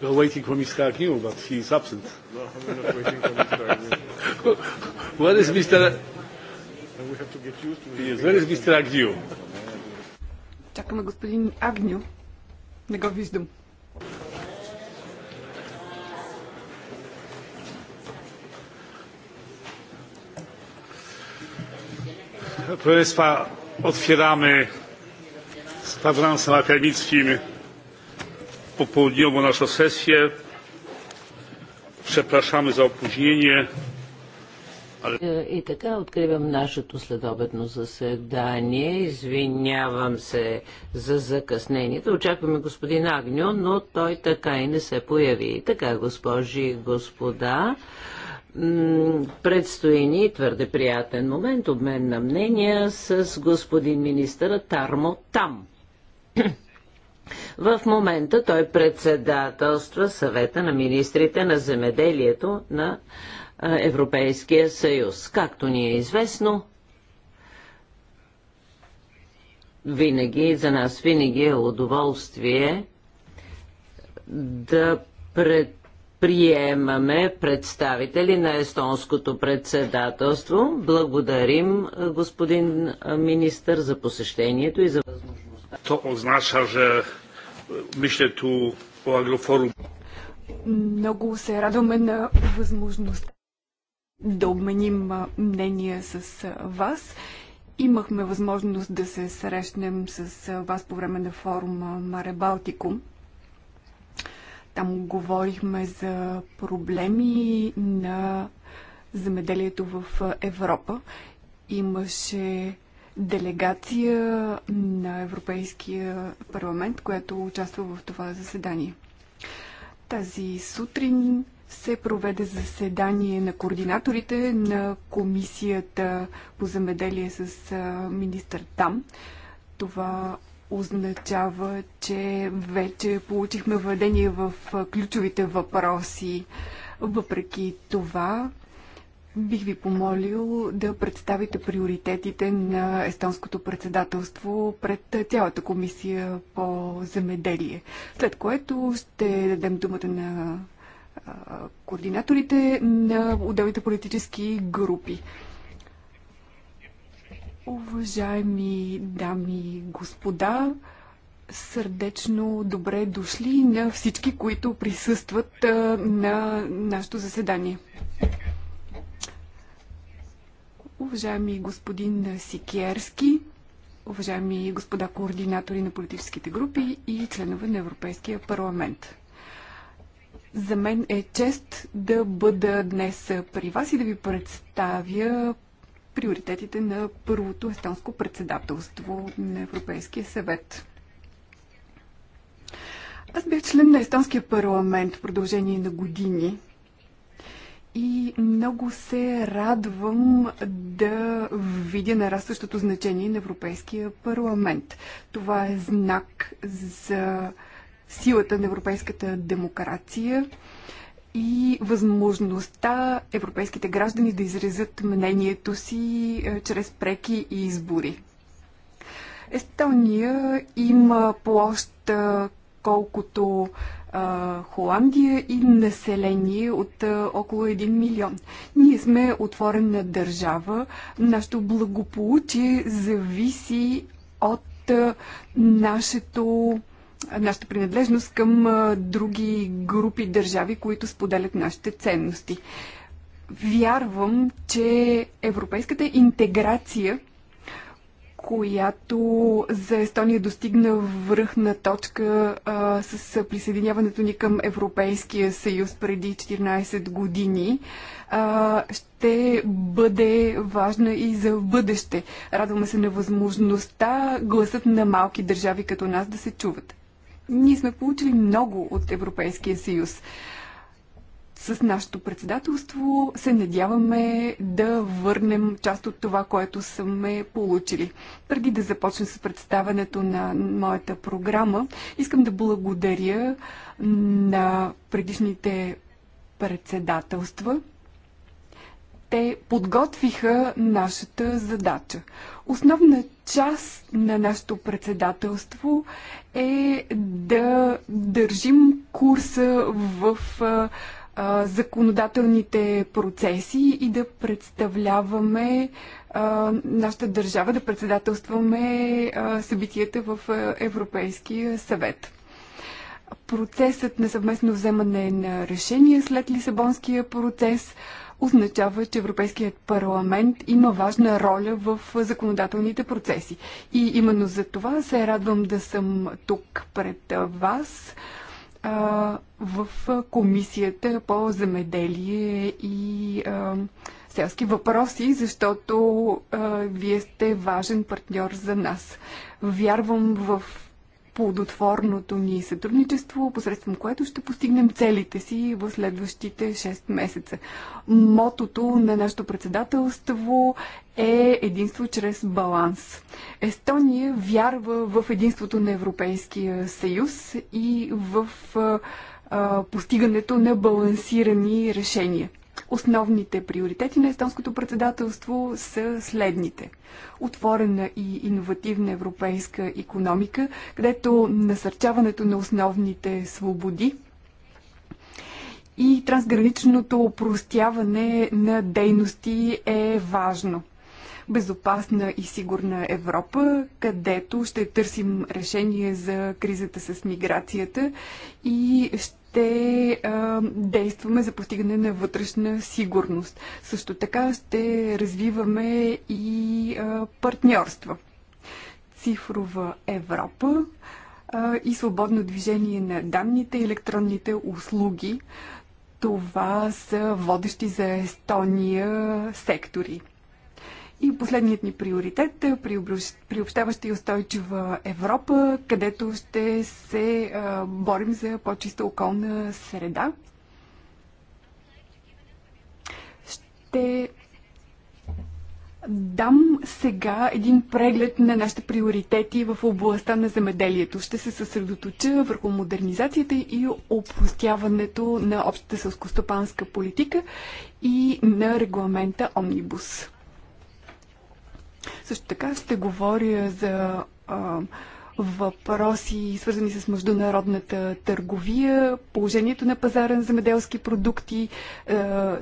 We're waiting for Mr. Agnew, but he's absent. No, I'm not waiting for Mr. Agnew. Where is Mr. And we have to get used to yes, where is Mr. Agnew? Чакаме господин Агню. Не го виждам. Proszę Państwa, otwieramy z Padransem Akademickim popołudniową naszą sesję. Przepraszamy за opóźnienie. Е, и така откривам нашето следобедно заседание. Извинявам се за закъснението. Очакваме господин Агньо, но той така и не се появи. И така, госпожи и господа, предстои ни твърде приятен момент, обмен на мнения с господин министъра Тармо Там. В момента той председателства съвета на министрите на земеделието на Европейския съюз. Както ни е известно, винаги, за нас винаги е удоволствие да пред приемаме представители на естонското председателство. Благодарим господин министър за посещението и за възможността. To означава, че мисля ту по агрофорум. Много се радваме на възможността да обменим мнения с вас. Имахме възможност да се срещнем с вас по време на форума Маре Балтикум. Там говорихме за проблеми на земеделието в Европа. Имаше делегация на Европейския парламент, която участва в това заседание. Тази сутрин се проведе заседание на координаторите на Комисията по замеделие с министър Там. Това означава, че вече получихме въведение в ключовите въпроси. Въпреки това, Бих ви помолил да представите приоритетите на естонското председателство пред цялата комисия по земеделие, след което ще дадем думата на координаторите на отделните политически групи. Уважаеми дами и господа, сърдечно добре дошли на всички, които присъстват на нашето заседание. Уважаеми господин Сикерски, уважаеми господа координатори на политическите групи и членове на Европейския парламент. За мен е чест да бъда днес при вас и да ви представя приоритетите на първото естонско председателство на Европейския съвет. Аз бях член на Естонския парламент в продължение на години и много се радвам да видя нарастващото значение на Европейския парламент. Това е знак за силата на европейската демокрация и възможността европейските граждани да изразят мнението си е, чрез преки и избори. Естония има площ е, колкото а, Холандия и население от а, около 1 милион. Ние сме отворена държава. Нашето благополучие зависи от а, нашето нашата принадлежност към а, други групи държави, които споделят нашите ценности. Вярвам, че европейската интеграция която за Естония достигна връхна точка а, с присъединяването ни към Европейския съюз преди 14 години, а, ще бъде важна и за бъдеще. Радваме се на възможността гласът на малки държави като нас да се чуват. Ние сме получили много от Европейския съюз. С нашето председателство се надяваме да върнем част от това, което сме получили. Преди да започна с представането на моята програма, искам да благодаря на предишните председателства. Те подготвиха нашата задача. Основна част на нашето председателство е да държим курса в законодателните процеси и да представляваме а, нашата държава, да председателстваме а, събитията в Европейския съвет. Процесът на съвместно вземане на решения след Лисабонския процес означава, че Европейският парламент има важна роля в законодателните процеси. И именно за това се радвам да съм тук пред вас в комисията по земеделие и селски въпроси, защото вие сте важен партньор за нас. Вярвам в плодотворното ни сътрудничество, посредством което ще постигнем целите си в следващите 6 месеца. Мотото на нашето председателство е единство чрез баланс. Естония вярва в единството на Европейския съюз и в постигането на балансирани решения. Основните приоритети на естонското председателство са следните. Отворена и иновативна европейска економика, където насърчаването на основните свободи и трансграничното упростяване на дейности е важно безопасна и сигурна Европа, където ще търсим решение за кризата с миграцията и ще ще а, действаме за постигане на вътрешна сигурност. Също така ще развиваме и а, партньорства. Цифрова Европа а, и свободно движение на данните, електронните услуги. Това са водещи за Естония сектори. И последният ни приоритет е приобщаваща и устойчива Европа, където ще се борим за по-чиста околна среда. Ще дам сега един преглед на нашите приоритети в областта на земеделието. Ще се съсредоточа върху модернизацията и опростяването на общата сълскостопанска политика и на регламента Омнибус. Също така ще говоря за а, въпроси, свързани с международната търговия, положението на пазара на земеделски продукти,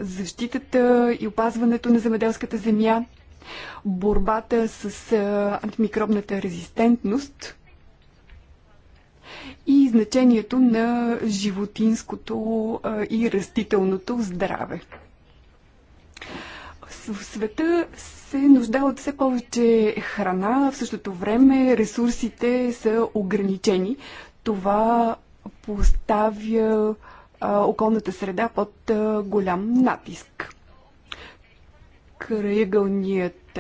защитата и опазването на земеделската земя, борбата с антимикробната резистентност и значението на животинското и растителното здраве. В света се нуждае от все повече храна, в същото време ресурсите са ограничени. Това поставя а, околната среда под а, голям натиск. Краъгълният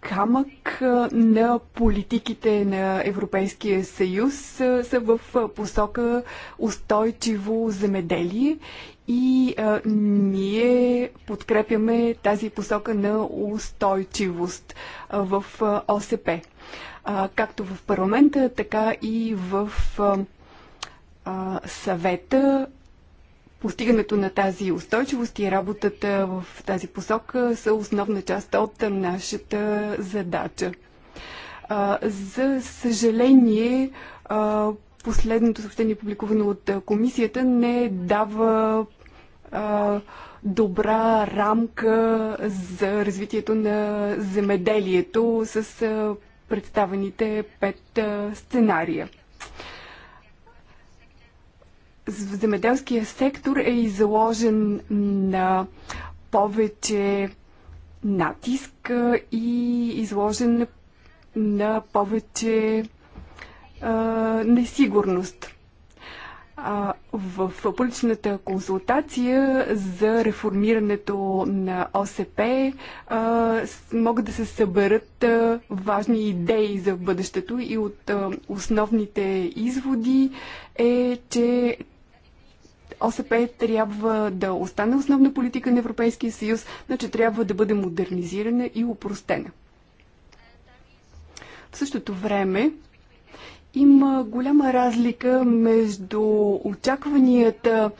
камък на политиките на Европейския съюз са в посока устойчиво земеделие и а, ние подкрепяме тази посока на устойчивост а, в а, ОСП. А, както в парламента, така и в а, а, съвета постигането на тази устойчивост и работата в тази посока са основна част от нашата задача. За съжаление, последното съобщение, публикувано от комисията, не дава добра рамка за развитието на земеделието с представените пет сценария. Земеделския сектор е изложен на повече натиск и изложен на повече а, несигурност а, в публичната консултация за реформирането на ОСП а, могат да се съберат а, важни идеи за бъдещето и от а, основните изводи е, че ОСП трябва да остане основна политика на Европейския съюз, значи трябва да бъде модернизирана и упростена. В същото време има голяма разлика между очакванията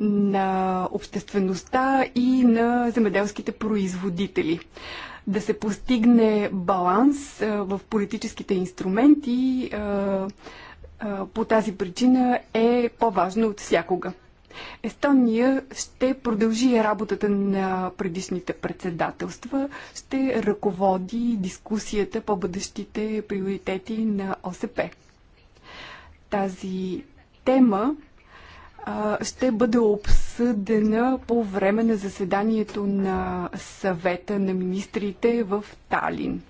на обществеността и на земеделските производители. Да се постигне баланс в политическите инструменти по тази причина е по-важно от всякога. Естония ще продължи работата на предишните председателства, ще ръководи дискусията по бъдещите приоритети на ОСП тази тема ще бъде обсъдена по време на заседанието на съвета на министрите в Талин.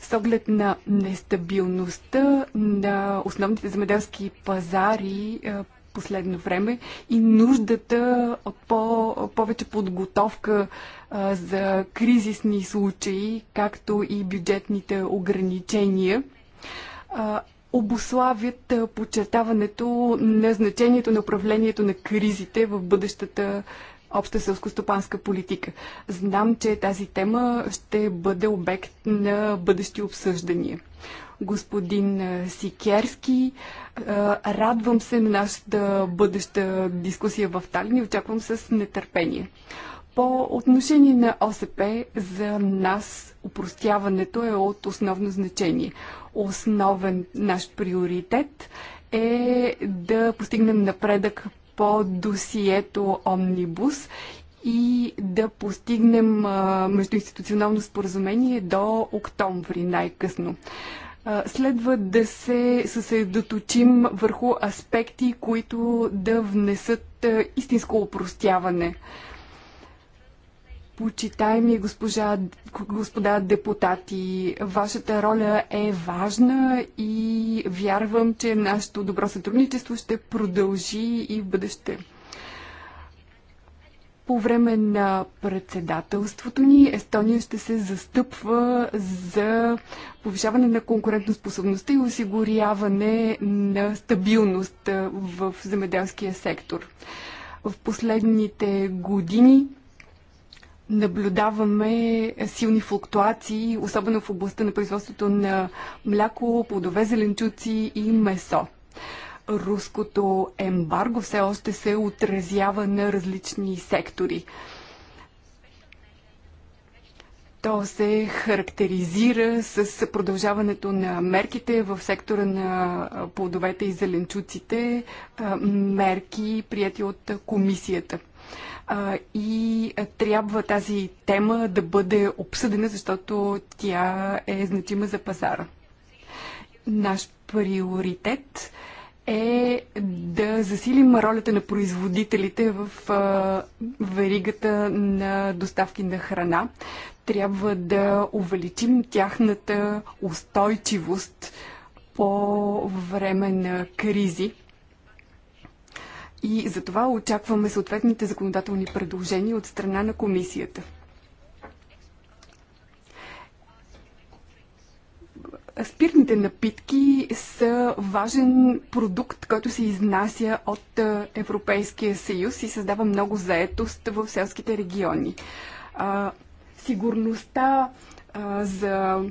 С оглед на нестабилността на основните земеделски пазари последно време и нуждата от по- повече подготовка а, за кризисни случаи, както и бюджетните ограничения обославят подчертаването на значението на управлението на кризите в бъдещата обща сълско-стопанска политика. Знам, че тази тема ще бъде обект на бъдещи обсъждания. Господин Сикерски, радвам се на нашата бъдеща дискусия в Талин и очаквам с нетърпение. По отношение на ОСП, за нас упростяването е от основно значение. Основен наш приоритет е да постигнем напредък по досието Омнибус и да постигнем междуинституционално споразумение до октомври най-късно. Следва да се съсредоточим върху аспекти, които да внесат истинско упростяване Почитаеми госпожа, господа депутати, вашата роля е важна и вярвам, че нашето добро сътрудничество ще продължи и в бъдеще. По време на председателството ни Естония ще се застъпва за повишаване на конкурентоспособността и осигуряване на стабилност в земеделския сектор. В последните години наблюдаваме силни флуктуации, особено в областта на производството на мляко, плодове, зеленчуци и месо. Руското ембарго все още се отразява на различни сектори. То се характеризира с продължаването на мерките в сектора на плодовете и зеленчуците, мерки прияти от комисията – и трябва тази тема да бъде обсъдена, защото тя е значима за пазара. Наш приоритет е да засилим ролята на производителите в веригата на доставки на храна. Трябва да увеличим тяхната устойчивост по време на кризи и за това очакваме съответните законодателни предложения от страна на комисията. спиртните напитки са важен продукт, който се изнася от Европейския съюз и създава много заетост в селските региони. сигурността за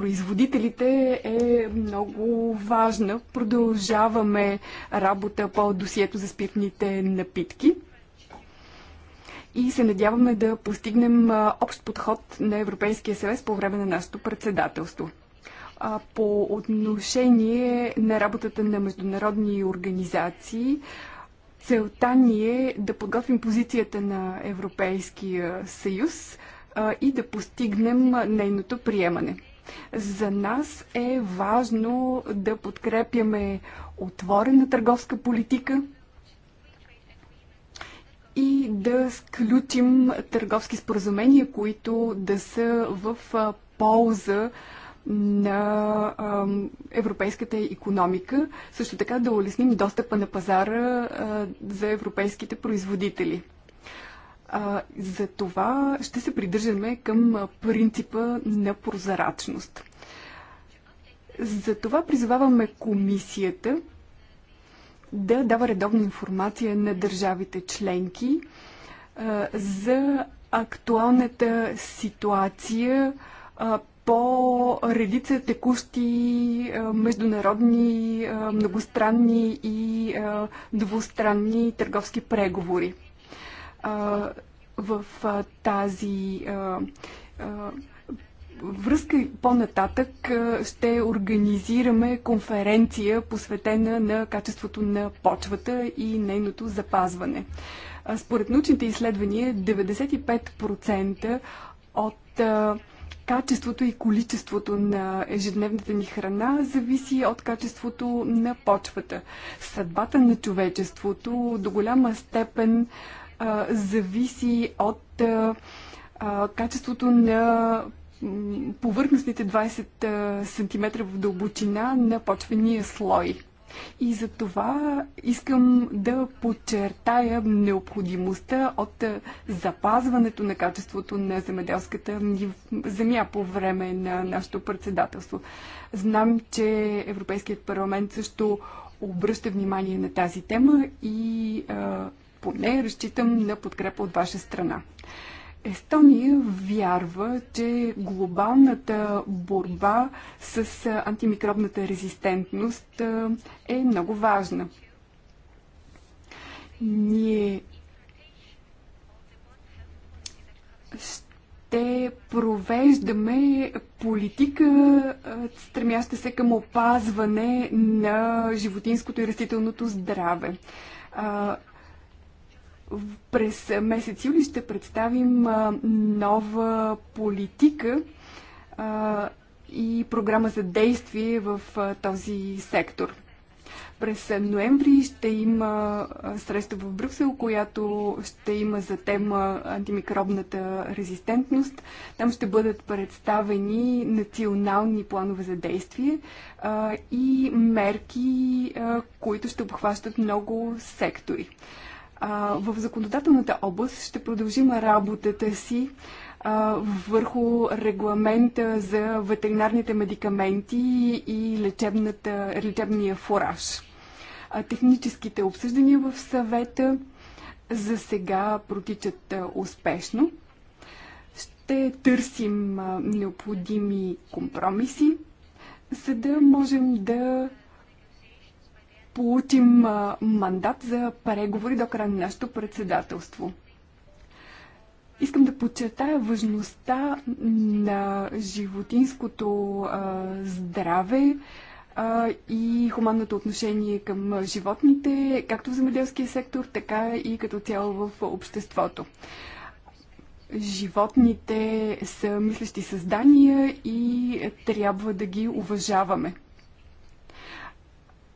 производителите е много важна. Продължаваме работа по досието за спиртните напитки и се надяваме да постигнем общ подход на Европейския съюз по време на нашето председателство. по отношение на работата на международни организации, целта ни е да подготвим позицията на Европейския съюз и да постигнем нейното приемане. За нас е важно да подкрепяме отворена търговска политика и да сключим търговски споразумения, които да са в полза на европейската економика, също така да улесним достъпа на пазара за европейските производители. А, за това ще се придържаме към принципа на прозрачност. За това призоваваме комисията да дава редовна информация на държавите членки а, за актуалната ситуация а, по редица текущи а, международни, а, многостранни и а, двустранни търговски преговори в тази връзка и по-нататък ще организираме конференция, посветена на качеството на почвата и нейното запазване. Според научните изследвания, 95% от качеството и количеството на ежедневната ни храна зависи от качеството на почвата. Съдбата на човечеството до голяма степен зависи от а, качеството на повърхностните 20 см в дълбочина на почвения слой. И за това искам да подчертая необходимостта от запазването на качеството на земеделската земя по време на нашето председателство. Знам, че Европейският парламент също обръща внимание на тази тема и а, поне разчитам на подкрепа от ваша страна. Естония вярва, че глобалната борба с антимикробната резистентност е много важна. Ние ще провеждаме политика, стремяща се към опазване на животинското и растителното здраве през месец юли ще представим нова политика и програма за действие в този сектор. През ноември ще има среща в Брюксел, която ще има за тема антимикробната резистентност. Там ще бъдат представени национални планове за действие и мерки, които ще обхващат много сектори. В законодателната област ще продължим работата си върху регламента за ветеринарните медикаменти и лечебната, лечебния фораж. Техническите обсъждания в съвета за сега протичат успешно. Ще търсим необходими компромиси, за да можем да получим мандат за преговори до края на нашето председателство. Искам да подчертая важността на животинското а, здраве а, и хуманното отношение към животните, както в земеделския сектор, така и като цяло в обществото. Животните са мислещи създания и трябва да ги уважаваме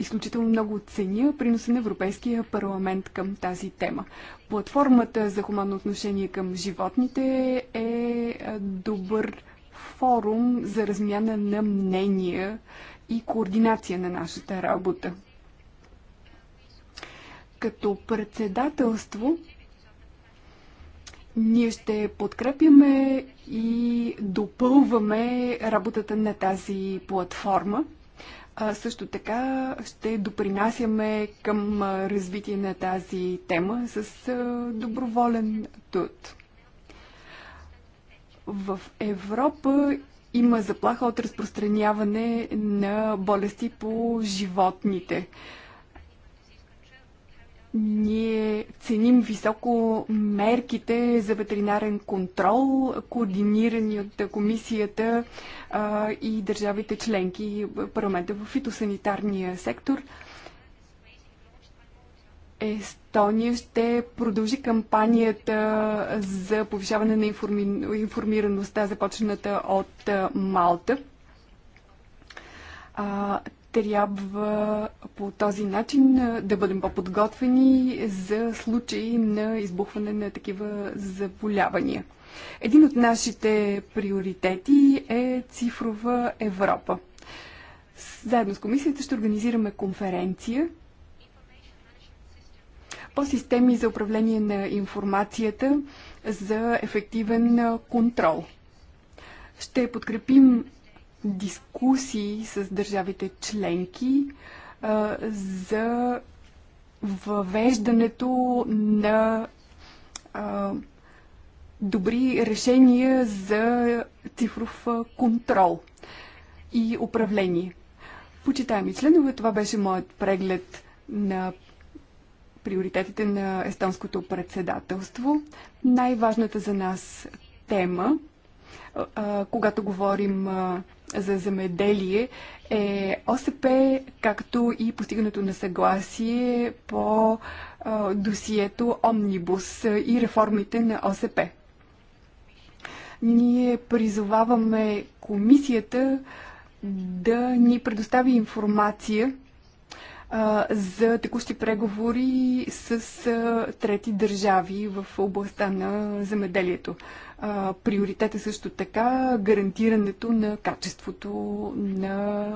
изключително много оценя приноса на Европейския парламент към тази тема. Платформата за хуманно отношение към животните е, е добър форум за размяна на мнения и координация на нашата работа. Като председателство ние ще подкрепяме и допълваме работата на тази платформа. А, също така ще допринасяме към развитие на тази тема с доброволен труд. В Европа има заплаха от разпространяване на болести по животните. Ние ценим високо мерките за ветеринарен контрол, координирани от комисията а, и държавите членки, парламента в фитосанитарния сектор. Естония ще продължи кампанията за повишаване на информи... информираността, започната от Малта трябва по този начин да бъдем по-подготвени за случаи на избухване на такива заболявания. Един от нашите приоритети е цифрова Европа. Заедно с комисията ще организираме конференция по системи за управление на информацията за ефективен контрол. Ще подкрепим дискусии с държавите членки за въвеждането на добри решения за цифров контрол и управление. Почитаеми членове, това беше моят преглед на приоритетите на естонското председателство. Най-важната за нас тема, когато говорим за земеделие е ОСП, както и постигането на съгласие по досието Омнибус и реформите на ОСП. Ние призоваваме комисията да ни предостави информация за текущи преговори с трети държави в областта на земеделието приоритет е също така гарантирането на качеството на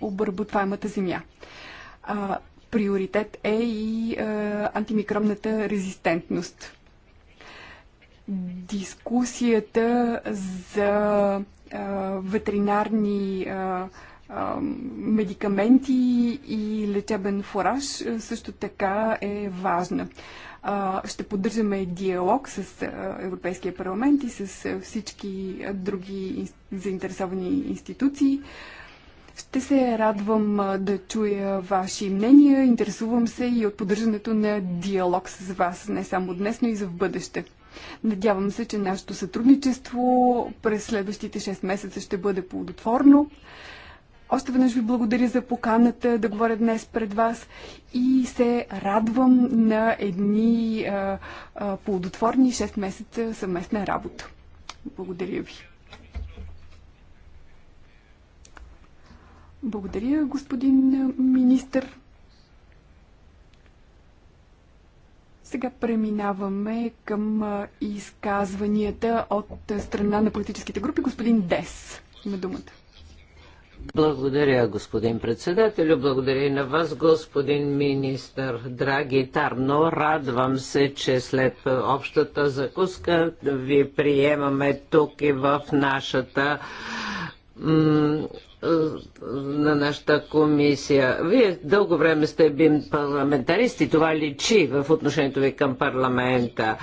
обработваемата земя. А, приоритет е и а, антимикробната резистентност. Дискусията за а, ветеринарни а, медикаменти и лечебен фураж също така е важна. Ще поддържаме диалог с Европейския парламент и с всички други заинтересовани институции. Ще се радвам да чуя ваши мнения. Интересувам се и от поддържането на диалог с вас, не само днес, но и за в бъдеще. Надявам се, че нашето сътрудничество през следващите 6 месеца ще бъде плодотворно. Още веднъж ви благодаря за поканата да говоря днес пред вас и се радвам на едни а, а, плодотворни 6 месеца съвместна работа. Благодаря ви. Благодаря, господин министър. Сега преминаваме към изказванията от страна на политическите групи. Господин Дес има думата. Благодаря, господин председателю. Благодаря и на вас, господин министър. Драги Тарно, радвам се, че след общата закуска ви приемаме тук и в нашата на нашата комисия. Вие дълго време сте бим парламентарист и това личи в отношението ви към парламента.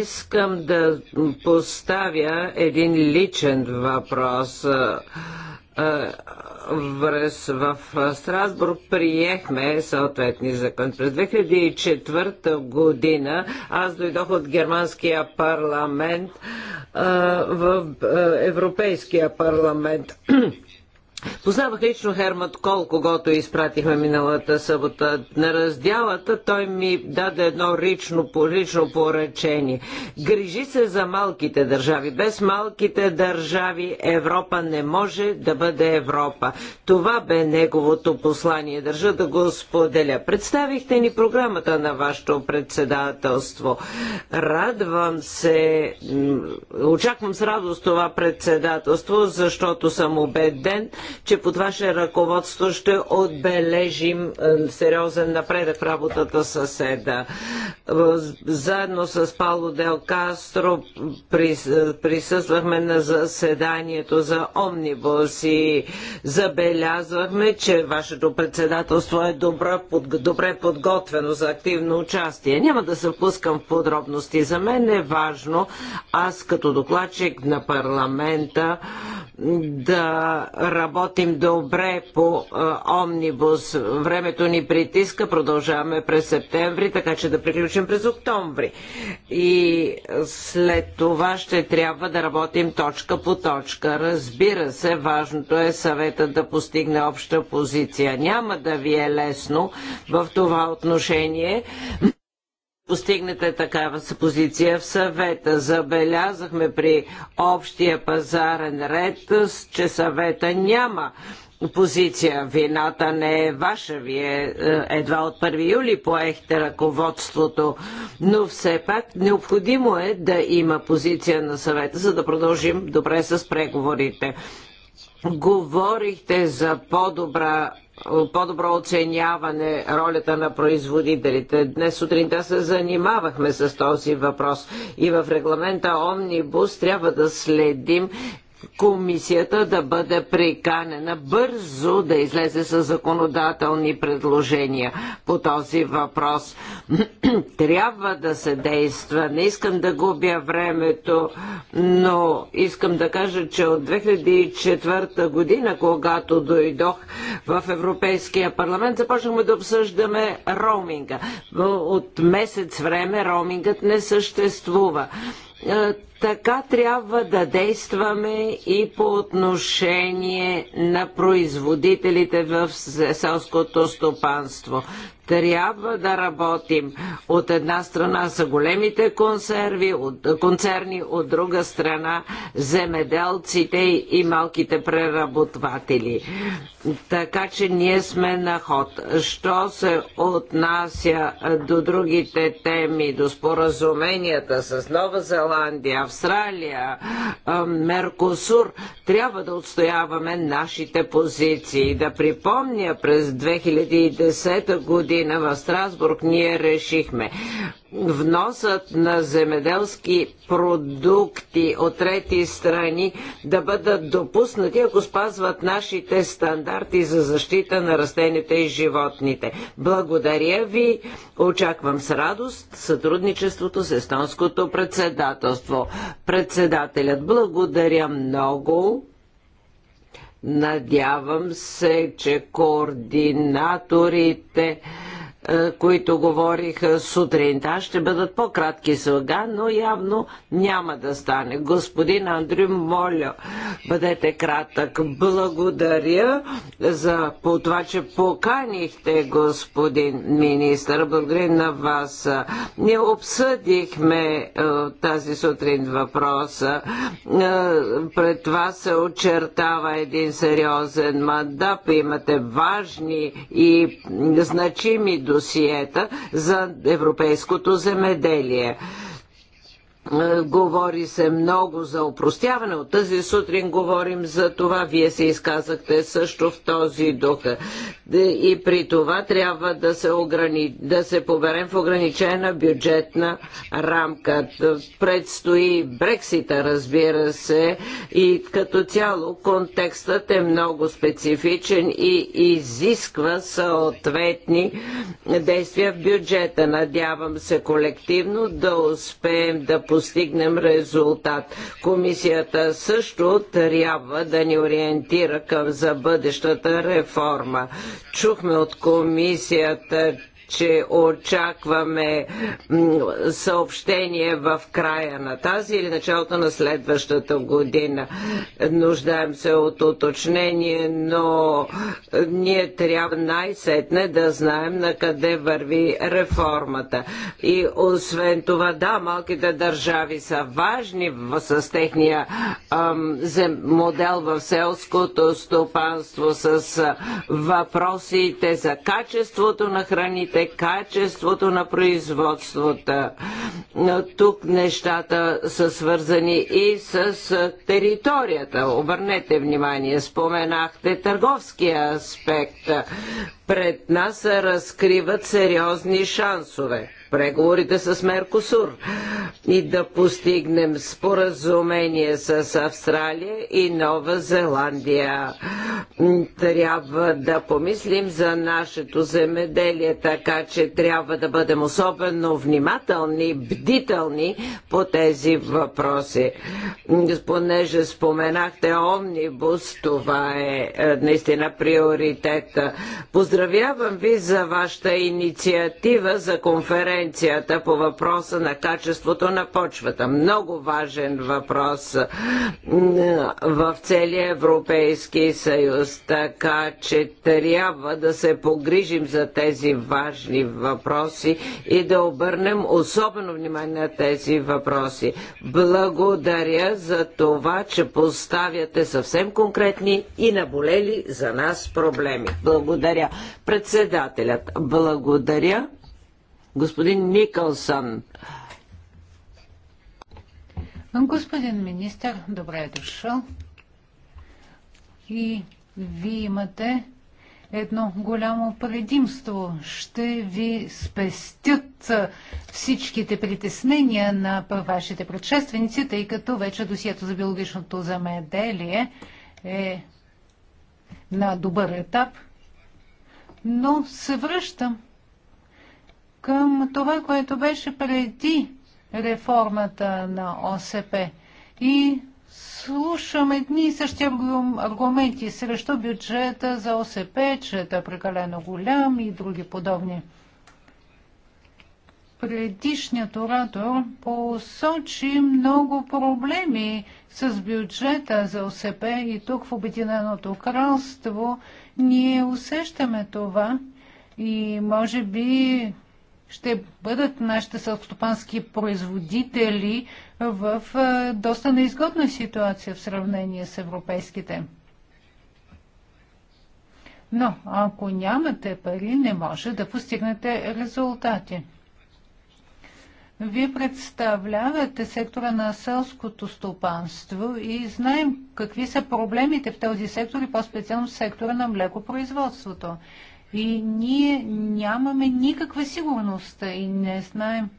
Искам да поставя един личен въпрос е, в е, Страсбург приехме съответни закон. През 2004 година аз дойдох от германския парламент е, в Европейския парламент Познавах лично Хермат Кол, когато изпратихме миналата събота на раздялата. Той ми даде едно лично, лично поръчение. Грижи се за малките държави. Без малките държави Европа не може да бъде Европа. Това бе неговото послание. Държа да го споделя. Представихте ни програмата на вашето председателство. Радвам се, очаквам с радост това председателство, защото съм убеден, че под ваше ръководство ще отбележим е, сериозен напредък в работата с седа. Е, заедно с Пауло Дел Кастро е, присъствахме на заседанието за Омнибус и забелязвахме, че вашето председателство е добро, под, добре подготвено за активно участие. Няма да се впускам в подробности. За мен е важно аз като докладчик на парламента да работя работим добре по е, омнибус. Времето ни притиска, продължаваме през септември, така че да приключим през октомври. И след това ще трябва да работим точка по точка. Разбира се, важното е съвета да постигне обща позиция. Няма да ви е лесно в това отношение постигнете такава позиция в съвета. Забелязахме при общия пазарен ред, че съвета няма позиция. Вината не е ваша. Вие е, едва от 1 юли поехте ръководството, но все пак необходимо е да има позиция на съвета, за да продължим добре с преговорите. Говорихте за по-добра по-добро оценяване ролята на производителите. Днес сутринта се занимавахме с този въпрос и в регламента Омнибус трябва да следим комисията да бъде приканена бързо да излезе с законодателни предложения по този въпрос. Трябва да се действа. Не искам да губя времето, но искам да кажа, че от 2004 година, когато дойдох в Европейския парламент, започнахме да обсъждаме роуминга. От месец време роумингът не съществува е, така трябва да действаме и по отношение на производителите в селското стопанство трябва да работим. От една страна са големите консерви, от, концерни, от друга страна земеделците и малките преработватели. Така че ние сме на ход. Що се отнася до другите теми, до споразуменията с Нова Зеландия, Австралия, Меркосур, трябва да отстояваме нашите позиции. Да припомня през 2010 година година в Страсбург ние решихме вносът на земеделски продукти от трети страни да бъдат допуснати, ако спазват нашите стандарти за защита на растените и животните. Благодаря ви. Очаквам с радост сътрудничеството с естонското председателство. Председателят, благодаря много. Надявам се, че координаторите е, които говориха сутринта, ще бъдат по-кратки сега, но явно няма да стане. Господин Андрю, моля, бъдете кратък. Благодаря за по това, че поканихте, господин министър. Благодаря на вас. Не обсъдихме е, тази сутрин въпроса. Е, пред това се очертава един сериозен мандат. Имате важни и значими досиета за европейското земеделие. Е, говори се много за опростяване. От тази сутрин говорим за това. Вие се изказахте също в този дух. Е, и при това трябва да се, ограни... да се поберем в ограничена бюджетна рамка. Предстои Брексита, разбира се, и като цяло контекстът е много специфичен и изисква съответни действия в бюджета. Надявам се колективно да успеем да постигнем резултат. Комисията също трябва да ни ориентира към за бъдещата реформа. Чухме от комисията, че очакваме съобщение в края на тази или началото на следващата година. Нуждаем се от уточнение, но е, ние трябва най-сетне да знаем на къде върви реформата. И освен това, да, малките държави са важни с техния ам, модел в селското стопанство, с въпросите за качеството на храните, е качеството на производствата. Тук нещата са свързани и с територията. Обърнете внимание, споменахте търговския аспект. Пред нас разкриват сериозни шансове преговорите с Меркосур и да постигнем споразумение с Австралия и Нова Зеландия. Трябва да помислим за нашето земеделие, така че трябва да бъдем особено внимателни, бдителни по тези въпроси. Понеже споменахте Омнибус, това е, е наистина приоритет. Поздравявам ви за вашата инициатива за конференция конвенцията по въпроса на качеството на почвата. Много важен въпрос в целия Европейски съюз, така че трябва да се погрижим за тези важни въпроси и да обърнем особено внимание на тези въпроси. Благодаря за това, че поставяте съвсем конкретни и наболели за нас проблеми. Благодаря. Председателят, благодаря. Господин Никълсън. Господин министр, добре е дошъл. И вие имате едно голямо предимство. Ще ви спестят всичките притеснения на вашите предшественици, тъй като вече досието за биологичното замеделие е на добър етап. Но се връщам към това, което беше преди реформата на ОСП. И слушам едни и същи аргументи срещу бюджета за ОСП, че е прекалено голям и други подобни. Предишният оратор посочи много проблеми с бюджета за ОСП и тук в Обединеното кралство ние усещаме това и може би ще бъдат нашите селскостопански производители в доста неизгодна ситуация в сравнение с европейските. Но ако нямате пари, не може да постигнете резултати. Вие представлявате сектора на селското стопанство и знаем какви са проблемите в този сектор и по-специално в сектора на млекопроизводството. И ние нямаме никаква сигурност и не знаем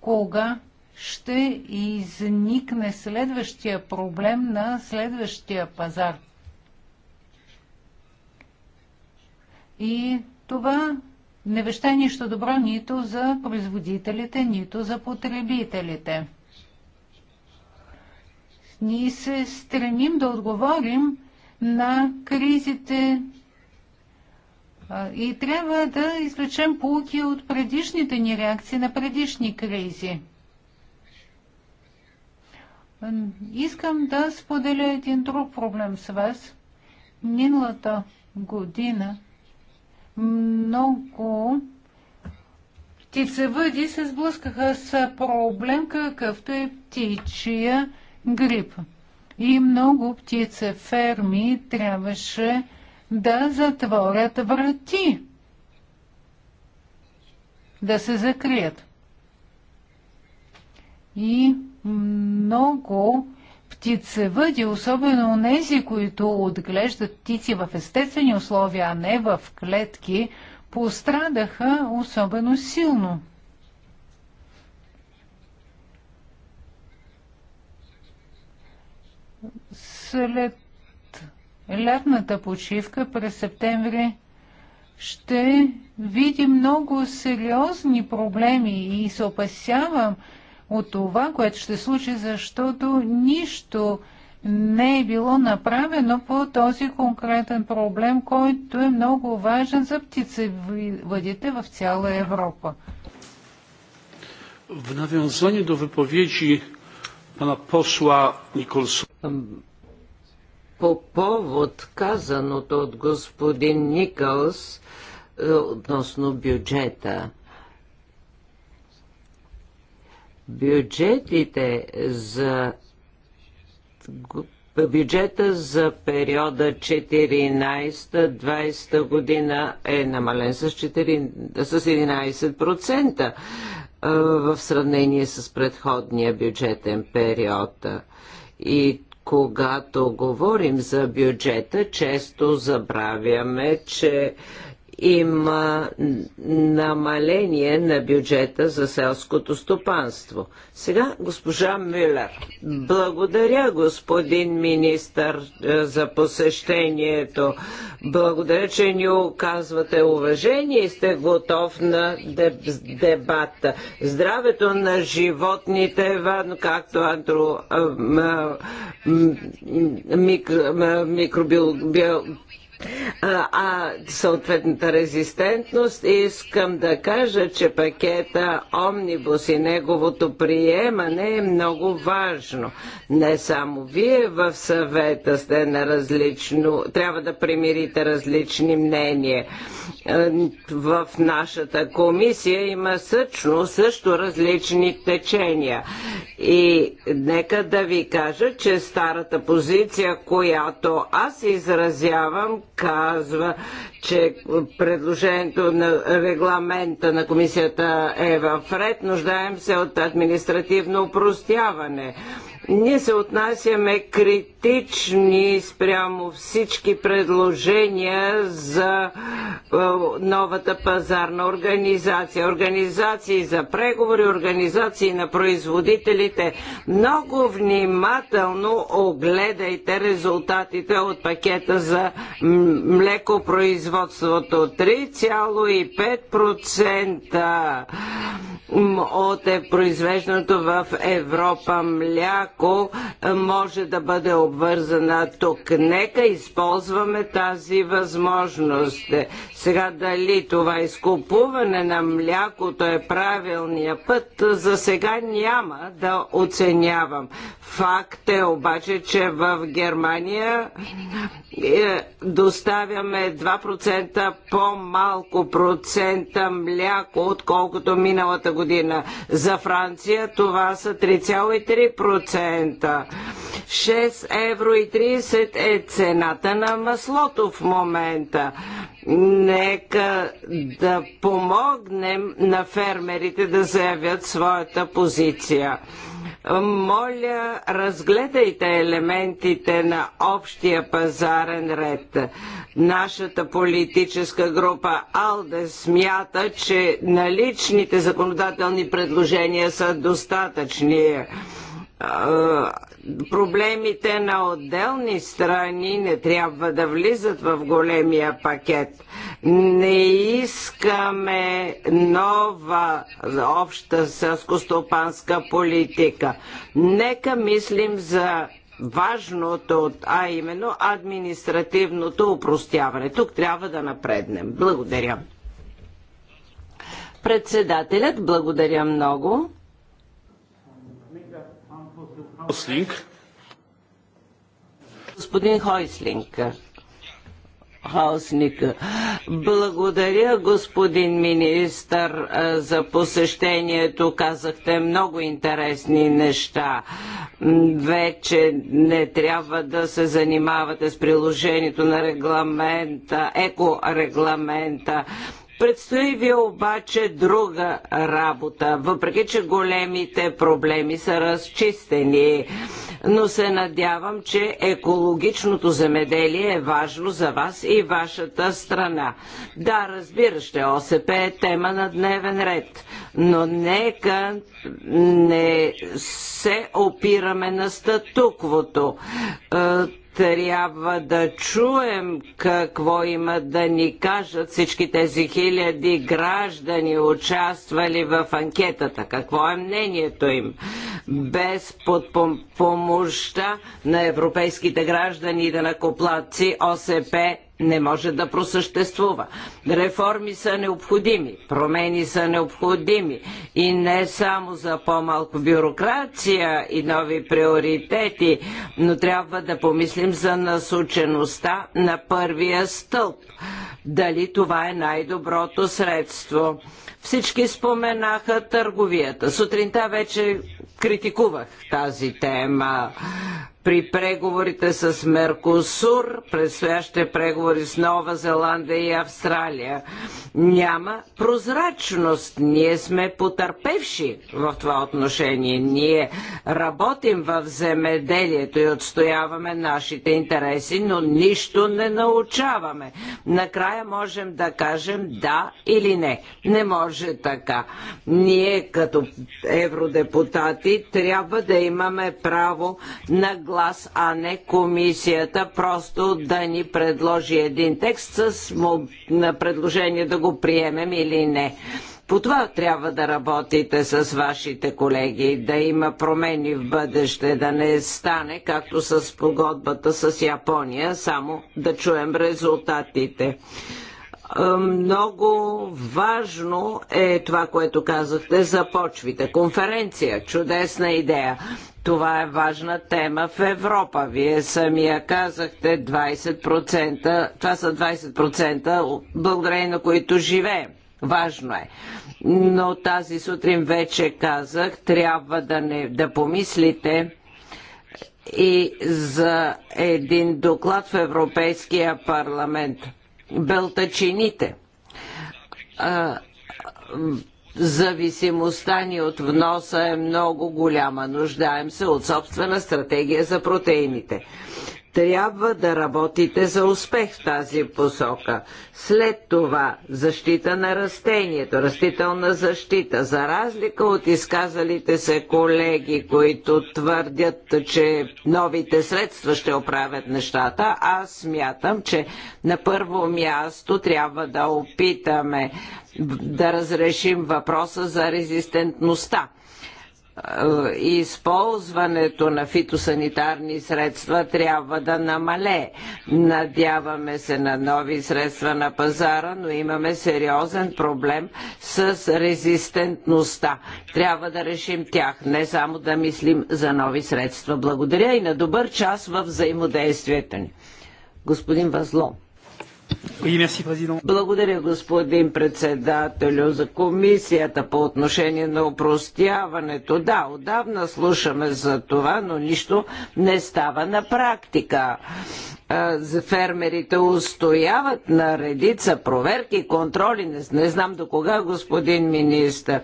кога ще изникне следващия проблем на следващия пазар. И това не веща нищо добро нито за производителите, нито за потребителите. Ние се стремим да отговорим на кризите и трябва да извлечем полуки от предишните ни реакции на предишни кризи. Искам да споделя един друг проблем с вас. Миналата година много птицевъди се сблъскаха с проблем, какъвто е птичия грип. И много птицеферми трябваше да затворят врати, да се закрият. И много птицевъди, особено тези, които отглеждат птици в естествени условия, а не в клетки, пострадаха особено силно. След лятната почивка през септември ще види много сериозни проблеми и се опасявам от това, което ще случи, защото нищо не е било направено по този конкретен проблем, който е много важен за птицевъдите в цяла Европа. В навязване до wypowiedzi пана посла Nicholsona. По повод казаното от господин Никълс е, относно бюджета. Бюджетите за бюджета за периода 14-20 година е намален с, 4, с 11% е, в сравнение с предходния бюджетен период. И когато говорим за бюджета, често забравяме, че има намаление на бюджета за селското стопанство. Сега госпожа Мюлер. Благодаря, господин министър, е, за посещението. Благодаря, че ни оказвате уважение и сте готов на дебата. Здравето на животните, както антро, е, микро, микробиология, а, съответната резистентност. Искам да кажа, че пакета Омнибус и неговото приемане е много важно. Не само вие в съвета сте на различно, трябва да примирите различни мнения. В нашата комисия има също, също различни течения. И нека да ви кажа, че старата позиция, която аз изразявам, казва, че предложението на регламента на комисията е в ред. Нуждаем се от административно упростяване. Ние се отнасяме критични спрямо всички предложения за е, новата пазарна организация, организации за преговори, организации на производителите. Много внимателно огледайте резултатите от пакета за млекопроизводството. 3,5% от е произвеждането в Европа мляко ако е, може да бъде обвързана тук. Нека използваме тази възможност. Сега дали това изкупуване на млякото е правилния път, за сега няма да оценявам. Факт е обаче, че в Германия е, доставяме 2% по-малко процента мляко, отколкото миналата година. За Франция това са 3,3% момента. 6 евро и 30 е цената на маслото в момента. Нека да помогнем на фермерите да заявят своята позиция. Моля, разгледайте елементите на общия пазарен ред. Нашата политическа група АЛДЕ смята, че наличните законодателни предложения са достатъчни проблемите на отделни страни не трябва да влизат в големия пакет. Не искаме нова обща селскостопанска политика. Нека мислим за важното, а именно административното упростяване. Тук трябва да напреднем. Благодаря. Председателят, благодаря много. Хойслинг. Господин Хойслинг. Хаусник. Благодаря, господин министър, за посещението. Казахте много интересни неща. Вече не трябва да се занимавате с приложението на регламента, екорегламента. Предстои ви обаче друга работа, въпреки че големите проблеми са разчистени, но се надявам, че екологичното земеделие е важно за вас и вашата страна. Да, разбира се, ОСП е тема на дневен ред, но нека не се опираме на статуквото е, трябва да чуем какво имат да ни кажат всички тези хиляди граждани, участвали в анкетата, какво е мнението им. Без помощта на европейските граждани и да накоплаци ОСП не може да просъществува. Реформи са необходими, промени са необходими и не само за по-малко бюрокрация и нови приоритети, но трябва да помислим за насочеността на първия стълб. Дали това е най-доброто средство? Всички споменаха търговията. Сутринта вече критикувах тази тема при преговорите с Меркосур, предстоящите преговори с Нова Зеландия и Австралия. Няма прозрачност. Ние сме потърпевши в това отношение. Ние работим в земеделието и отстояваме нашите интереси, но нищо не научаваме. Накрая можем да кажем да или не. Не може така. Ние като евродепутати трябва да имаме право на глас глас, а не комисията просто да ни предложи един текст с предложение да го приемем или не. По това трябва да работите с вашите колеги, да има промени в бъдеще, да не стане както с погодбата с Япония, само да чуем резултатите. Много важно е това, което казахте за почвите. Конференция, чудесна идея. Това е важна тема в Европа. Вие самия казахте 20%, това са 20% благодарение на които живеем. Важно е. Но тази сутрин вече казах, трябва да, не, да помислите и за един доклад в Европейския парламент белтачините. А, зависимостта ни от вноса е много голяма. Нуждаем се от собствена стратегия за протеините. Трябва да работите за успех в тази посока. След това защита на растението, растителна защита, за разлика от изказалите се колеги, които твърдят, че новите средства ще оправят нещата, аз смятам, че на първо място трябва да опитаме да разрешим въпроса за резистентността е, използването на фитосанитарни средства трябва да намале. Надяваме се на нови средства на пазара, но имаме сериозен проблем с резистентността. Трябва да решим тях, не само да мислим за нови средства. Благодаря и на добър час в взаимодействието ни. Господин Възло. Благодаря, господин председател за комисията по отношение на упростяването. Да, отдавна слушаме за това, но нищо не става на практика за фермерите устояват на редица проверки, контроли. Не, не знам до кога, господин министр.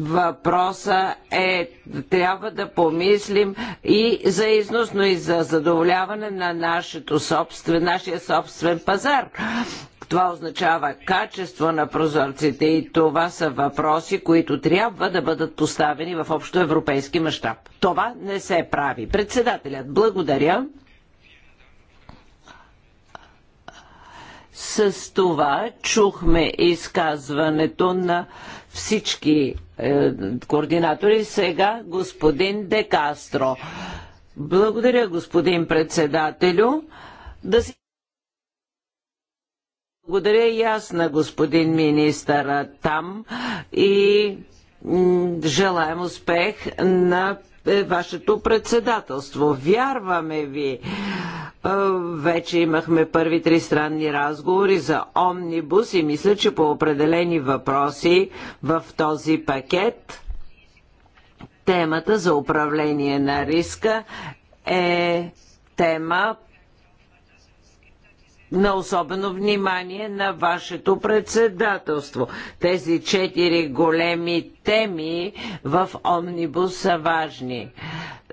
Въпроса е, трябва да помислим и за износ, но и за задоволяване на нашето собствен, нашия собствен пазар. Това означава качество на прозорците и това са въпроси, които трябва да бъдат поставени в общо европейски мащаб. Това не се прави. Председателят, благодаря. С това чухме изказването на всички е, координатори. Сега господин Де Кастро. Благодаря, господин председателю. Да си... Благодаря и аз на господин министъра там и желаем успех на е, вашето председателство. Вярваме ви. Е, вече имахме първи три странни разговори за омнибус и мисля, че по определени въпроси в този пакет темата за управление на риска е тема на особено внимание на вашето председателство. Тези четири големи теми в Омнибус са важни.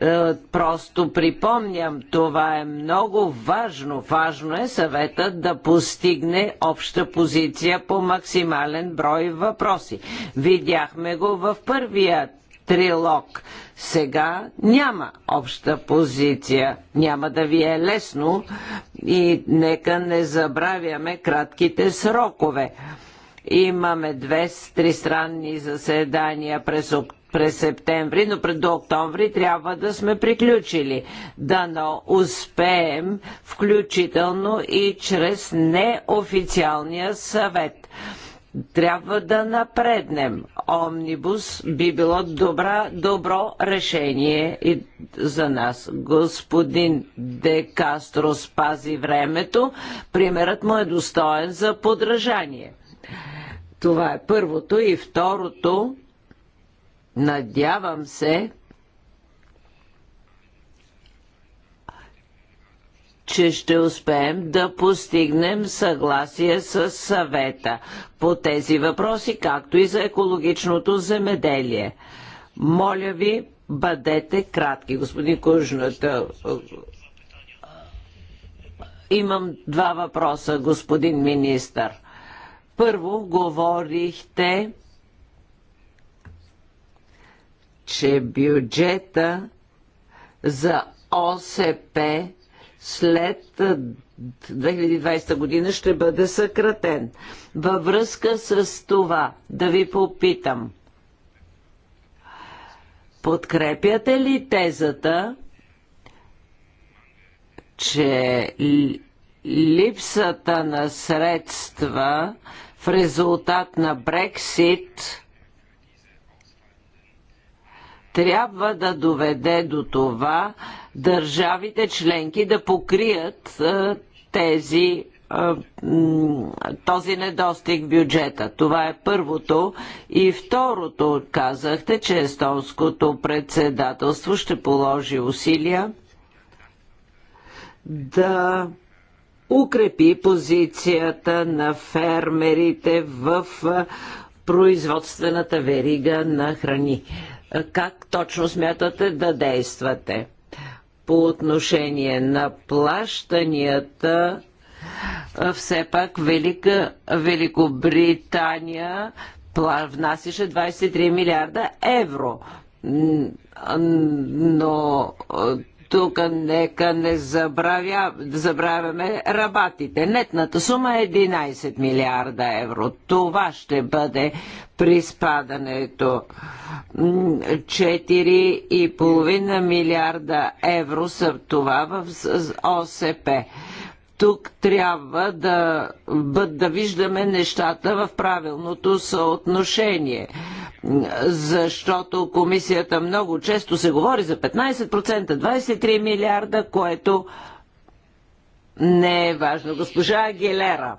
Е, просто припомням, това е много важно. Важно е съветът да постигне обща позиция по максимален брой въпроси. Видяхме го в първия трилог. Сега няма обща позиция. Няма да ви е лесно и нека не забравяме кратките срокове. Имаме две тристранни заседания през октомври през септември, но пред до октомври трябва да сме приключили. Дано успеем, включително и чрез неофициалния съвет трябва да напреднем. Омнибус би било добра, добро решение и за нас. Господин Де Кастро спази времето. Примерът му е достоен за подражание. Това е първото и второто Надявам се, че ще успеем да постигнем съгласие с съвета по тези въпроси, както и за екологичното земеделие. Моля ви, бъдете кратки, господин Кужната. Имам два въпроса, господин министър. Първо, говорихте че бюджета за ОСП след 2020 година ще бъде съкратен. Във връзка с това да ви попитам, подкрепяте ли тезата, че липсата на средства в резултат на Брексит трябва да доведе до това държавите членки да покрият тези този недостиг бюджета. Това е първото. И второто, казахте, че естонското председателство ще положи усилия да укрепи позицията на фермерите в производствената верига на храни. Как точно смятате да действате? По отношение на плащанията, все пак Велика, Великобритания внасяше 23 милиарда евро но тук нека не забравя, забравяме рабатите. Нетната сума е 11 милиарда евро. Това ще бъде при спадането. 4,5 милиарда евро са това в ОСП тук трябва да, да виждаме нещата в правилното съотношение защото комисията много често се говори за 15%, 23 милиарда, което не е важно. Госпожа Агилера.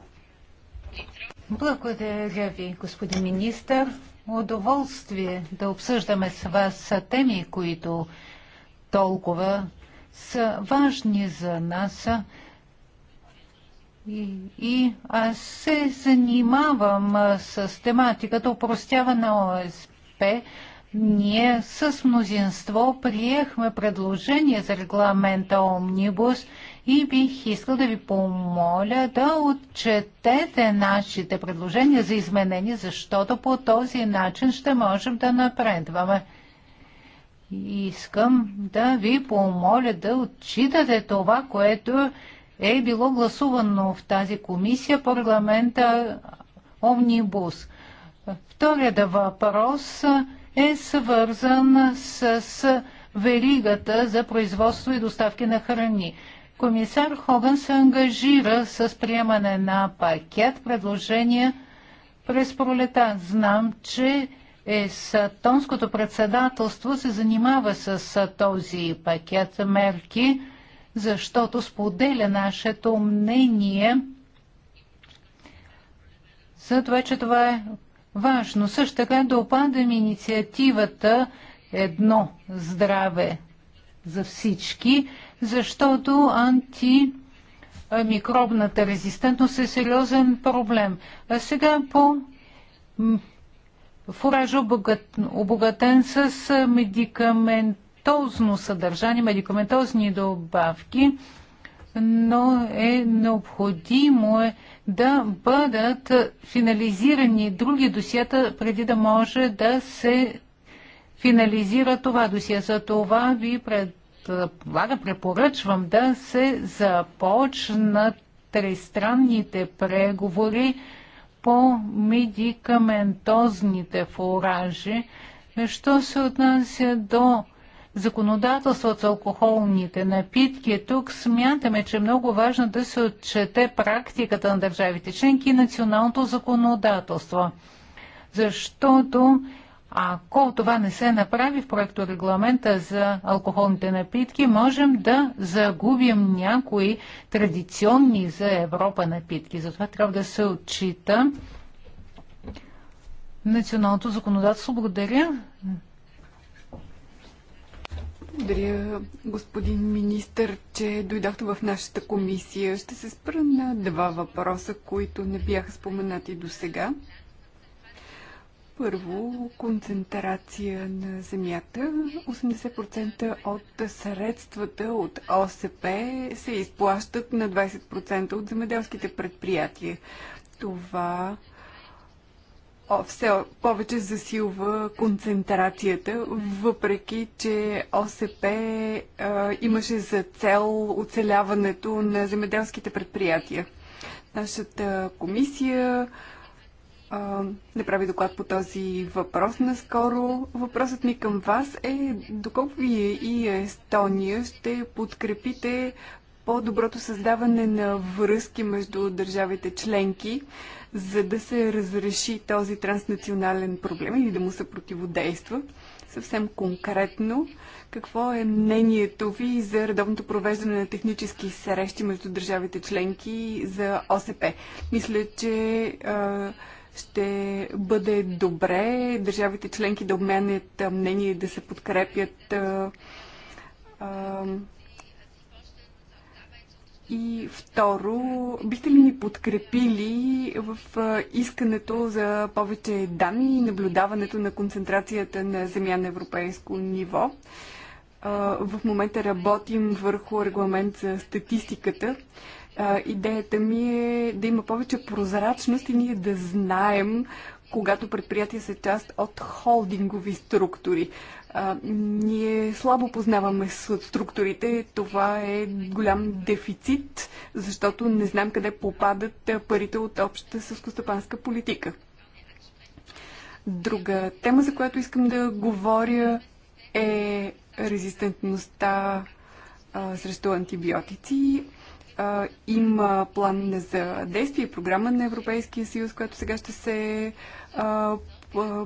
Благодаря ви, господин министр. Удоволствие да обсъждаме с вас теми, които толкова са важни за нас, и, и аз се занимавам с тематиката упростява на ОСП. Ние с мнозинство приехме предложение за регламента Омнибус и бих искал да ви помоля да отчетете нашите предложения за изменение, защото по този начин ще можем да напредваме. Искам да ви помоля да отчитате това, което е било гласувано в тази комисия по регламента Омнибус. Вторият въпрос е свързан с, веригата за производство и доставки на храни. Комисар Хоган се ангажира с приемане на пакет предложения през пролета. Знам, че е Сатонското тонското председателство се занимава с този пакет мерки защото споделя нашето мнение за това, че това е важно. Също така да опадам инициативата едно здраве за всички, защото анти микробната резистентност е сериозен проблем. А сега по фураж обогатен с медикамент медикаментозно съдържание, медикаментозни добавки, но е необходимо е да бъдат финализирани други досията, преди да може да се финализира това досие. За това ви предлагам, препоръчвам да се започнат тристранните преговори по медикаментозните фуражи. Що се отнася до законодателството с алкохолните напитки, тук смятаме, че е много важно да се отчете практиката на държавите членки и националното законодателство. Защото ако това не се направи в проекто регламента за алкохолните напитки, можем да загубим някои традиционни за Европа напитки. Затова трябва да се отчита националното законодателство. Благодаря. Благодаря, господин министър, че дойдохте в нашата комисия. Ще се спра на два въпроса, които не бяха споменати до сега. Първо, концентрация на земята. 80% от средствата от ОСП се изплащат на 20% от земеделските предприятия. Това все повече засилва концентрацията, въпреки че ОСП а, е, имаше за цел оцеляването на земеделските предприятия. Нашата комисия а, направи доклад по този въпрос наскоро. Въпросът ми към вас е доколко вие и Естония ще подкрепите по-доброто създаване на връзки между държавите членки, за да се разреши този транснационален проблем или да му се противодейства. Съвсем конкретно, какво е мнението ви за редовното провеждане на технически срещи между държавите членки за ОСП? Мисля, че а, ще бъде добре държавите членки да обменят мнение и да се подкрепят а, а, и второ, бихте ли ни подкрепили в искането за повече данни и наблюдаването на концентрацията на земя на европейско ниво? В момента работим върху регламент за статистиката. Идеята ми е да има повече прозрачност и ние да знаем когато предприятия са част от холдингови структури. А, ние слабо познаваме структурите. Това е голям дефицит, защото не знам къде попадат парите от общата съскостопанска политика. Друга тема, за която искам да говоря е резистентността а, срещу антибиотици а, има план за действие, програма на Европейския съюз, която сега ще се а, а,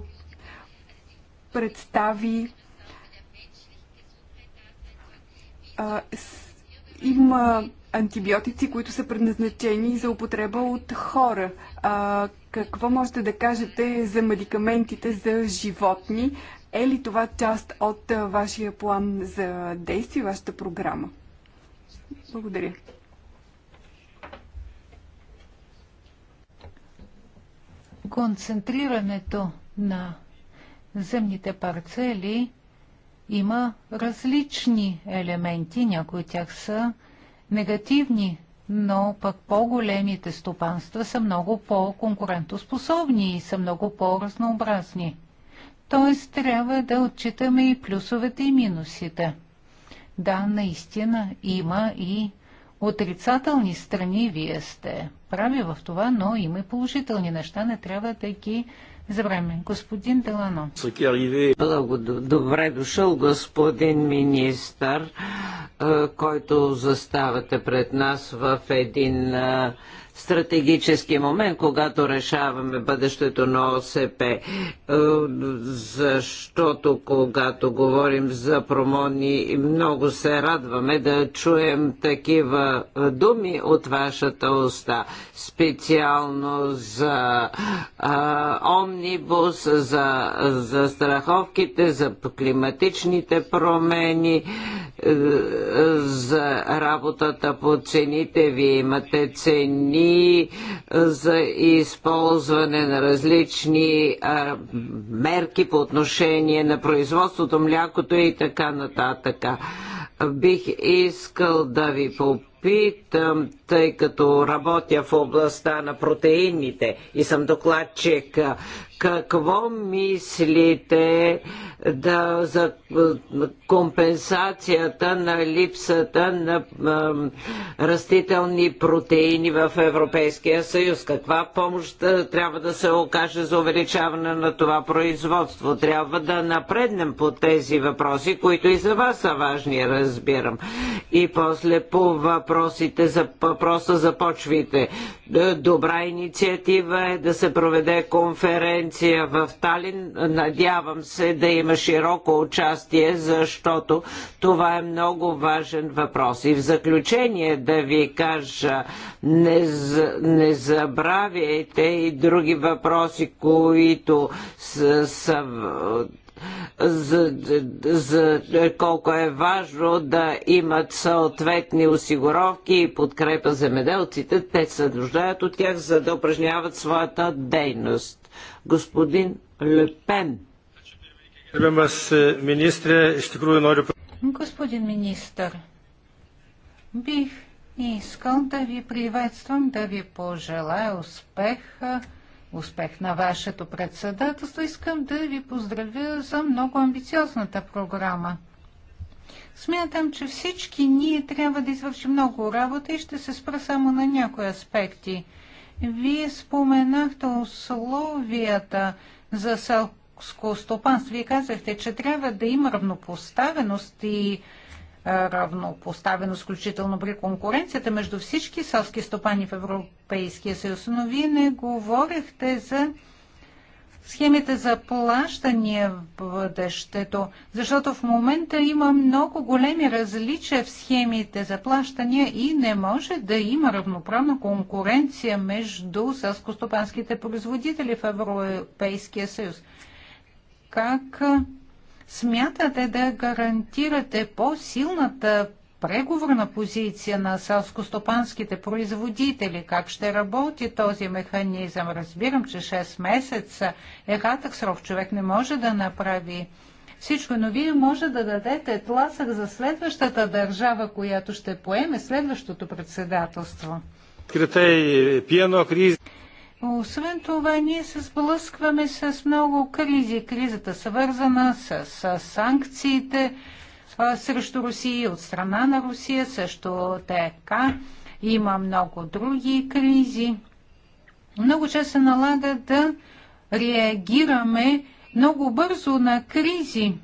представи. А, с, има антибиотици, които са предназначени за употреба от хора. А, какво можете да кажете за медикаментите за животни? Е ли това част от вашия план за действие, вашата програма? Благодаря. концентрирането на земните парцели има различни елементи, някои от тях са негативни, но пък по-големите стопанства са много по-конкурентоспособни и са много по-разнообразни. Тоест трябва да отчитаме и плюсовете и минусите. Да, наистина има и отрицателни страни вие сте прави в това, но има и положителни неща, не трябва да ги забравяме. Господин Делано. добре дошъл, господин министър, който заставате пред нас в един стратегически момент, когато решаваме бъдещето на ОСП. Е, защото когато говорим за промони, много се радваме да чуем такива думи от вашата уста. Специално за а, омнибус, за, за страховките, за климатичните промени, е, за работата по цените. Вие имате цени и за използване на различни а, мерки по отношение на производството, млякото и така нататък. Бих искал да ви попитам питам, тъй като работя в областта на протеините и съм докладчик, какво мислите да, за компенсацията на липсата на растителни протеини в Европейския съюз? Каква помощ трябва да се окаже за увеличаване на това производство? Трябва да напреднем по тези въпроси, които и за вас са важни, разбирам. И после по въпроса въпросите за въпроса за почвите. Добра инициатива е да се проведе конференция в Талин. Надявам се да има широко участие, защото това е много важен въпрос. И в заключение да ви кажа, не, не забравяйте и други въпроси, които са, са за, за колко е важно да имат съответни осигуровки и подкрепа земеделците. Те се нуждаят от тях, за да упражняват своята дейност. Господин Лепен. Господин министр, бих искал да ви приветствам, да ви пожелая успеха успех на вашето председателство. Искам да ви поздравя за много амбициозната програма. Смятам, че всички ние трябва да извършим много работа и ще се спра само на някои аспекти. Вие споменахте условията за селско стопанство. Вие казахте, че трябва да има равнопоставеност и е, равнопоставено, включително при конкуренцията между всички селски стопани в Европейския съюз. Но вие не говорихте за схемите за плащания в бъдещето, защото в момента има много големи различия в схемите за плащания и не може да има равноправна конкуренция между селскостопанските производители в Европейския съюз. Как смятате да гарантирате по-силната преговорна позиция на селскостопанските производители? Как ще работи този механизъм? Разбирам, че 6 месеца е кратък срок. Човек не може да направи всичко, но вие може да дадете тласък за следващата държава, която ще поеме следващото председателство. Критей пиано, криз. Освен това, ние се сблъскваме с много кризи. Кризата свързана с, с санкциите а, срещу Русия от страна на Русия, също така има много други кризи. Много често се налага да реагираме много бързо на кризи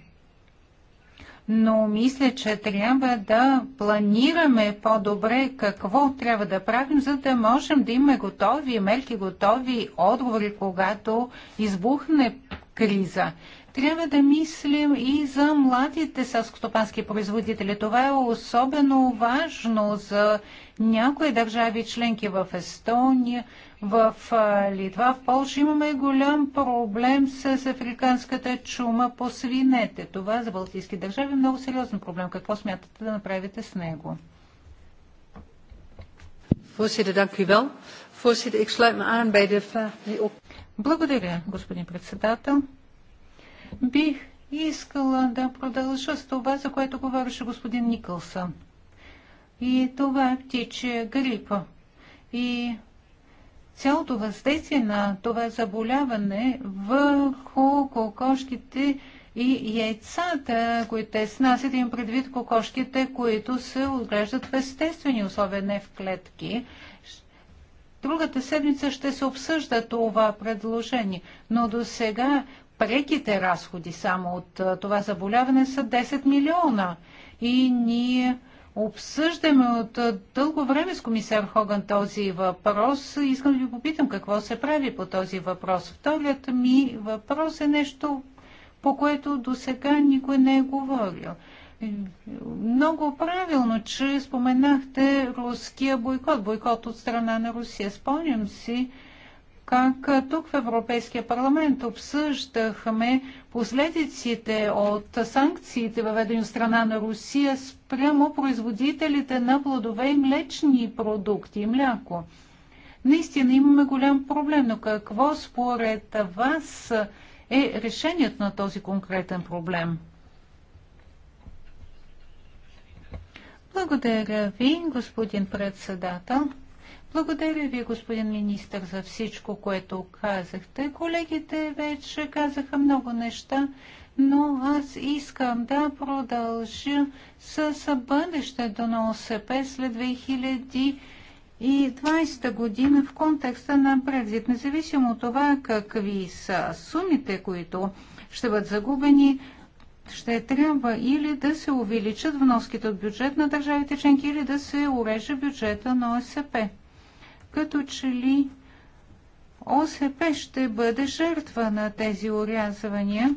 но мисля, че трябва да планираме по-добре какво трябва да правим, за да можем да имаме готови мерки, готови отговори, когато избухне криза. Трябва да мислим и за младите селскостопански производители. Това е особено важно за някои държави членки в Естония, в Литва, в Польша имаме голям проблем с африканската чума по свинете. Това за балтийски държави е много сериозен проблем. Какво смятате да направите с него? Благодаря, господин председател. Бих искала да продължа с това, за което говореше господин Никълсън. И това е птичия грипа И цялото въздействие на това заболяване върху кокошките и яйцата, които те снасят, им предвид кокошките, които се отглеждат в естествени условия, не в клетки. Другата седмица ще се обсъжда това предложение, но до сега преките разходи само от това заболяване са 10 милиона. И ние Обсъждаме от дълго време с комисар Хоган този въпрос. Искам да ви попитам какво се прави по този въпрос. Вторият ми въпрос е нещо, по което до сега никой не е говорил. Много правилно, че споменахте руския бойкот, бойкот от страна на Русия. Спомням си, как тук в Европейския парламент обсъждахме последиците от санкциите, въведени от страна на Русия спрямо производителите на плодове и млечни продукти и мляко. Наистина имаме голям проблем, но какво според вас е решението на този конкретен проблем? Благодаря ви, господин председател. Благодаря ви, господин министр, за всичко, което казахте. Колегите вече казаха много неща, но аз искам да продължа с бъдещето на ОСП след 2020 година в контекста на Брекзит. Независимо от това какви са сумите, които ще бъдат загубени, ще трябва или да се увеличат вноските от бюджет на държавите членки, или да се уреже бюджета на ОСП като че ли ОСП ще бъде жертва на тези урязвания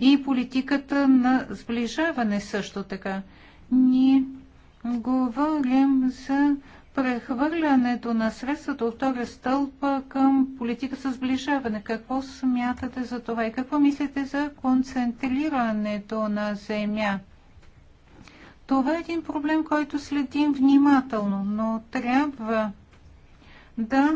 и политиката на сближаване също така. Ние говорим за прехвърлянето на средствата от втория стълпа към политика за сближаване. Какво смятате за това и какво мислите за концентрирането на земя? Това е един проблем, който следим внимателно, но трябва да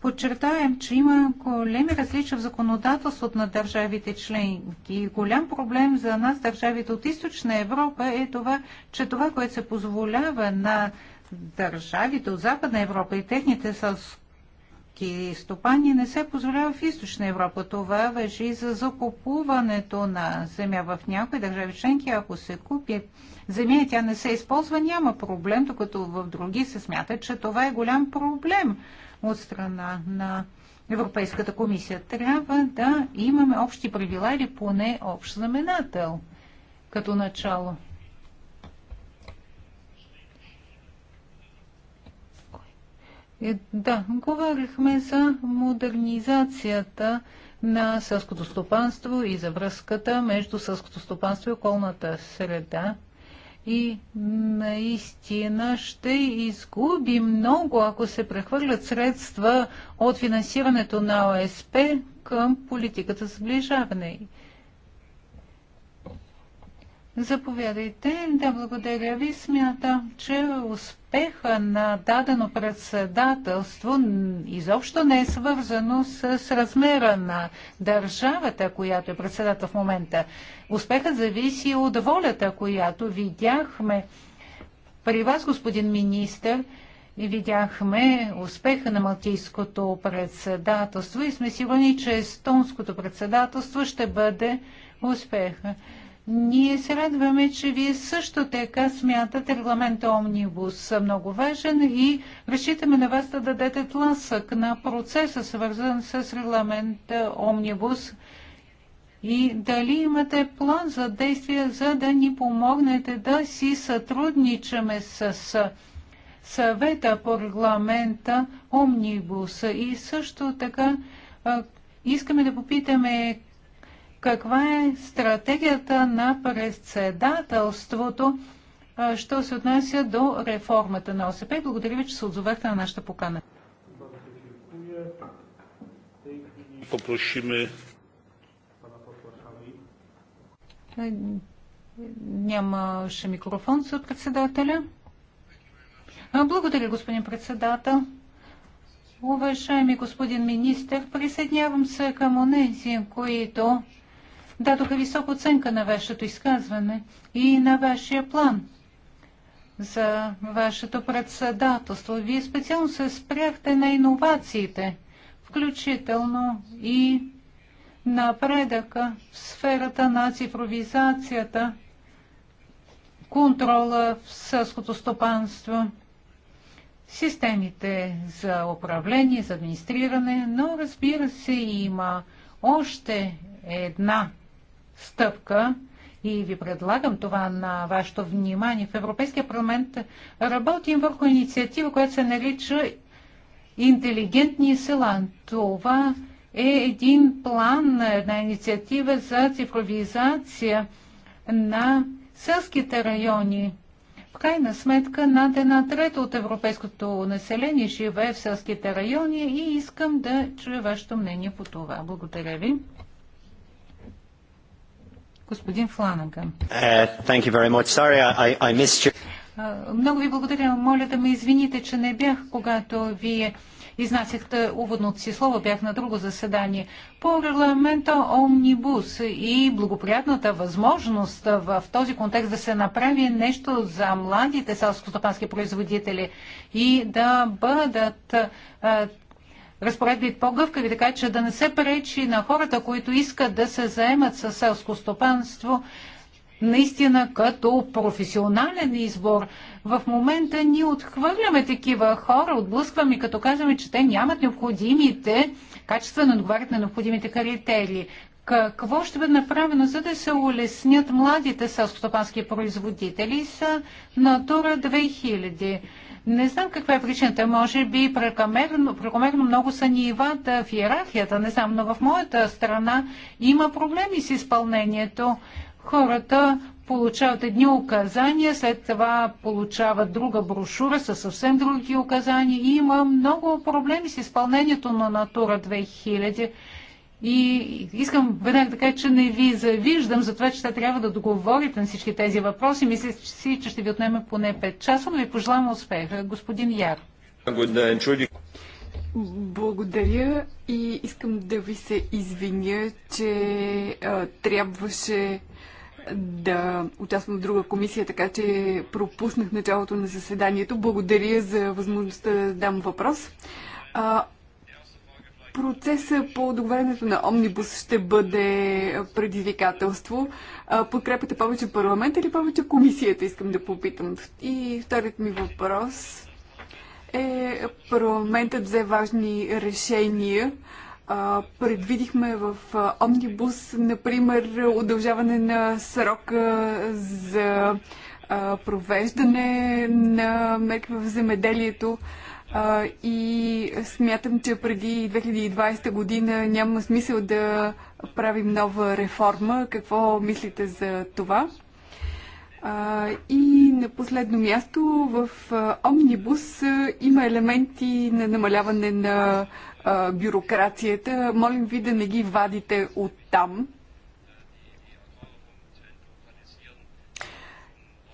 подчертаем, че има големи различия в законодателството на държавите членки. Голям проблем за нас, държавите от източна Европа, е това, че това, което се позволява на държавите от Западна Европа и техните селски стопани не се позволява в Източна Европа. Това въжи за закупуването на земя в някои държави членки. Ако се купи земя тя не се използва, няма проблем, докато в други се смятат, че това е голям проблем от страна на Европейската комисия. Трябва да имаме общи правила или поне общ знаменател като начало. Е, да, говорихме за модернизацията на сълското стопанство и за връзката между сълското стопанство и околната среда и наистина ще изгуби много, ако се прехвърлят средства от финансирането на ОСП към политиката сближаване. Заповядайте. Да, благодаря ви. Смятам, че успеха на дадено председателство изобщо не е свързано с, с размера на държавата, която е председател в момента. Успехът зависи от волята, която видяхме при вас, господин министр. Видяхме успеха на Малтийското председателство и сме сигурни, че естонското председателство ще бъде успеха. Ние се радваме, че вие също така смятате регламента Омнибус много важен и разчитаме на вас да дадете тласък на процеса, свързан с регламента Омнибус. И дали имате план за действие, за да ни помогнете да си сътрудничаме с съвета по регламента Омнибус. И също така искаме да попитаме каква е стратегията на председателството, що се отнася до реформата на ОСП. Благодаря ви, че се отзовахте на нашата покана. Попрошиме. Е, нямаше микрофон за председателя. Благодаря, господин председател. Уважаеми господин министр, присъединявам се към онези, които дадоха висока оценка на вашето изказване и на вашия план за вашето председателство. Вие специално се спряхте на иновациите, включително и напредъка в сферата на цифровизацията, контрола в сълското стопанство, системите за управление, за администриране, но разбира се има още една стъпка и ви предлагам това на вашето внимание. В Европейския парламент работим върху инициатива, която се нарича интелигентни села. Това е един план, една инициатива за цифровизация на селските райони. В крайна сметка над една трета от европейското население живее в селските райони и искам да чуя вашето мнение по това. Благодаря ви господин Фланаган. Uh, Много ви благодаря. Моля да ме извините, че не бях, когато вие изнасяхте уводното си слово, бях на друго заседание. По регламента Омнибус и благоприятната възможност в този контекст да се направи нещо за младите селскостопански производители и да бъдат разпоредби по-гъвкави, така че да не се пречи на хората, които искат да се заемат със селско стопанство, наистина като професионален избор. В момента ние отхвърляме такива хора, отблъскваме, като казваме, че те нямат необходимите, качествено отговарят на необходимите критерии. Какво ще бъде направено, за да се улеснят младите селскостопански производители са Натура 2000? Не знам каква е причината. Може би прекомерно, прекомерно много са нивата в иерархията. Не знам, но в моята страна има проблеми с изпълнението. Хората получават едни указания, след това получават друга брошура със съвсем други указания. И има много проблеми с изпълнението на Натура 2000. И искам веднага да кажа, че не ви завиждам за това, че ще трябва да договорите на всички тези въпроси. Мисля си, че ще ви отнеме поне 5 часа, но ви пожелавам успех. Господин Яр. Благодаря и искам да ви се извиня, че а, трябваше да участвам в друга комисия, така че пропуснах началото на заседанието. Благодаря за възможността да дам въпрос. А, Процеса по договарянето на Омнибус ще бъде предизвикателство. Подкрепяте повече парламента или повече комисията, искам да попитам. И вторият ми въпрос е парламентът взе важни решения. Предвидихме в Омнибус, например, удължаване на срока за провеждане на мерки в земеделието и смятам, че преди 2020 година няма смисъл да правим нова реформа. Какво мислите за това? и на последно място в Омнибус има елементи на намаляване на бюрокрацията. Молим ви да не ги вадите от там.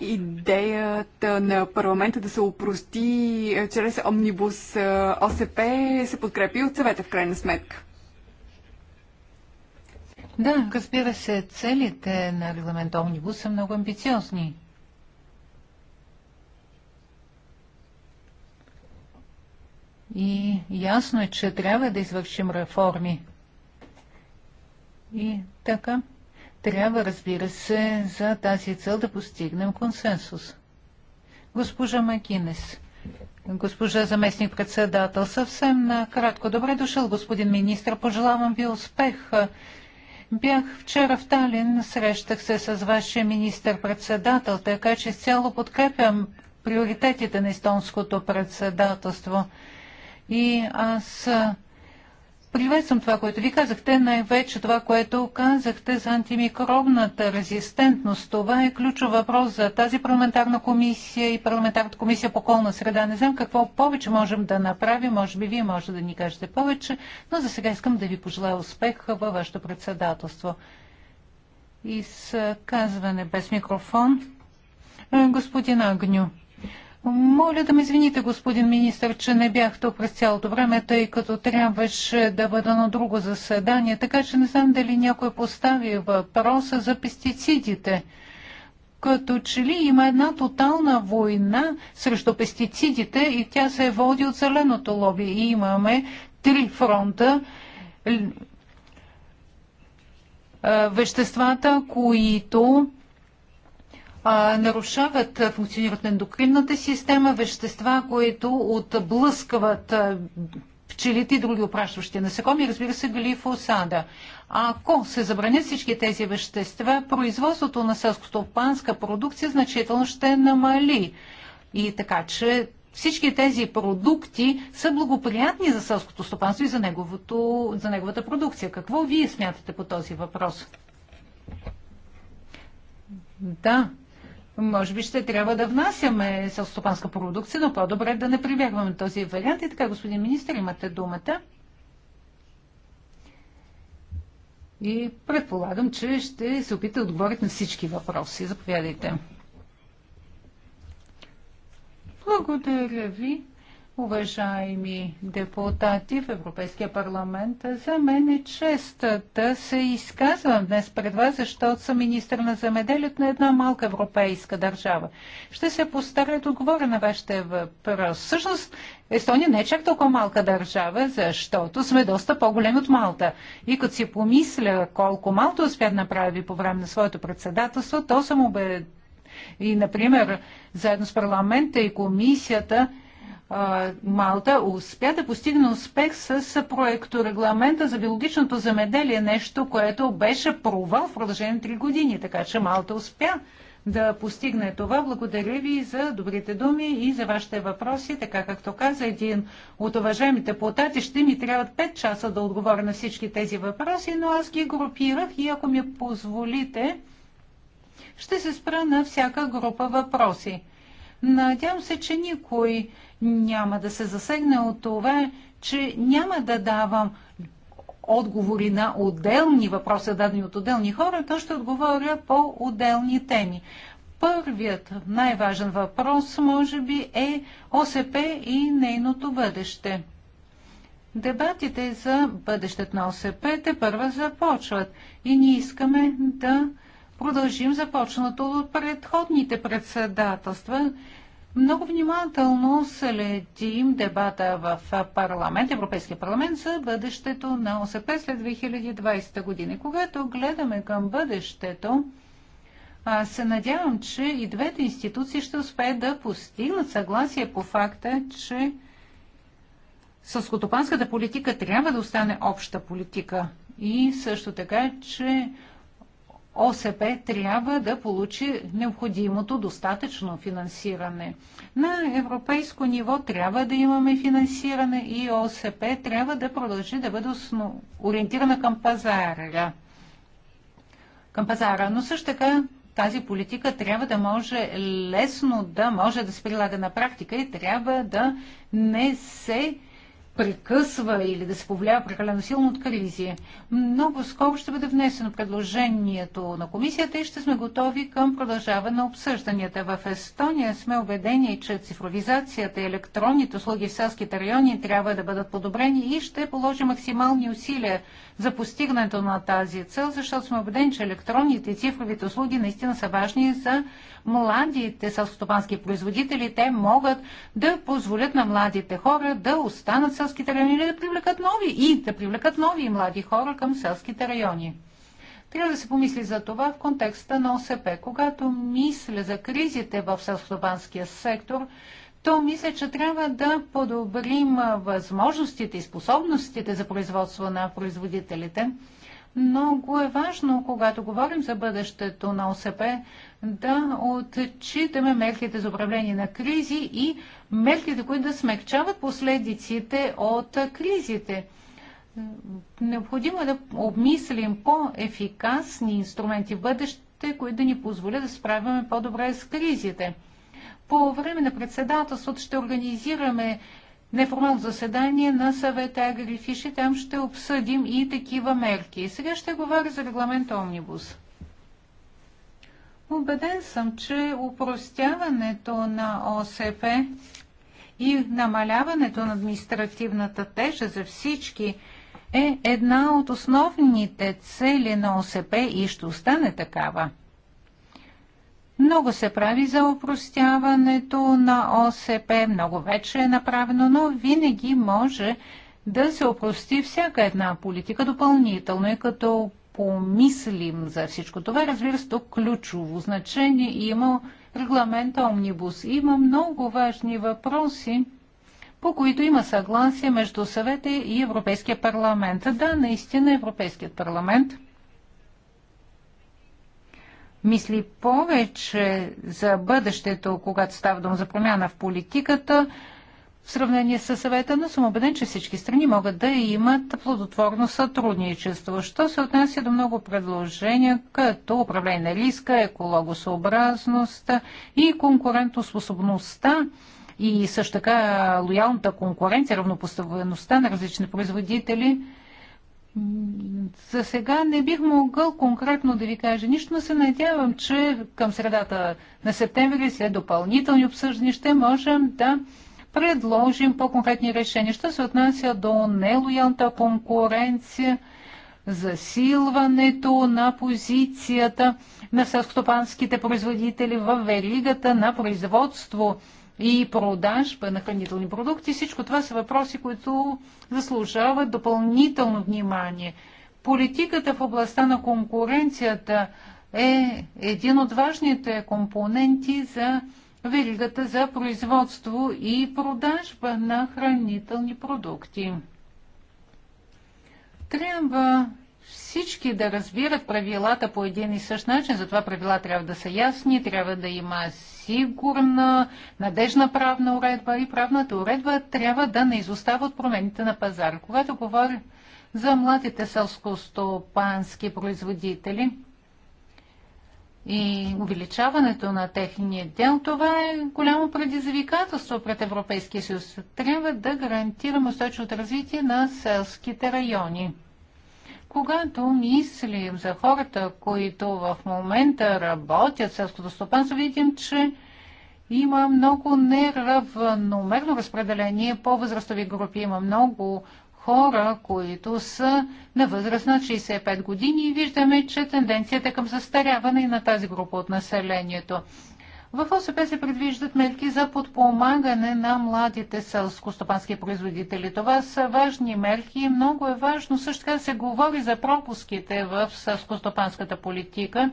идеята на парламента да се опрости е, чрез омнибус е, ОСП се подкрепи от съвета в крайна сметка. Да, разбира се, целите на регламент Омнибус са много амбициозни. И ясно е, че трябва да извършим реформи. И така, трябва, разбира се, за тази цел да постигнем консенсус. Госпожа Макинес, госпожа заместник-председател, съвсем накратко. Добре дошъл, господин министр. Пожелавам ви успех. Бях вчера в Талин, срещах се с вашия министр-председател, така че цяло подкрепям приоритетите на естонското председателство. И аз приветствам това, което ви казахте, най-вече това, което казахте за антимикробната резистентност. Това е ключов въпрос за тази парламентарна комисия и парламентарната комисия по околна среда. Не знам какво повече можем да направим, може би вие може да ни кажете повече, но за сега искам да ви пожелая успех във вашето председателство. Изказване без микрофон. Е, господин Агню. Моля да ме извините, господин министр, че не бях тук през цялото време, тъй като трябваше да бъда на друго заседание, така че не знам дали някой постави въпроса за пестицидите. Като че ли има една тотална война срещу пестицидите и тя се води от зеленото лоби. И имаме три фронта веществата, които а, нарушават функционирането на ендокринната система, вещества, които отблъскват пчелите и други опрашващи насекоми, разбира се, глифосада. Ако се забранят всички тези вещества, производството на селскостопанска продукция значително ще намали. И така, че всички тези продукти са благоприятни за селското стопанство и за, неговото, за неговата продукция. Какво вие смятате по този въпрос? Да, може би ще трябва да внасяме селстопанска продукция, но по-добре да не прибягваме този вариант. И така, господин министр, имате думата. И предполагам, че ще се опита да отговорите на всички въпроси. Заповядайте. Благодаря ви уважаеми депутати в Европейския парламент. За мен е чест да се изказвам днес пред вас, защото съм министр на земеделието на една малка европейска държава. Ще се постаря да отговоря на вашите въпроси. Всъщност, Естония не е чак толкова малка държава, защото сме доста по-големи от Малта. И като си помисля колко Малта успя да направи по време на своето председателство, то съм убеден. И, например, заедно с парламента и комисията, Малта успя да постигне успех с проекто регламента за биологичното замеделие, нещо, което беше провал в продължение на 3 години, така че Малта успя да постигне това. Благодаря ви за добрите думи и за вашите въпроси. Така както каза един от уважаемите депутати, ще ми трябват 5 часа да отговоря на всички тези въпроси, но аз ги групирах и ако ми позволите, ще се спра на всяка група въпроси. Надявам се, че никой няма да се засегне от това, че няма да давам отговори на отделни въпроси, дадени от отделни хора, то ще отговоря по отделни теми. Първият най-важен въпрос, може би, е ОСП и нейното бъдеще. Дебатите за бъдещето на ОСП те първа започват и ние искаме да продължим започнато от предходните председателства. Много внимателно следим дебата в парламент, Европейския парламент за бъдещето на ОСП след 2020 година. когато гледаме към бъдещето, се надявам, че и двете институции ще успеят да постигнат съгласие по факта, че Съскотопанската политика трябва да остане обща политика и също така, че ОСП трябва да получи необходимото достатъчно финансиране. На европейско ниво трябва да имаме финансиране и ОСП трябва да продължи да бъде основ... ориентирана към пазара. Към пазара. Но също така тази политика трябва да може лесно да може да се прилага на практика и трябва да не се прекъсва или да се повлиява прекалено силно от кризи. Много скоро ще бъде внесено предложението на комисията и ще сме готови към продължаване на обсъжданията. В Естония сме убедени, че цифровизацията и електронните услуги в селските райони трябва да бъдат подобрени и ще положи максимални усилия за постигането на тази цел, защото сме убедени, че електронните и цифровите услуги наистина са важни за младите селскостопански производители. Те могат да позволят на младите хора да останат в селските райони или да привлекат нови и да привлекат нови и млади хора към селските райони. Трябва да се помисли за това в контекста на ОСП. Когато мисля за кризите в селскостопанския сектор, то мисля, че трябва да подобрим възможностите и способностите за производство на производителите. Много е важно, когато говорим за бъдещето на ОСП, да отчитаме мерките за управление на кризи и мерките, които да смягчават последиците от кризите. Необходимо е да обмислим по-ефикасни инструменти в бъдеще, които да ни позволят да справяме по-добре с кризите. По време на председателството ще организираме неформално заседание на съвета Агрифиш и там ще обсъдим и такива мерки. Сега ще говоря за регламент Омнибус. Убеден съм, че упростяването на ОСП и намаляването на административната тежа за всички е една от основните цели на ОСП и ще остане такава. Много се прави за упростяването на ОСП, много вече е направено, но винаги може да се опрости всяка една политика допълнително и като помислим за всичко това, разбира се, то ключово значение има регламент Омнибус. Има много важни въпроси, по които има съгласие между съвета и Европейския парламент. Да, наистина Европейският парламент – мисли повече за бъдещето, когато става дума за промяна в политиката, в сравнение с съвета, но съм убеден, че всички страни могат да имат плодотворно сътрудничество. Що се отнася до много предложения, като управление на риска, екологосъобразност и конкурентоспособността и също така лоялната конкуренция, равнопоставеността на различни производители – за сега не бих могъл конкретно да ви кажа нищо, но се надявам, че към средата на септември след допълнителни обсъждания ще можем да предложим по-конкретни решения. Що се отнася до нелоялната конкуренция, засилването на позицията на селскостопанските производители в веригата на производство – и продажба на хранителни продукти. Всичко това са въпроси, които заслужават допълнително внимание. Политиката в областта на конкуренцията е един от важните компоненти за веригата за производство и продажба на хранителни продукти. Трябва всички да разбират правилата по един и същ начин. Затова правила трябва да са ясни, трябва да има сигурна, надежна правна уредба и правната уредба трябва да не изостава от промените на пазар. Когато говоря за младите селско-стопански производители и увеличаването на техния дел, това е голямо предизвикателство пред Европейския съюз. Трябва да гарантираме устойчивото развитие на селските райони. Когато мислим за хората, които в момента работят в селското стопанство, видим, че има много неравномерно разпределение по възрастови групи. Има много хора, които са на възраст на 65 години и виждаме, че тенденцията е към застаряване на тази група от населението. В ОСП се предвиждат мерки за подпомагане на младите селско-стопански производители. Това са важни мерки и много е важно също така да се говори за пропуските в селско-стопанската политика.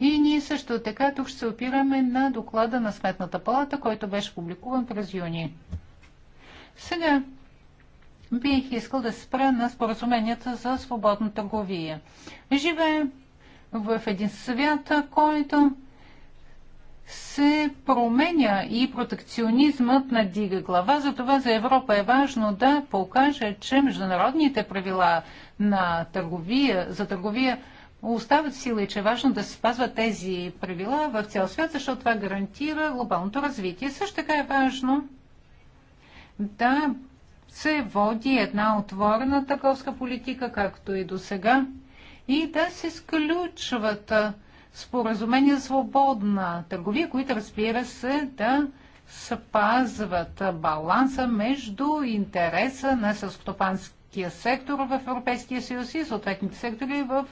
И ние също така тук ще се опираме на доклада на Сметната палата, който беше публикуван през юни. Сега бих искал да се спра на споразуменията за свободна търговия. Живеем в един свят, който се променя и протекционизмът надига глава. Затова за Европа е важно да покаже, че международните правила на търговия, за търговия остават сила и че е важно да се спазват тези правила в цял свят, защото това гарантира глобалното развитие. Също така е важно да се води една отворена търговска политика, както и до сега, и да се сключват споразумения за свободна търговия, които разбира се да спазват баланса между интереса на селскостопанския сектор в Европейския съюз и съответните сектори в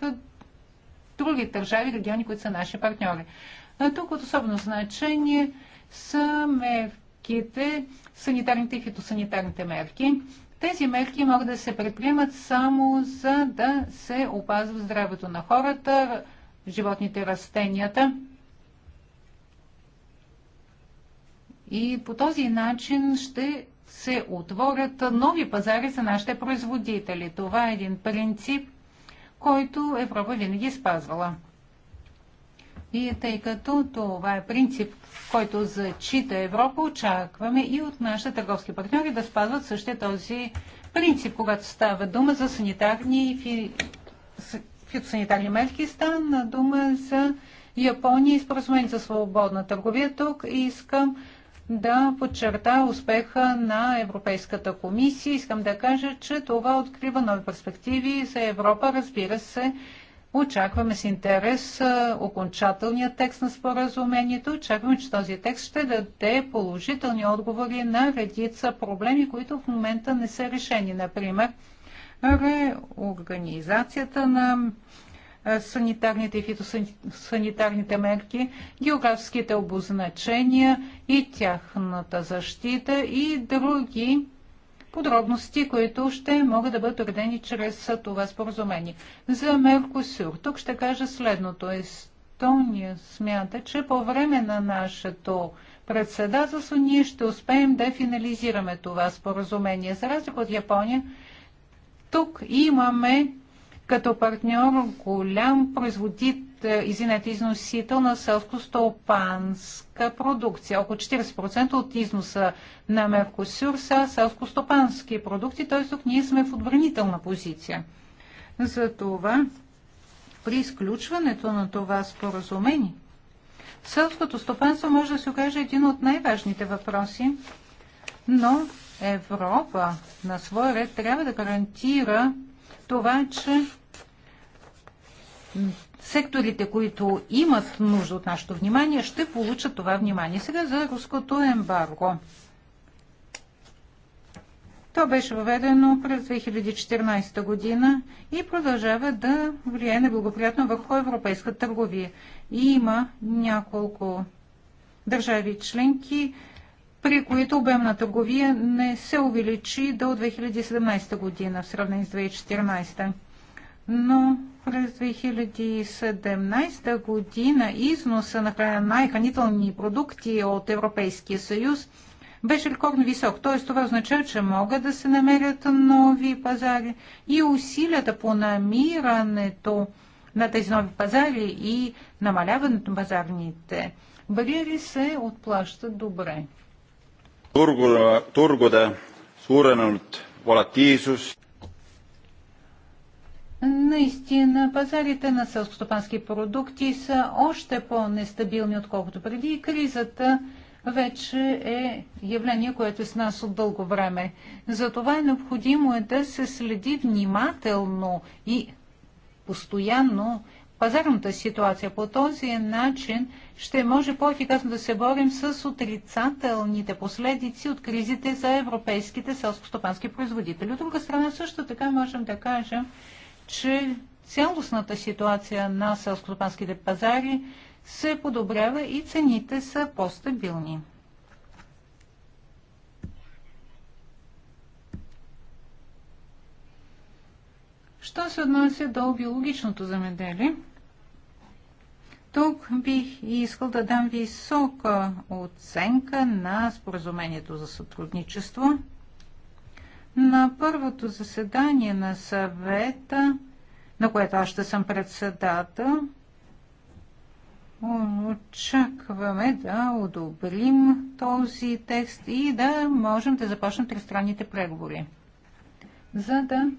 други държави, региони, които са наши партньори. А тук от особено значение са мерките, санитарните и фитосанитарните мерки. Тези мерки могат да се предприемат само за да се опазва здравето на хората, животните растенията. И по този начин ще се отворят нови пазари за нашите производители. Това е един принцип, който Европа винаги е спазвала. И тъй като това е принцип, който зачита Европа, очакваме и от нашите търговски партньори да спазват същия този принцип, когато става дума за санитарни и фи фитосанитарни мерки, стана дума за Япония и споразумение за свободна търговия. Тук искам да подчерта успеха на Европейската комисия. Искам да кажа, че това открива нови перспективи за Европа. Разбира се, очакваме с интерес окончателния текст на споразумението. Очакваме, че този текст ще даде положителни отговори на редица проблеми, които в момента не са решени. Например, реорганизацията на санитарните и фитосанитарните мерки, географските обозначения и тяхната защита и други подробности, които ще могат да бъдат уредени чрез това споразумение. За Меркосюр тук ще кажа следното. Естония смята, че по време на нашето председателство ние ще успеем да финализираме това споразумение. За разлика от Япония, тук имаме като партньор голям производител, извинете, износител на селско-стопанска продукция. Около 40% от износа на Меркосюр са селско-стопански продукти, т.е. тук ние сме в отбранителна позиция. Затова при изключването на това споразумение, селското стопанство може да се окаже един от най-важните въпроси, но Европа на своя ред трябва да гарантира това, че секторите, които имат нужда от нашето внимание, ще получат това внимание. Сега за руското ембарго. То беше въведено през 2014 година и продължава да влияе неблагоприятно върху европейска търговия. И има няколко държави членки, при които обем на търговия не се увеличи до 2017 година в сравнение с 2014. Но през 2017 година износа на края на хранителни продукти от Европейския съюз беше рекордно висок. Т.е. това означава, че могат да се намерят нови пазари и усилията по намирането на тези нови пазари и намаляването на пазарните бариери се отплащат добре turgude suurenenud volatiivsus Наистина, пазарите на селскостопански продукти са още по-нестабилни, отколкото преди. Кризата вече е явление, което е с нас от дълго време. Затова е необходимо е да се следи внимателно и постоянно пазарната ситуация. По този начин ще може по-ефикасно да се борим с отрицателните последици от кризите за европейските селско-стопански производители. От друга страна също така можем да кажем, че цялостната ситуация на селско-стопанските пазари се подобрява и цените са по-стабилни. Що се отнася до биологичното замеделие? Тук бих искал да дам висока оценка на споразумението за сътрудничество. На първото заседание на съвета, на което аз ще съм председател, очакваме да одобрим този текст и да можем да започнем тристранните преговори. За да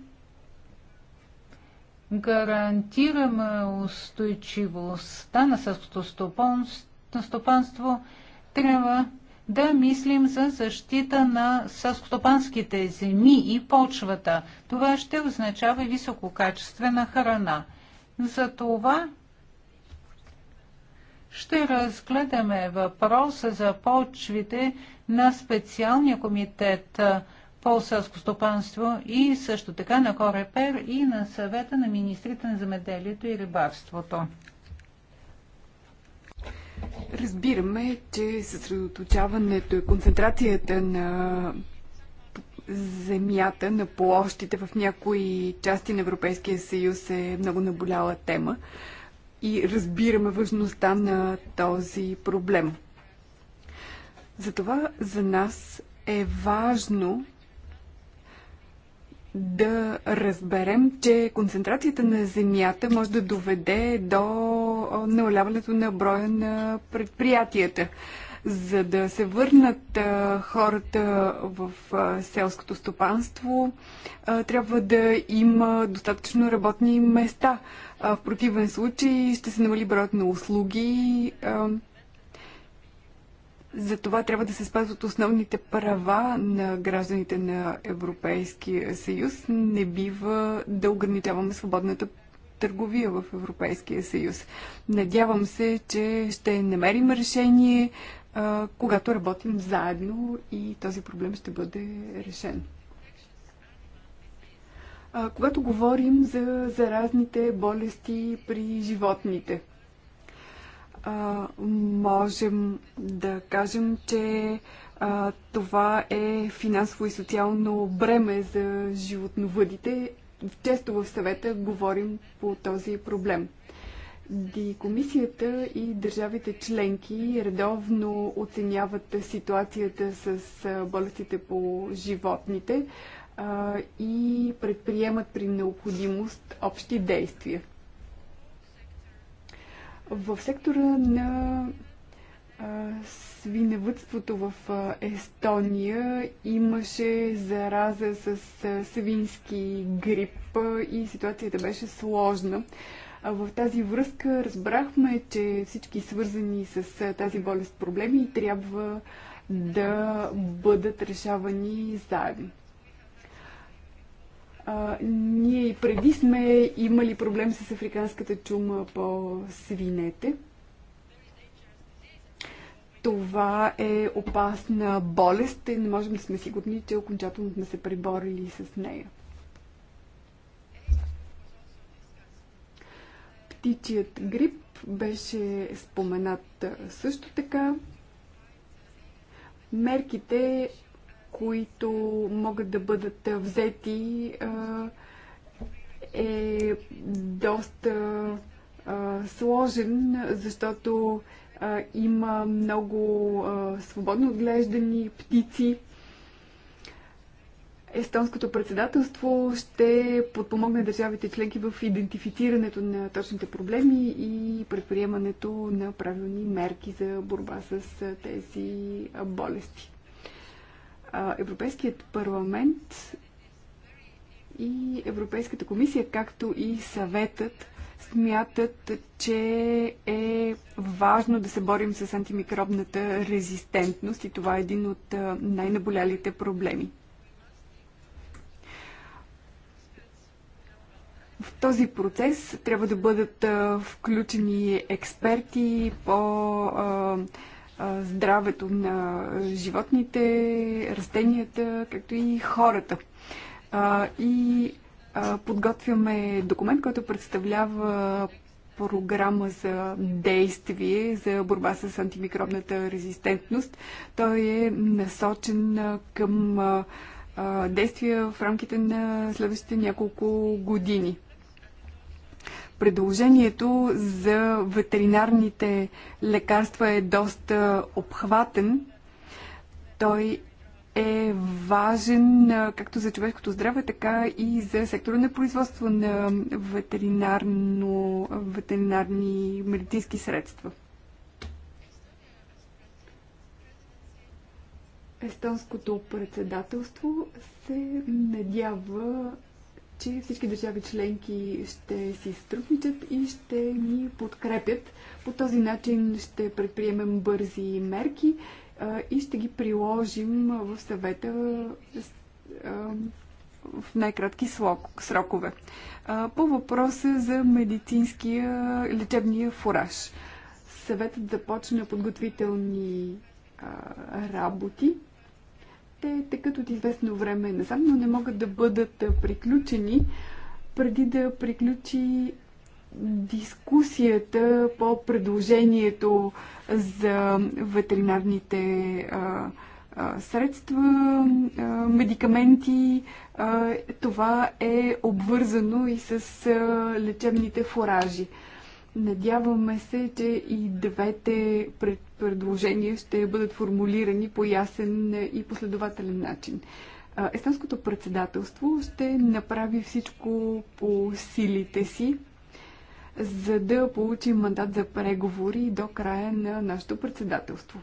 гарантираме устойчивостта на селското стопанство, трябва да мислим за защита на селскостопанските земи и почвата. Това ще означава висококачествена храна. За това ще разгледаме въпроса за почвите на специалния комитет по селско стопанство и също така на Корепер и на съвета на министрите на земеделието и рибарството. Разбираме, че съсредоточаването и концентрацията на земята, на площите в някои части на Европейския съюз е много наболяла тема и разбираме важността на този проблем. Затова за нас е важно да разберем, че концентрацията на земята може да доведе до наоляването на броя на предприятията. За да се върнат хората в селското стопанство, трябва да има достатъчно работни места. В противен случай ще се намали броят на услуги за това трябва да се спазват основните права на гражданите на Европейския съюз. Не бива да ограничаваме свободната търговия в Европейския съюз. Надявам се, че ще намерим решение, когато работим заедно и този проблем ще бъде решен. когато говорим за заразните болести при животните – а, можем да кажем, че а, това е финансово и социално бреме за животновъдите. Често в съвета говорим по този проблем. Ди комисията и държавите членки редовно оценяват ситуацията с болестите по животните а, и предприемат при необходимост общи действия. В сектора на свиневътството в Естония имаше зараза с свински грип и ситуацията беше сложна. В тази връзка разбрахме, че всички свързани с тази болест проблеми трябва да бъдат решавани заедно. А, ние и преди сме имали проблем с африканската чума по свинете. Това е опасна болест и не можем да сме сигурни, че окончателно сме се приборили с нея. Птичият грип беше споменат също така. Мерките които могат да бъдат взети, е доста сложен, защото има много свободно отглеждани птици. Естонското председателство ще подпомогне държавите членки в идентифицирането на точните проблеми и предприемането на правилни мерки за борба с тези болести. Европейският парламент и Европейската комисия, както и съветът, смятат, че е важно да се борим с антимикробната резистентност и това е един от най-наболялите проблеми. В този процес трябва да бъдат включени експерти по здравето на животните, растенията, както и хората. И подготвяме документ, който представлява програма за действие за борба с антимикробната резистентност. Той е насочен към действия в рамките на следващите няколко години. Предложението за ветеринарните лекарства е доста обхватен. Той е важен както за човешкото здраве, така и за сектора на производство на ветеринарно, ветеринарни медицински средства. Естонското председателство се надява че всички държави членки ще си струпничат и ще ни подкрепят. По този начин ще предприемем бързи мерки и ще ги приложим в съвета в най-кратки срокове. По въпроса за медицинския лечебния фураж. Съветът започна подготвителни работи те текат от известно време назад, но не могат да бъдат приключени преди да приключи дискусията по предложението за ветеринарните а, а, средства, а, медикаменти. А, това е обвързано и с а, лечебните фуражи. Надяваме се, че и двете предложения ще бъдат формулирани по ясен и последователен начин. Естонското председателство ще направи всичко по силите си, за да получим мандат за преговори до края на нашето председателство.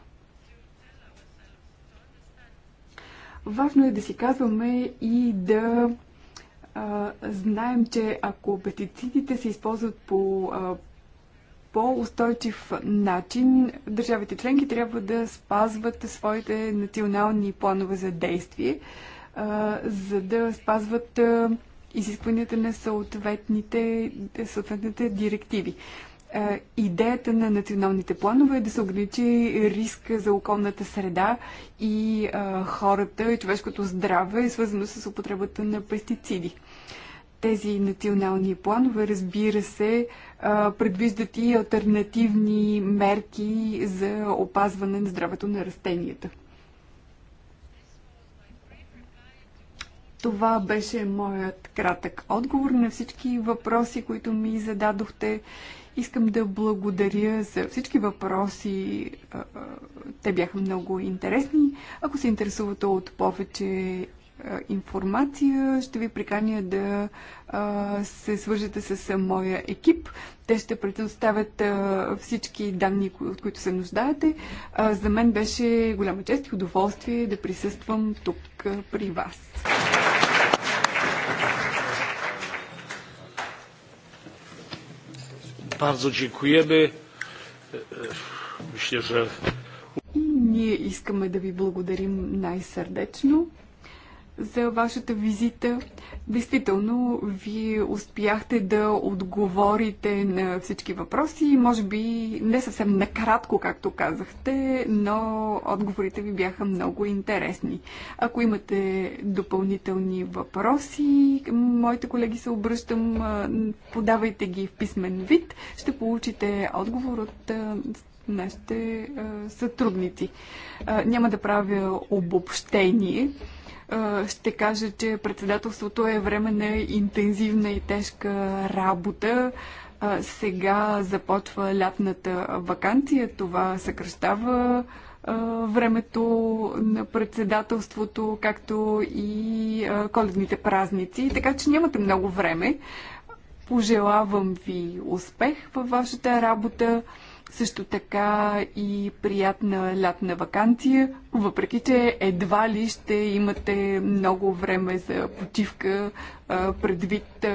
Важно е да си казваме и да а, знаем, че ако пестицидите се използват по а, по-устойчив начин държавите членки трябва да спазват своите национални планове за действие, за да спазват изискванията на съответните, съответните директиви. Идеята на националните планове е да се ограничи риск за околната среда и хората и човешкото здраве, свързано с употребата на пестициди тези национални планове, разбира се, предвиждат и альтернативни мерки за опазване на здравето на растенията. Това беше моят кратък отговор на всички въпроси, които ми зададохте. Искам да благодаря за всички въпроси. Те бяха много интересни. Ако се интересувате от повече информация, ще ви приканя да се свържете с моя екип. Те ще предоставят всички данни, от които се нуждаете. За мен беше голяма чест и удоволствие да присъствам тук при вас. Бързо dziękujemy. И ние искаме да ви благодарим най-сърдечно за вашата визита. Действително, вие успяхте да отговорите на всички въпроси, може би не съвсем накратко, както казахте, но отговорите ви бяха много интересни. Ако имате допълнителни въпроси, моите колеги се обръщам, подавайте ги в писмен вид, ще получите отговор от нашите сътрудници. Няма да правя обобщение ще кажа, че председателството е време на интензивна и тежка работа. Сега започва лятната вакансия. Това съкръщава времето на председателството, както и коледните празници. Така че нямате много време. Пожелавам ви успех във вашата работа също така и приятна лятна вакансия, въпреки че едва ли ще имате много време за почивка предвид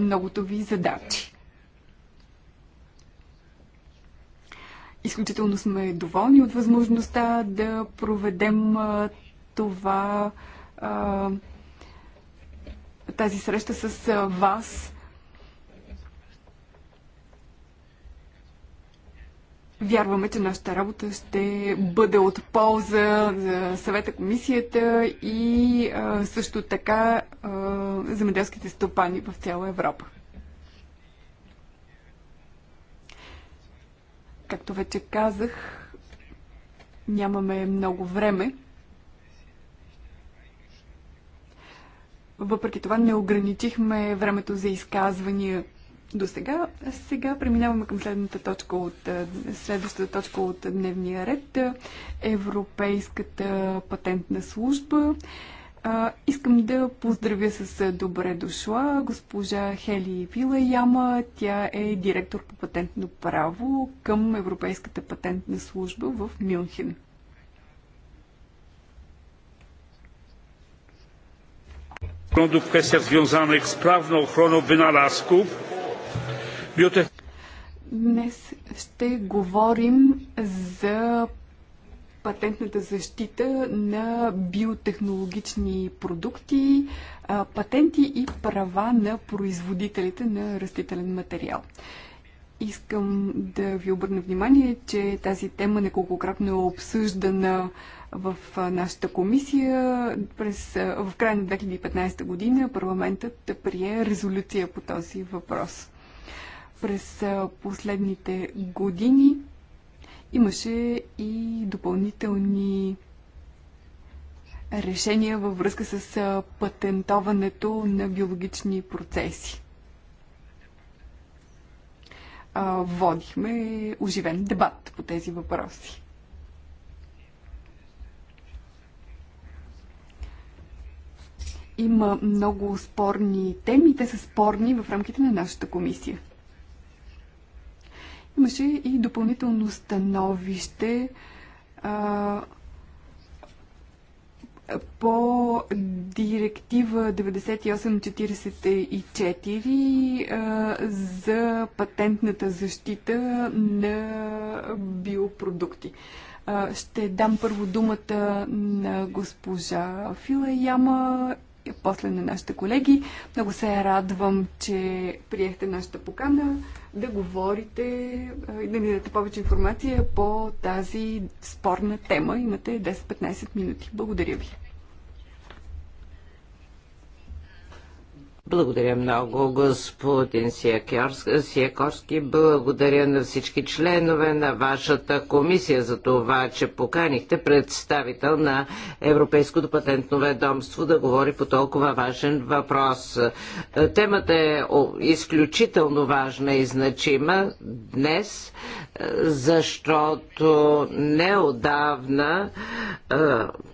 многото ви задачи. Изключително сме доволни от възможността да проведем това тази среща с вас Вярваме, че нашата работа ще бъде от полза за съвета комисията и а, също така а, земеделските стопани в цяла Европа. Както вече казах, нямаме много време. Въпреки това не ограничихме времето за изказвания до сега. Сега преминаваме към следната точка от, е, следващата точка от дневния ред. Европейската патентна служба. А, искам да поздравя с е, добре дошла госпожа Хели Вила Яма. Тя е директор по патентно право към Европейската патентна служба в Мюнхен. Rządów w kwestiach związanych z prawną ochroną wynalazków Днес ще говорим за патентната защита на биотехнологични продукти, патенти и права на производителите на растителен материал. Искам да ви обърна внимание, че тази тема неколкократно е обсъждана в нашата комисия. През, в края на 2015 година парламентът прие резолюция по този въпрос. През последните години имаше и допълнителни решения във връзка с патентоването на биологични процеси. Водихме оживен дебат по тези въпроси. Има много спорни теми. Те са спорни в рамките на нашата комисия. Имаше и допълнително становище а, по директива 9844 а, за патентната защита на биопродукти. А, ще дам първо думата на госпожа Фила Яма после на нашите колеги. Много се радвам, че приехте нашата покана да говорите и да ни дадете повече информация по тази спорна тема. Имате 10-15 минути. Благодаря ви. Благодаря много, господин Сиякорски. Благодаря на всички членове на вашата комисия за това, че поканихте представител на Европейското патентно ведомство да говори по толкова важен въпрос. Темата е изключително важна и значима днес, защото неодавна,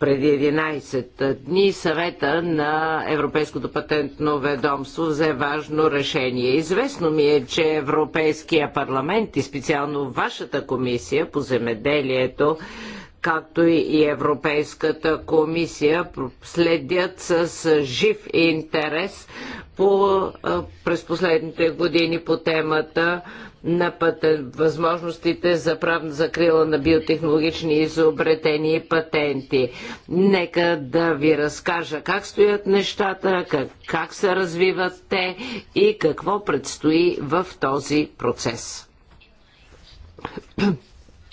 преди 11 дни, съвета на Европейското патентно ведомство ведомство взе важно решение. Известно ми е, че Европейския парламент и специално вашата комисия по земеделието както и Европейската комисия следят с жив интерес по, през последните години по темата на възможностите за правна закрила на биотехнологични изобретения и патенти. Нека да ви разкажа как стоят нещата, как, как се развиват те и какво предстои в този процес.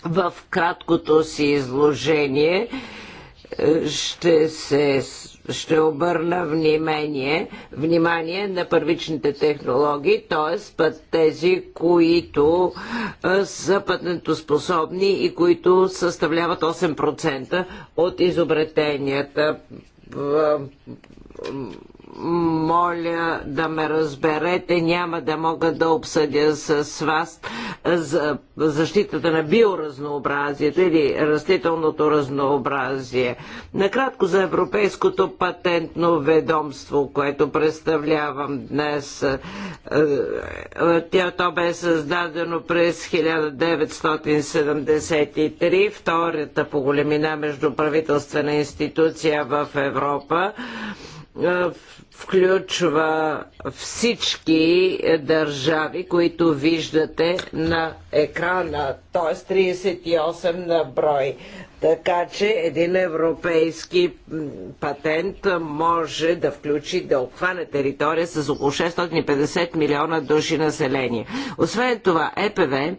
В краткото си изложение е, ще се ще обърна внимание, внимание на първичните технологии, т.е. път тези, които са способни и които съставляват 8% от изобретенията моля да ме разберете, няма да мога да обсъдя с вас за защитата на биоразнообразието или растителното разнообразие. Накратко за Европейското патентно ведомство, което представлявам днес. Е, е, то бе създадено през 1973, втората по големина междуправителствена институция в Европа. Е, включва всички държави, които виждате на екрана, т.е. 38 на брой. Така че един европейски патент може да включи, да обхване територия с около 650 милиона души население. Освен това, ЕПВ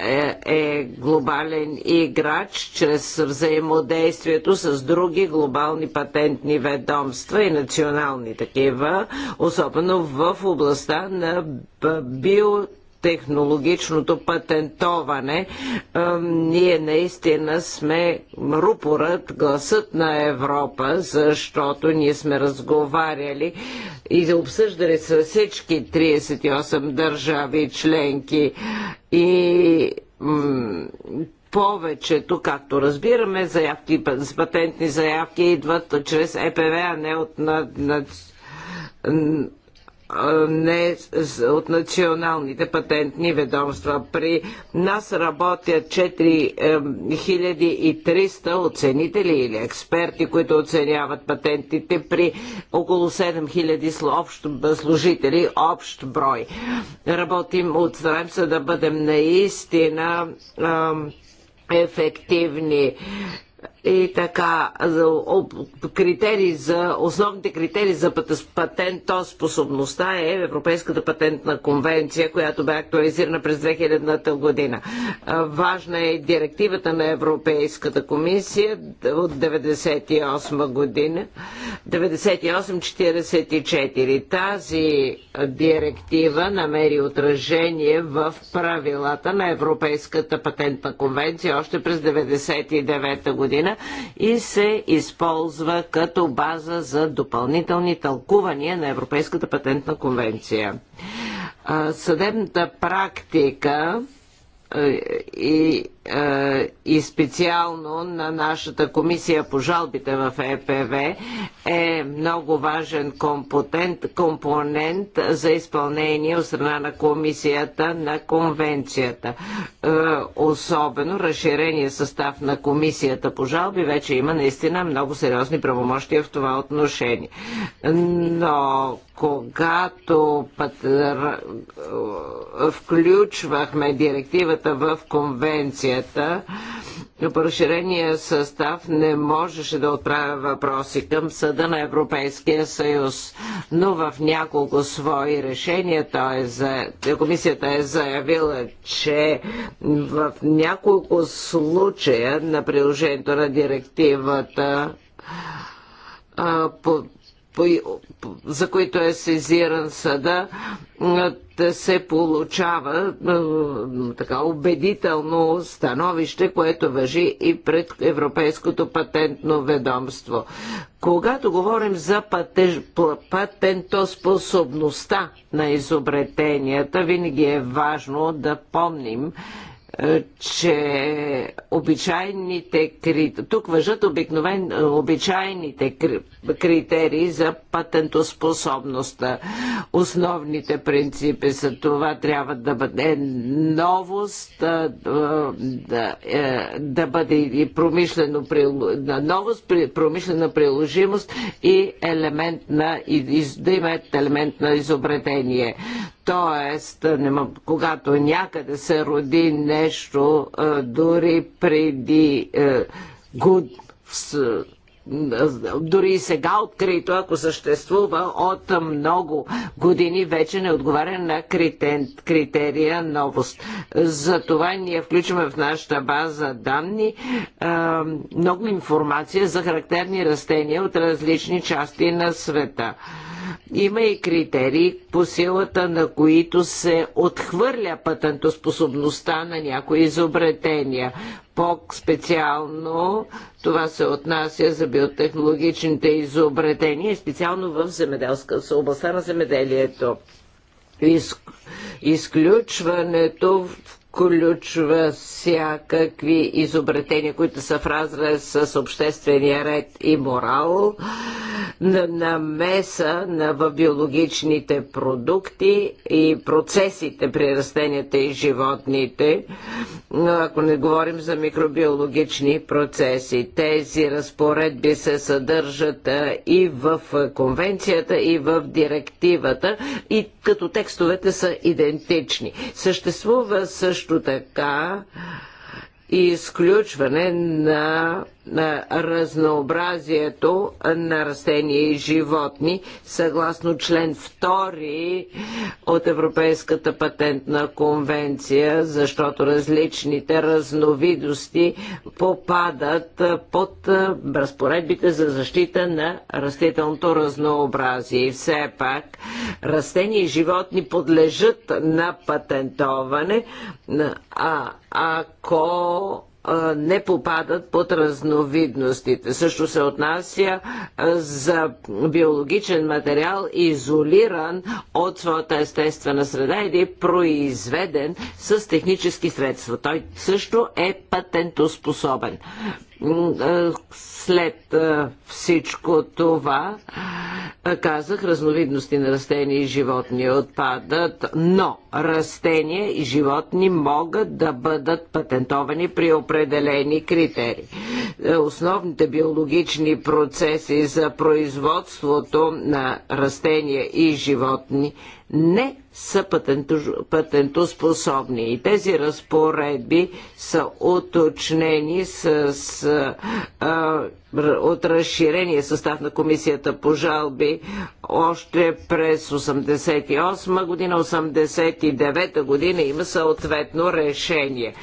е, е, глобален играч чрез взаимодействието с други глобални патентни ведомства и национални такива, особено в областта на био технологичното патентоване, ние наистина сме рупорът, гласът на Европа, защото ние сме разговаряли и обсъждали с всички 38 държави членки и повечето, както разбираме, заявки, патентни заявки идват чрез ЕПВ, а не от на, на, не от националните патентни ведомства. При нас работят 4300 оценители или експерти, които оценяват патентите при около 7000 служители, общ брой. Работим, от за да бъдем наистина ефективни и така за критерии за, основните критерии за патентоспособността е Европейската патентна конвенция, която бе актуализирана през 2000-та година. Важна е директивата на Европейската комисия от 98 година, 98-44. Тази директива намери отражение в правилата на Европейската патентна конвенция още през 99 година и се използва като база за допълнителни тълкувания на Европейската патентна конвенция. Съдебната практика и е, и специално на нашата комисия по жалбите в ЕПВ е много важен компонент, компонент за изпълнение от страна на комисията на конвенцията. Е, особено разширение състав на комисията по жалби вече има наистина много сериозни правомощия в това отношение. Но когато път, е, включвахме директивата в конвенция, комисията по разширения състав не можеше да отправя въпроси към Съда на Европейския съюз, но в няколко свои решения той е за... комисията е заявила, че в няколко случая на приложението на директивата по за които е сезиран съда, се получава така убедително становище, което въжи и пред Европейското патентно ведомство. Когато говорим за патеж, патентоспособността на изобретенията, винаги е важно да помним, че обичайните критерии, тук въжат обикновен обичайните критерии за патентоспособността. Основните принципи са това трябва да бъде новост, да, да, е, да бъде и промишлено новост, промишлена приложимост и елемент на, да има елемент на изобретение. Тоест, когато някъде се роди нещо, дори преди е, год, дори и сега открито, ако съществува от много години, вече не отговаря на критерия новост. Затова ние включваме в нашата база данни много информация за характерни растения от различни части на света. Има и критерии, по силата на които се отхвърля патентоспособността на някои изобретения. По-специално това се отнася за биотехнологичните изобретения, специално в земеделска, областта на земеделието. Из, изключването в включва всякакви изобретения, които са в разрез с обществения ред и морал, на намеса на, биологичните продукти и процесите при растенията и животните, ако не говорим за микробиологични процеси. Тези разпоредби се съдържат и в конвенцията, и в директивата, и като текстовете са идентични. Съществува също също така и изключване на на разнообразието на растения и животни, съгласно член 2 от Европейската патентна конвенция, защото различните разновидности попадат под разпоредбите за защита на растителното разнообразие. И все пак растения и животни подлежат на патентоване, а ако не попадат под разновидностите. Също се отнася за биологичен материал, изолиран от своята естествена среда или произведен с технически средства. Той също е патентоспособен след всичко това, казах, разновидности на растения и животни отпадат, но растения и животни могат да бъдат патентовани при определени критерии. Е, основните биологични процеси за производството на растения и животни не са патентоспособни. И тези разпоредби са уточнени с а, от разширения състав на комисията по жалби още през 88 година, 89 година има съответно решение.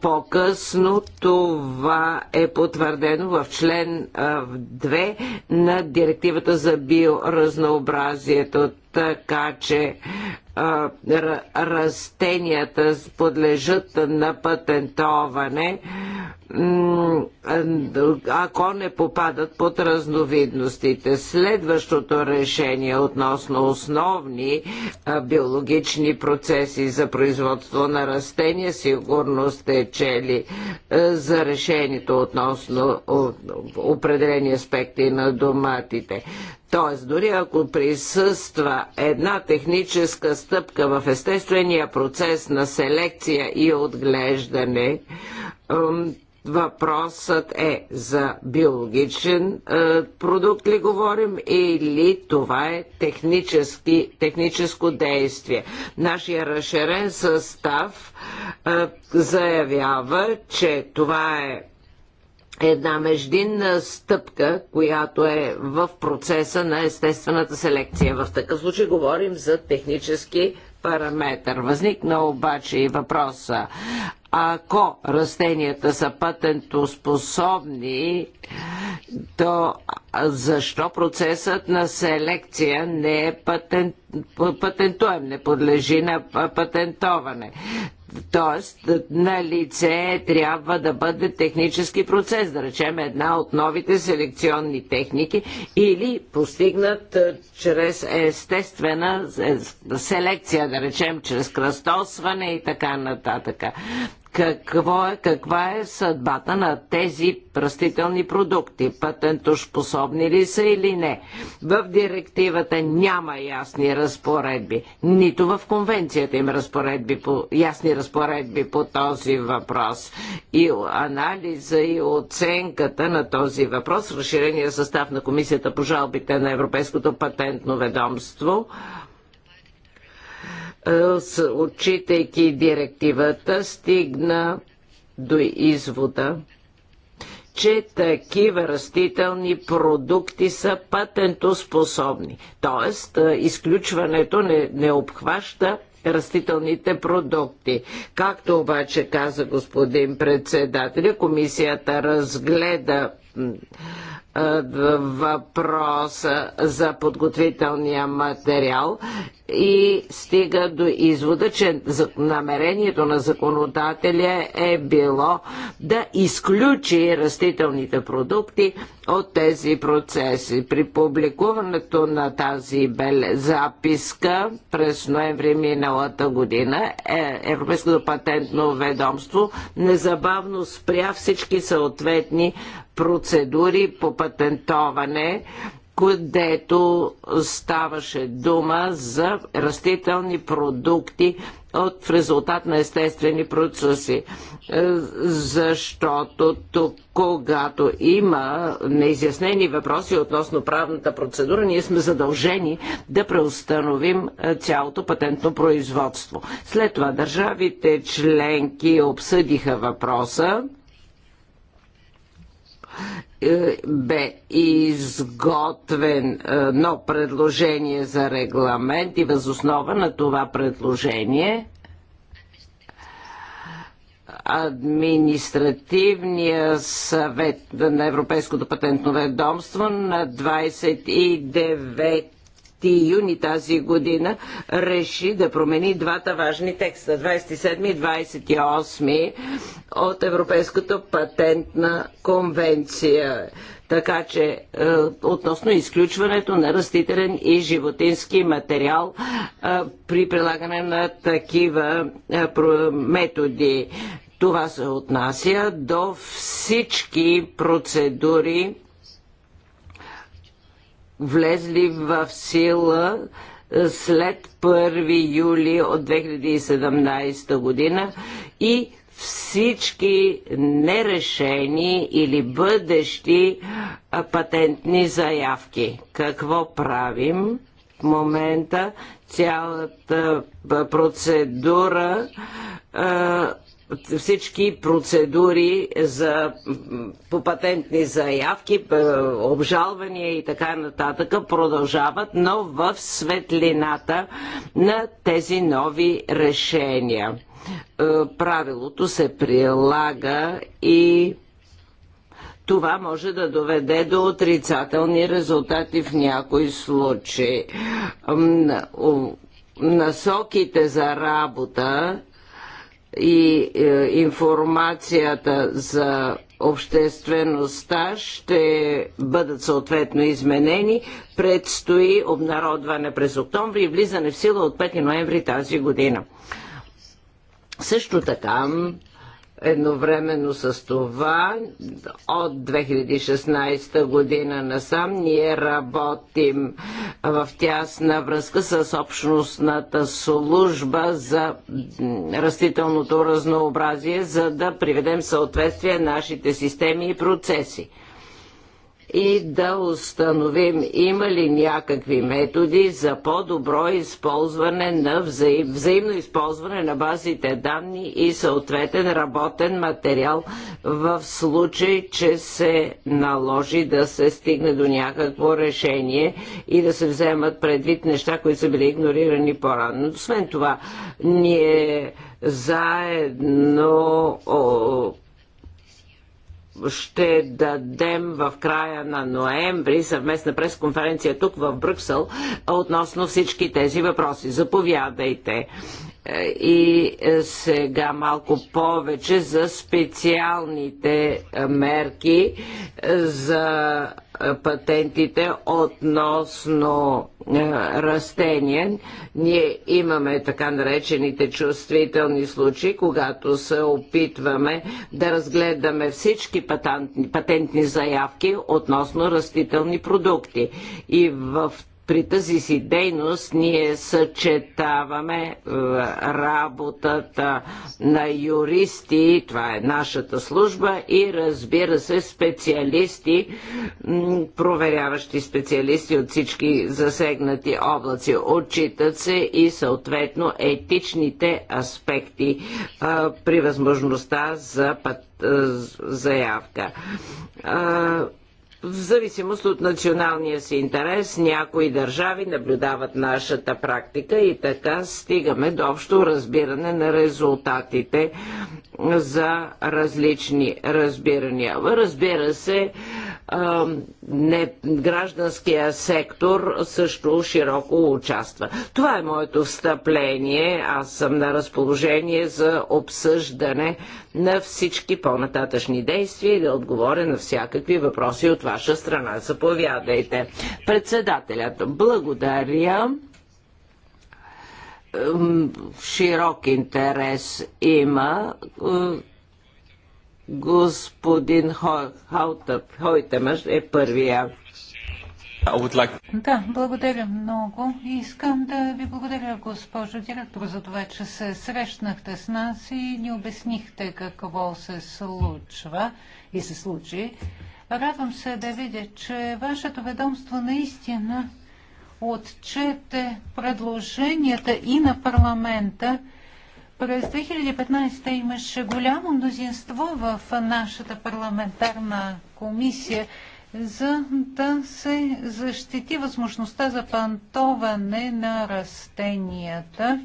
По-късно това е потвърдено в член 2 на директивата за биоразнообразието така че растенията подлежат на патентоване, ако не попадат под разновидностите. Следващото решение относно основни биологични процеси за производство на растения сигурно сте чели за решението относно определени аспекти на доматите. Тоест, дори ако присъства една техническа стъпка в естествения процес на селекция и отглеждане, въпросът е за биологичен продукт ли говорим или това е техническо действие. Нашия разширен състав заявява, че това е една междинна стъпка, която е в процеса на естествената селекция. В такъв случай говорим за технически параметър. Възникна обаче и въпроса, ако растенията са патентоспособни, то защо процесът на селекция не е патент, патентуем, не подлежи на патентоване? Тоест, на лице трябва да бъде технически процес, да речем една от новите селекционни техники или постигнат чрез естествена е, селекция, да речем чрез кръстосване и така нататък какво е, каква е съдбата на тези растителни продукти? Патентоспособни ли са или не? В директивата няма ясни разпоредби, нито в конвенцията им разпоредби по, ясни разпоредби по този въпрос. И анализа и оценката на този въпрос, разширения състав на Комисията по жалбите на Европейското патентно ведомство, е, отчитайки директивата, стигна до извода, че такива растителни продукти са патентоспособни. Тоест, е, изключването не, не обхваща растителните продукти. Както обаче каза господин председателя, комисията разгледа въпроса за подготвителния материал и стига до извода, че намерението на законодателя е било да изключи растителните продукти от тези процеси. При публикуването на тази записка през ноември миналата година е, Европейското патентно ведомство незабавно спря всички съответни процедури по патентоване, където ставаше дума за растителни продукти от в резултат на естествени процеси. Е, защото тук, когато има неизяснени въпроси относно правната процедура, ние сме задължени да преустановим е, цялото патентно производство. След това държавите членки обсъдиха въпроса е, бе изготвен едно предложение за регламент и възоснова на това предложение административния съвет на Европейското патентно ведомство на 29 юни тази година реши да промени двата важни текста 27 и 28 от Европейската патентна конвенция. Така че е, относно изключването на растителен и животински материал е, при прилагане на такива е, методи. Това се отнася до всички процедури влезли в сила е, след 1 юли от 2017 година и всички нерешени или бъдещи патентни заявки. Какво правим в момента? Цялата процедура всички процедури за, по патентни заявки, е, обжалвания и така нататък продължават, но в светлината на тези нови решения. Е, правилото се прилага и това може да доведе до отрицателни резултати в някои случаи. Насоките за работа и е, информацията за обществеността ще бъдат съответно изменени. Предстои обнародване през октомври и влизане в сила от 5 ноември тази година. Също така Едновременно с това, от 2016 година насам, ние работим в тясна връзка с общностната служба за растителното разнообразие, за да приведем съответствие нашите системи и процеси и да установим има ли някакви методи за по-добро използване на взаим, взаимно използване на базите данни и съответен работен материал в случай, че се наложи да се стигне до някакво решение и да се вземат предвид неща, които са били игнорирани по-рано. Освен това, ние заедно о, ще дадем в края на ноември съвместна пресконференция тук в Брюксел относно всички тези въпроси. Заповядайте и е, сега малко повече за специалните е, мерки е, за патентите относно растения. Ние имаме така наречените чувствителни случаи, когато се опитваме да разгледаме всички патентни заявки относно растителни продукти. И в при тази си дейност ние съчетаваме е, работата на юристи, това е нашата служба, и разбира се специалисти, проверяващи специалисти от всички засегнати облаци. Отчитат се и съответно етичните аспекти е, при възможността за път, е, заявка. В зависимост от националния си интерес, някои държави наблюдават нашата практика и така стигаме до общо разбиране на резултатите за различни разбирания. Разбира се, не, гражданския сектор също широко участва. Това е моето встъпление. Аз съм на разположение за обсъждане на всички по-нататъчни действия и да отговоря на всякакви въпроси от ваша страна. Заповядайте. Председателят, благодаря широк интерес има е, Господин Хойтемаш е първия. Like... Да, благодаря много. Искам да ви благодаря, госпожо директор, за това, че се срещнахте с нас и ни обяснихте какво се случва и се случи. Радвам се да видя, че вашето ведомство наистина отчете предложенията и на парламента, през 2015 имаше голямо мнозинство в нашата парламентарна комисия за да се защити възможността за пантоване на растенията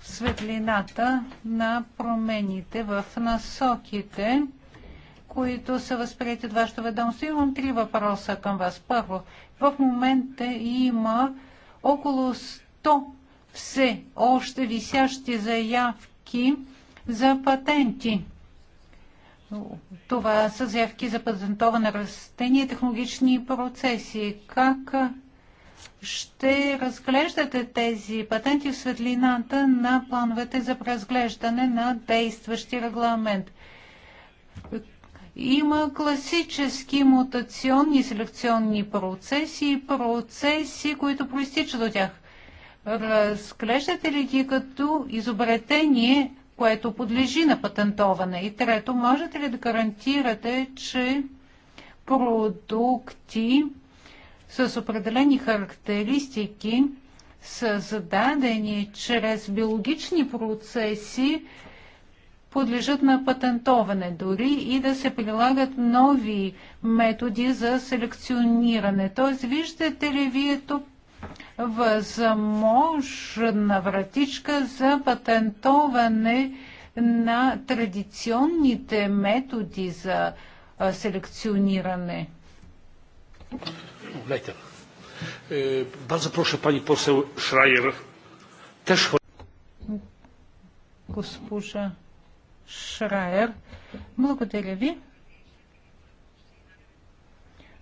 в светлината на промените в насоките, които са възприяти от вашето ведомство. Имам три въпроса към вас. Първо, в момента има около 100 все още висящи заявки за патенти. Това са заявки за патентоване растения и технологични процеси. Как ще разглеждате тези патенти в светлината на плановете за разглеждане на действащи регламент? Има класически мутационни селекционни процеси и процеси, които проистичат от тях разглеждате ли ги като изобретение, което подлежи на патентоване? И трето, можете ли да гарантирате, че продукти с определени характеристики са зададени чрез биологични процеси, подлежат на патентоване дори и да се прилагат нови методи за селекциониране. Т.е. виждате ли вие тук възможна вратичка за патентоване на традиционните методи за селекциониране. Bardzo е, проша пани посел Шрайер. Теж Госпожа Шрайер, благодаря ви.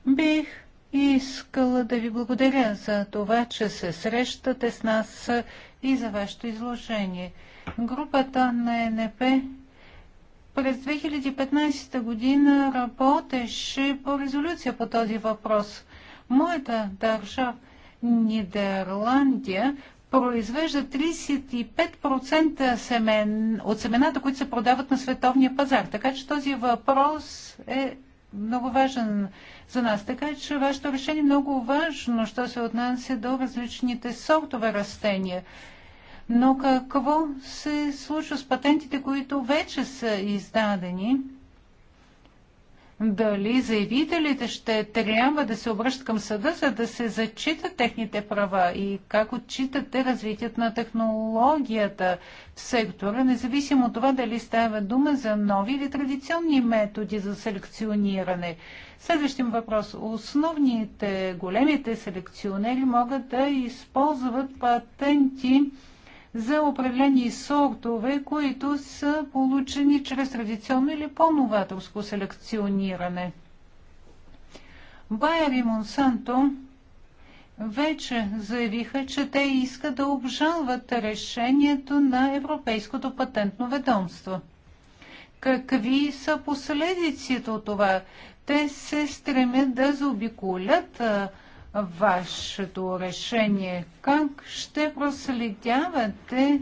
Бих и искала да ви благодаря за това, че се срещате с нас и за вашето изложение. Групата на НП през 2015 година работеше по резолюция по този въпрос. Моята държава, Нидерландия, произвежда 35% семен, от семената, които се продават на световния пазар. Така че този въпрос е много важен за нас. Така че вашето решение е много важно, що се отнася до различните сортове растения. Но какво се случва с патентите, които вече са издадени? дали заявителите ще трябва да се обръщат към съда, за да се зачитат техните права и как отчитате развитието на технологията в сектора, независимо от това дали става дума за нови или традиционни методи за селекциониране. Следващия въпрос. Основните, големите селекционери могат да използват патенти за определени сортове, които са получени чрез традиционно или по-новаторско селекциониране. Байер и Монсанто вече заявиха, че те искат да обжалват решението на Европейското патентно ведомство. Какви са последиците от това? Те се стремят да заобиколят вашето решение? Как ще проследявате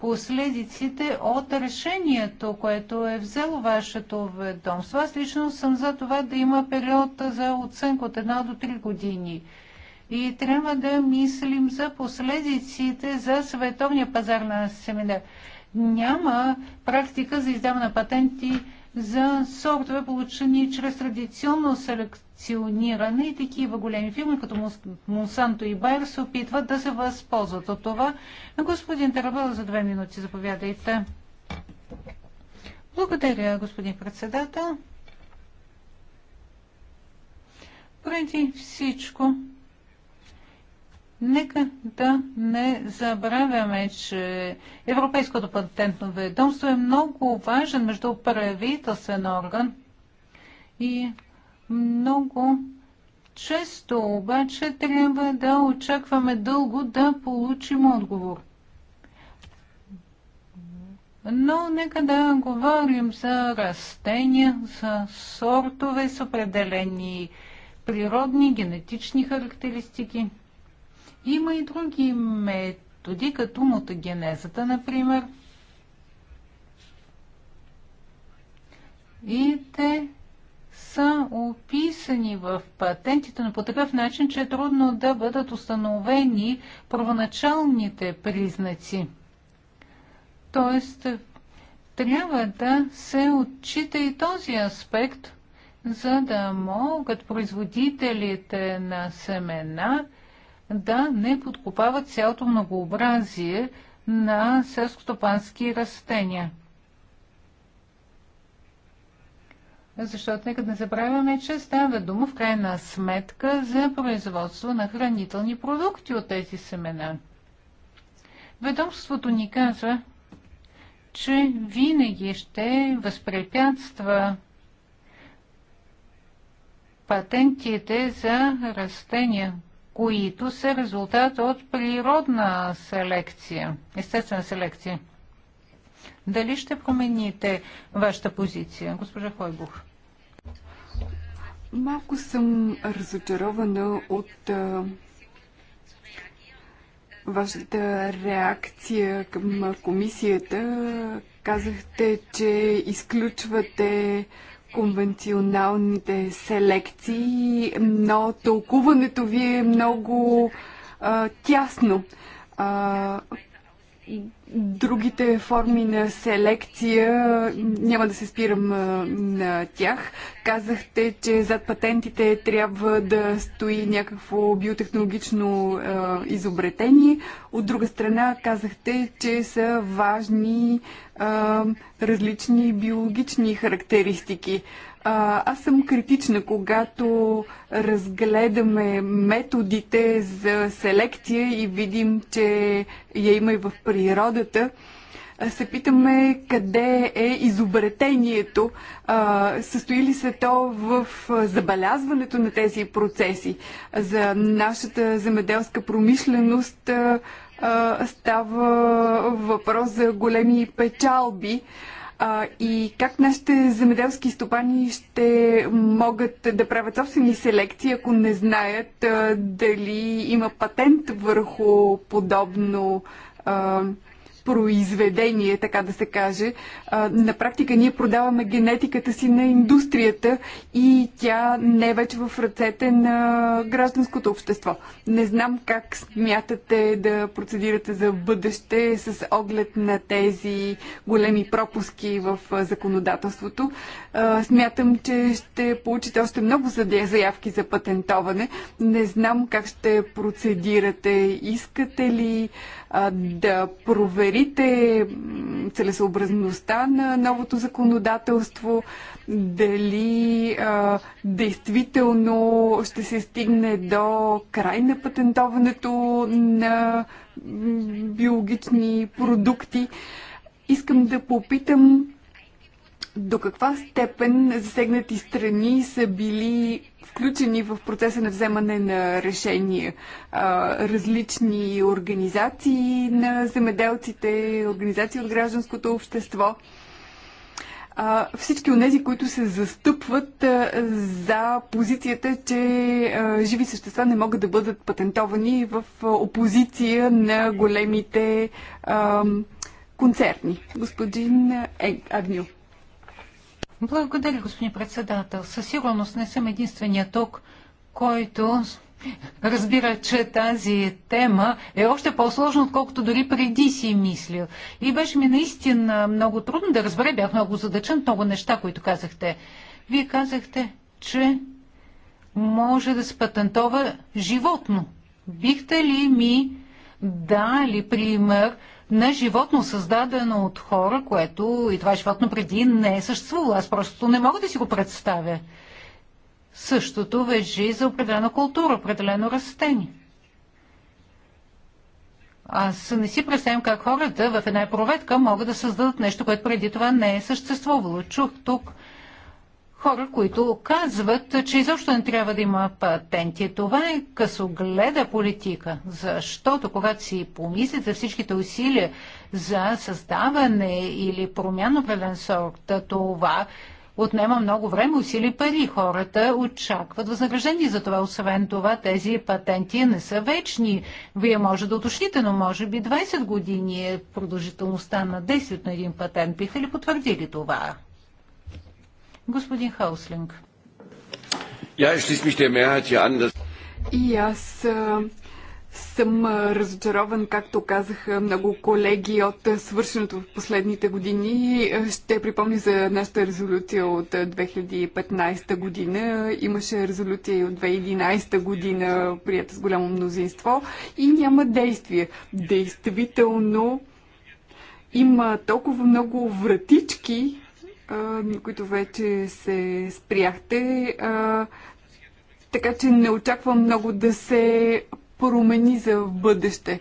последиците от решението, което е взело вашето ведомство? Аз лично съм за това да има период за оценка от една до три години. И трябва да мислим за последиците за световния пазар на семена. Няма практика за издаване на патенти за сортове, получени чрез традиционно селекциониране и такива големи фирми, като Монсанто и Байер, се опитват да се възползват от това. Господин Тарабел, за две минути заповядайте. Благодаря, господин председател. Преди всичко, Нека да не забравяме, че Европейското патентно ведомство е много важен между правителствен орган и много често обаче трябва да очакваме дълго да получим отговор. Но нека да говорим за растения, за сортове с определени природни генетични характеристики. Има и други методи, като мутагенезата, например. И те са описани в патентите, но по такъв начин, че е трудно да бъдат установени първоначалните признаци. Тоест, трябва да се отчита и този аспект, за да могат производителите на семена да не подкопават цялото многообразие на селскостопански растения. Защото нека да не забравяме, че става дума в крайна сметка за производство на хранителни продукти от тези семена. Ведомството ни казва, че винаги ще възпрепятства патентите за растения, които са резултат от природна селекция, естествена селекция. Дали ще промените вашата позиция, госпожа Хойбух? Малко съм разочарована от а, вашата реакция към комисията. Казахте, че изключвате конвенционалните селекции, но тълкуването ви е много а, тясно. А, другите форми на селекция, няма да се спирам на тях. Казахте, че зад патентите трябва да стои някакво биотехнологично изобретение. От друга страна, казахте, че са важни различни биологични характеристики. А, аз съм критична, когато разгледаме методите за селекция и видим, че я има и в природата се питаме къде е изобретението, състои ли се то в забелязването на тези процеси. За нашата земеделска промишленост става въпрос за големи печалби а, и как нашите земеделски стопани ще могат да правят собствени селекции, ако не знаят а, дали има патент върху подобно а, произведение, така да се каже. На практика ние продаваме генетиката си на индустрията и тя не е вече в ръцете на гражданското общество. Не знам как смятате да процедирате за бъдеще с оглед на тези големи пропуски в законодателството. Смятам, че ще получите още много заявки за патентоване. Не знам как ще процедирате. Искате ли да проверите целесообразността на новото законодателство, дали а, действително ще се стигне до край на патентоването на биологични продукти. Искам да попитам до каква степен засегнати страни са били включени в процеса на вземане на решения? Различни организации на земеделците, организации от гражданското общество. Всички от тези, които се застъпват за позицията, че живи същества не могат да бъдат патентовани в опозиция на големите концерни. Господин Агню. Благодаря, господин председател. Със сигурност не съм единствения тук, който разбира, че тази тема е още по-сложна, отколкото дори преди си мислил. И беше ми наистина много трудно да разбера, бях много задъчен, много неща, които казахте. Вие казахте, че може да се патентова животно. Бихте ли ми дали пример не животно, създадено от хора, което и това животно преди не е съществувало. Аз просто не мога да си го представя. Същото вежи за определена култура, определено растение. Аз не си представям как хората в една проветка могат да създадат нещо, което преди това не е съществувало. Чух тук хора, които казват, че изобщо не трябва да има патенти. Това е късогледа политика, защото когато си помислят за всичките усилия за създаване или промяна определен сорт, това отнема много време, усили пари. Хората очакват възнаграждение за това. Освен това, тези патенти не са вечни. Вие може да уточните, но може би 20 години е продължителността на действието на един патент. Биха ли потвърдили това? Господин Хауслинг. И аз съм разочарован, както казаха много колеги от свършеното в последните години. Ще припомня за нашата резолюция от 2015 година. Имаше резолюция и от 2011 година, прията с голямо мнозинство и няма действие. Действително има толкова много вратички, които вече се спряхте. Така че не очаквам много да се промени за бъдеще.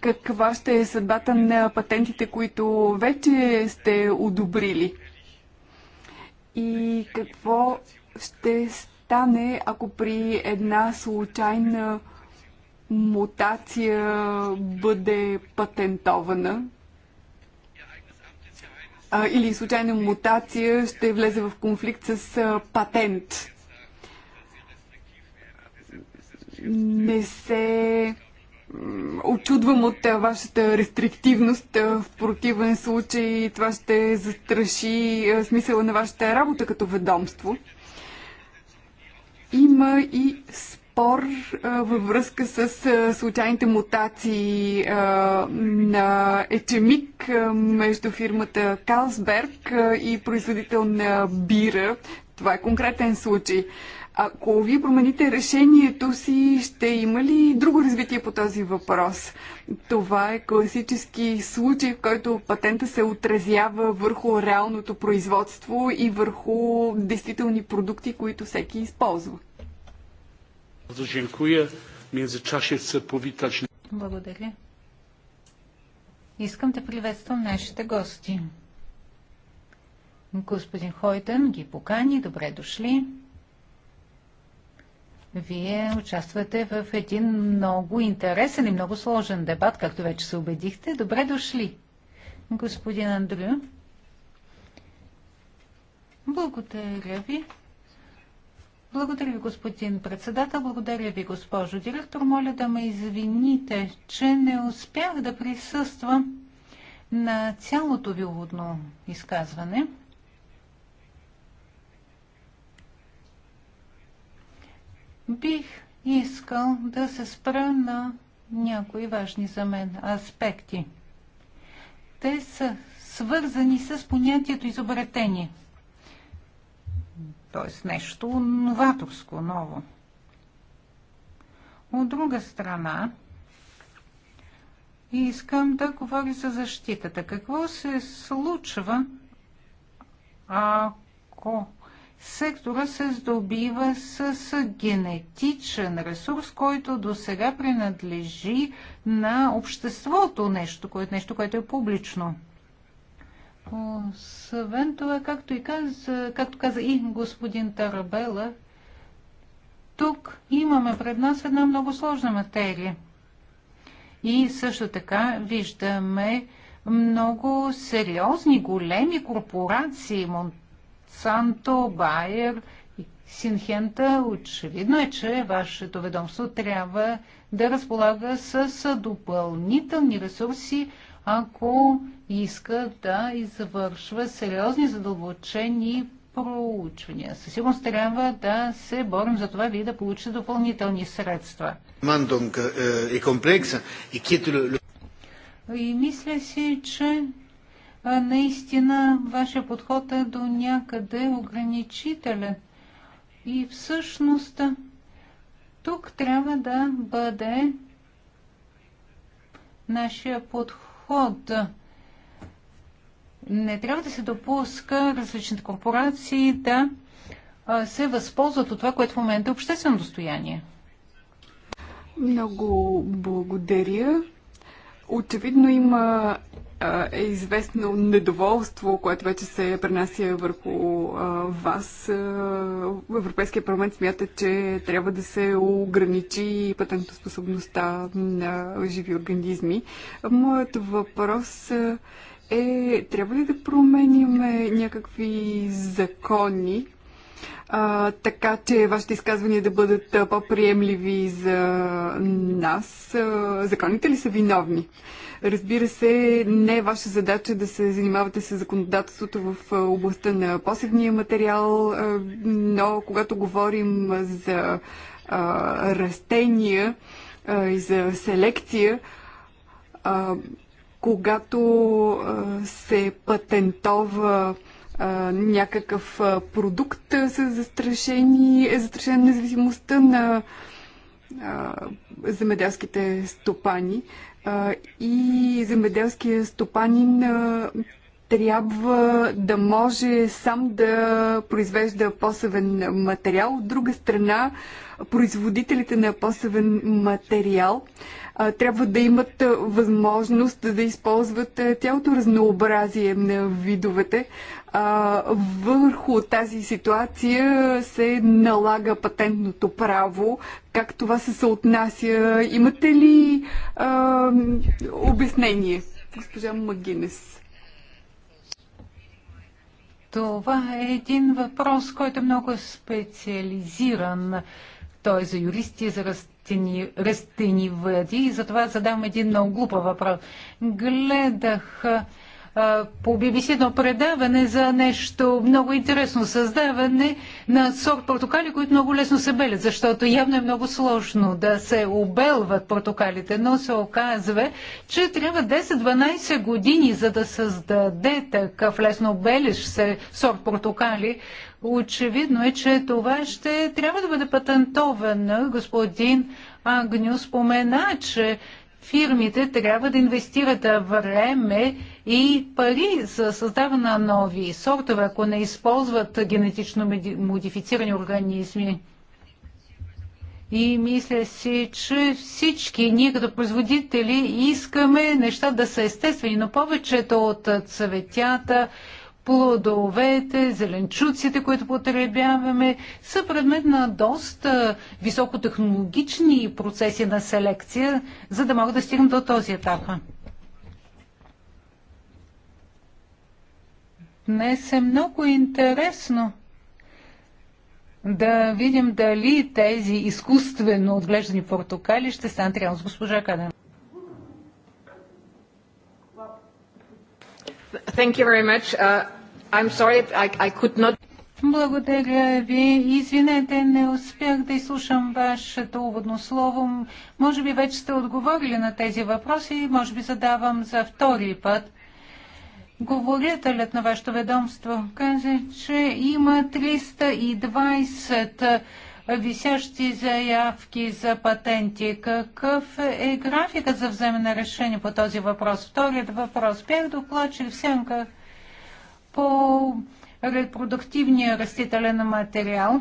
Каква ще е съдбата на патентите, които вече сте одобрили? И какво ще стане, ако при една случайна мутация бъде патентована? а, или случайна мутация ще влезе в конфликт с а, патент. Не се очудвам от вашата рестриктивност. В противен случай това ще застраши смисъла на вашата работа като ведомство. Има и спор спор във връзка с случайните мутации на ечемик между фирмата Калсберг и производител на бира. Това е конкретен случай. Ако вие промените решението си, ще има ли друго развитие по този въпрос? Това е класически случай, в който патента се отразява върху реалното производство и върху действителни продукти, които всеки използва. Благодаря. Искам да приветствам нашите гости. Господин Хойтън ги покани. Добре дошли. Вие участвате в един много интересен и много сложен дебат, както вече се убедихте. Добре дошли, господин Андрю. Благодаря ви. Благодаря ви, господин председател. Благодаря ви, госпожо директор. Моля да ме извините, че не успях да присъствам на цялото ви уводно изказване. Бих искал да се спра на някои важни за мен аспекти. Те са свързани с понятието изобретение – т.е. нещо новаторско, ново. От друга страна, искам да говоря за защитата. Какво се случва, ако сектора се здобива с генетичен ресурс, който до сега принадлежи на обществото, нещо, което, нещо, което е публично. Освен това, както, и каза, както каза и господин Тарабела, тук имаме пред нас една много сложна материя. И също така виждаме много сериозни, големи корпорации, Монсанто, Байер, Синхента. Очевидно е, че вашето ведомство трябва да разполага с допълнителни ресурси, ако иска да извършва сериозни задълбочени проучвания. Със сигурност трябва да се борим за това вие да получите допълнителни средства. Е, е И мисля си, че наистина вашия подход е до някъде ограничителен. И всъщност тук трябва да бъде нашия подход подход. Не трябва да се допуска различните корпорации да се възползват от това, което в момента е обществено достояние. Много благодаря. Очевидно има е известно недоволство, което вече се пренася върху вас. Европейския парламент смята, че трябва да се ограничи патентоспособността на живи организми. Моят въпрос е, трябва ли да променим някакви закони, а, така че вашите изказвания да бъдат по-приемливи за нас? Законите ли са виновни? Разбира се, не е ваша задача да се занимавате с законодателството в областта на посевния материал, но когато говорим за растения и за селекция, когато се патентова някакъв продукт с застрашени, е застрашена независимостта на земеделските стопани и земеделския стопанин трябва да може сам да произвежда посевен материал. От друга страна, производителите на посевен материал трябва да имат възможност да използват цялото разнообразие на видовете а, върху тази ситуация се налага патентното право. Как това се съотнася? Имате ли а, обяснение, госпожа Магинес? Това е един въпрос, който е много специализиран. Той е за юристи, за растени, въди. и затова задам един много глупа въпрос. Гледах по BBC едно предаване за нещо много интересно. Създаване на сорт портокали, които много лесно се белят, защото явно е много сложно да се обелват портокалите, но се оказва, че трябва 10-12 години, за да създаде такъв лесно белиш се сорт портокали. Очевидно е, че това ще трябва да бъде патентовано. Господин Агню спомена, че фирмите трябва да инвестират време и пари за създаване на нови сортове, ако не използват генетично модифицирани организми. И мисля си, че всички ние като производители искаме неща да са естествени, но повечето от цветята плодовете, зеленчуците, които потребяваме, са предмет на доста високотехнологични процеси на селекция, за да могат да стигнем до този етап. Днес е много интересно да видим дали тези изкуствено отглеждани портокали ще станат реално с госпожа Кадена. Thank you very much. Uh, I'm sorry, I, I could not... Благодаря ви. Извинете, не успях да изслушам вашето уводно слово. Може би вече сте отговорили на тези въпроси, може би задавам за втори път. Говорителят на вашето ведомство каза, че има 320 висящи заявки за патенти. Какъв е графикът за вземане на решение по този въпрос? Вторият въпрос. Бях докладчик в сянка по репродуктивния растителен материал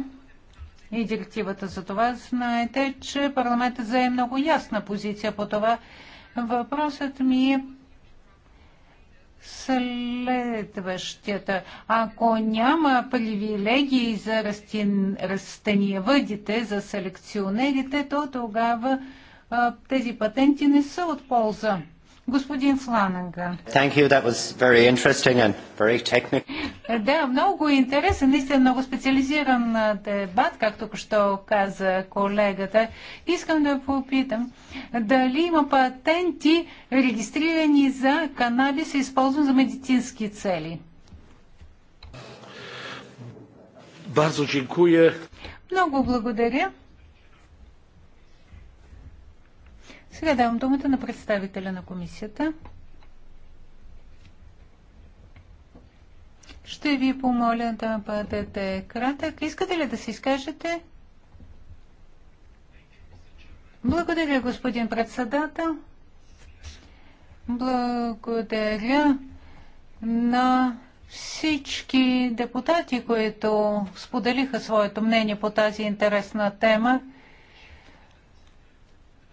и директивата за това. Знаете, че парламентът зае много ясна позиция по това. Въпросът ми е следващата. Ако няма привилегии за растин, растениевъдите, за селекционерите, то тогава а, тези патенти не са от полза. Господин Thank you. That was very very interesting and technical. Да, много интересен, наистина много специализиран дебат, както що каза колегата. Искам да попитам, дали има патенти регистрирани за канабис, използван за медицински цели? Много благодаря. Сега давам думата на представителя на комисията. Ще ви помоля да бъдете кратък. Искате ли да се изкажете? Благодаря, господин председател. Благодаря на всички депутати, които споделиха своето мнение по тази интересна тема.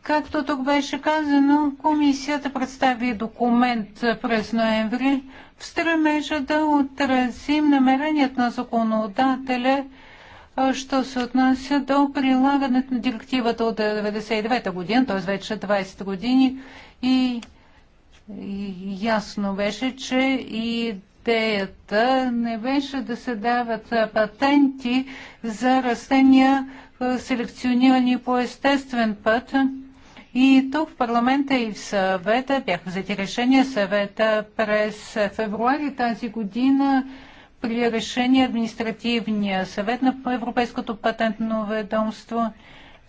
Както тук беше казано, комисията представи документ през ноември в стремежа да отразим намерението на законодателя, що се отнася до прилагането на директивата от 1999 година, т.е. вече 20 години и, и ясно беше, че идеята не беше да се дават патенти за растения, селекционирани по естествен път, и тук в парламента и в съвета бяха взети решения. Съвета през февруари тази година при решение административния съвет на Европейското патентно ведомство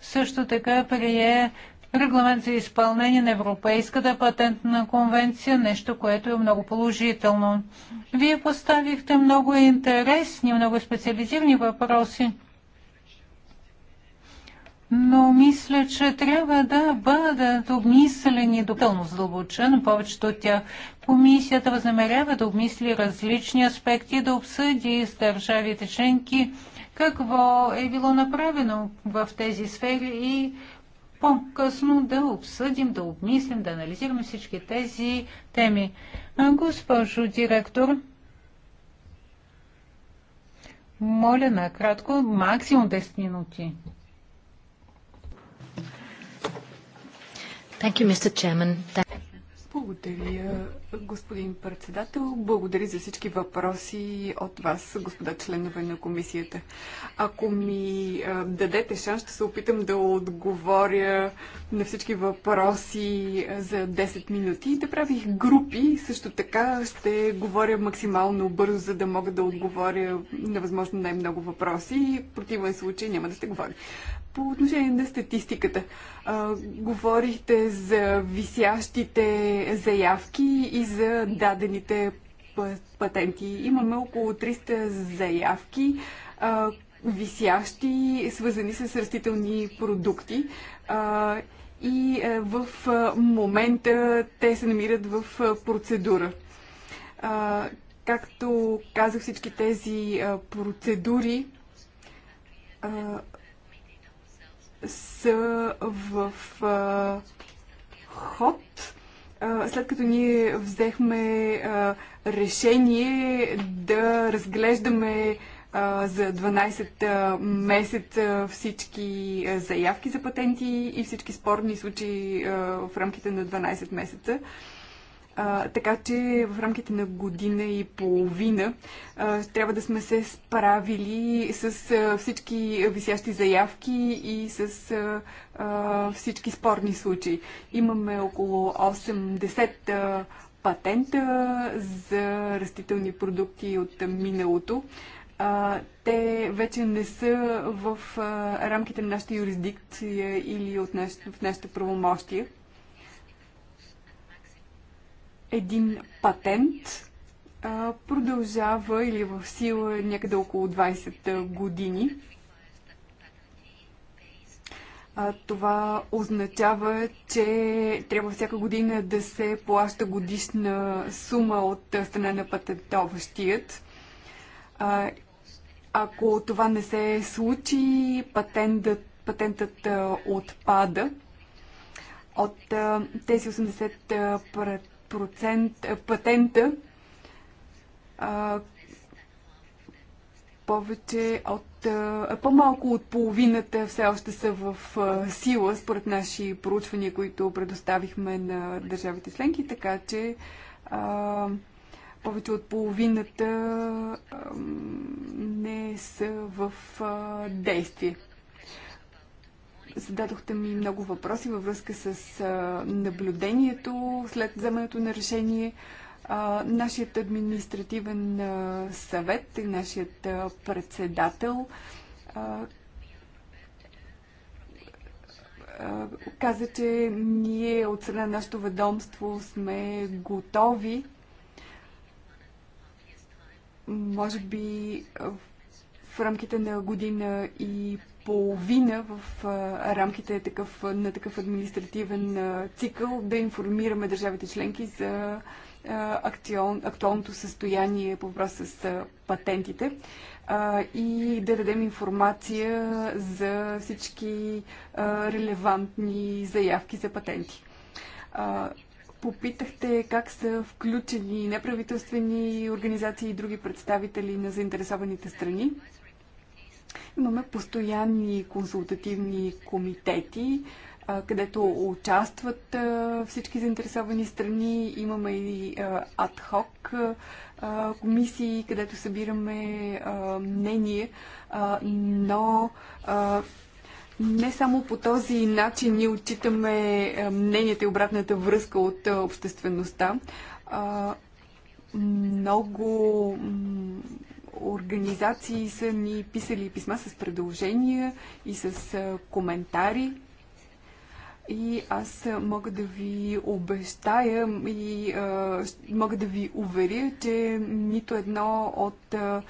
също така прие регламент за изпълнение на Европейската патентна конвенция, нещо, което е много положително. Вие поставихте много интересни, много специализирани въпроси но мисля, че трябва да бъдат обмислени допълно задълбочено. Повечето от тях комисията възнамерява да обмисли различни аспекти, да обсъди с държавите членки какво е било направено в тези сфери и по-късно да обсъдим, да обмислим, да анализираме всички тези теми. Госпожо директор, моля накратко, максимум 10 минути. Thank you, Mr. Chairman. Благодаря, господин председател. Благодаря за всички въпроси от вас, господа членове на комисията. Ако ми дадете шанс, ще се опитам да отговоря на всички въпроси за 10 минути. Да правих групи, също така ще говоря максимално бързо, за да мога да отговоря на възможно най-много въпроси. В противен случай няма да сте говори. По отношение на статистиката, говорихте за висящите заявки и за дадените патенти. Имаме около 300 заявки, висящи, свързани с растителни продукти. и в момента те се намират в процедура. Както казах, всички тези процедури са в ход след като ние взехме решение да разглеждаме за 12 месеца всички заявки за патенти и всички спорни случаи в рамките на 12 месеца. А, така че в рамките на година и половина а, трябва да сме се справили с а, всички висящи заявки и с а, а, всички спорни случаи. Имаме около 80 а, патента за растителни продукти от миналото. А, те вече не са в а, рамките на нашата юрисдикция или от наш, в нашите правомощия един патент а, продължава или е в сила някъде около 20 години. А, това означава, че трябва всяка година да се плаща годишна сума от страна на патентоващият. А, ако това не се случи, патентът, патентът отпада. От а, тези 80 пред процент, е, патента а, повече от а, по-малко от половината все още са в а, сила според наши проучвания, които предоставихме на държавите членки, така че а, повече от половината а, не са в а, действие. Зададохте ми много въпроси във връзка с наблюдението след вземането на решение. Нашият административен съвет и нашият председател каза, че ние от страна на нашето ведомство сме готови. Може би в рамките на година и половина в рамките такъв, на такъв административен цикъл да информираме държавите членки за актуал, актуалното състояние по въпроса с патентите и да дадем информация за всички релевантни заявки за патенти. Попитахте как са включени неправителствени организации и други представители на заинтересованите страни. Имаме постоянни консултативни комитети, където участват всички заинтересовани страни. Имаме и адхок комисии, където събираме мнение, но не само по този начин ние отчитаме мненията и обратната връзка от обществеността. Много организации са ни писали писма с предложения и с коментари. И аз мога да ви обещая и а, мога да ви уверя, че нито едно от а,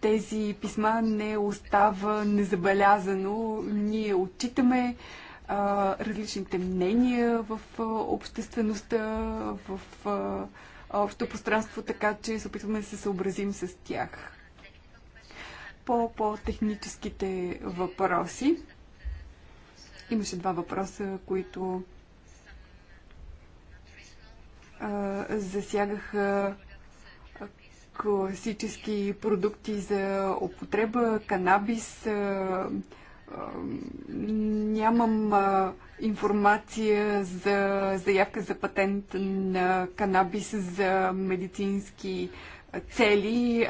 тези писма не остава незабелязано. Ние отчитаме а, различните мнения в а, обществеността, в. А, общо пространство, така че се опитваме да се съобразим с тях. По по-техническите въпроси. Имаше два въпроса, които а, засягаха класически продукти за употреба, канабис. А, а, нямам а, информация за заявка за патент на канабис за медицински цели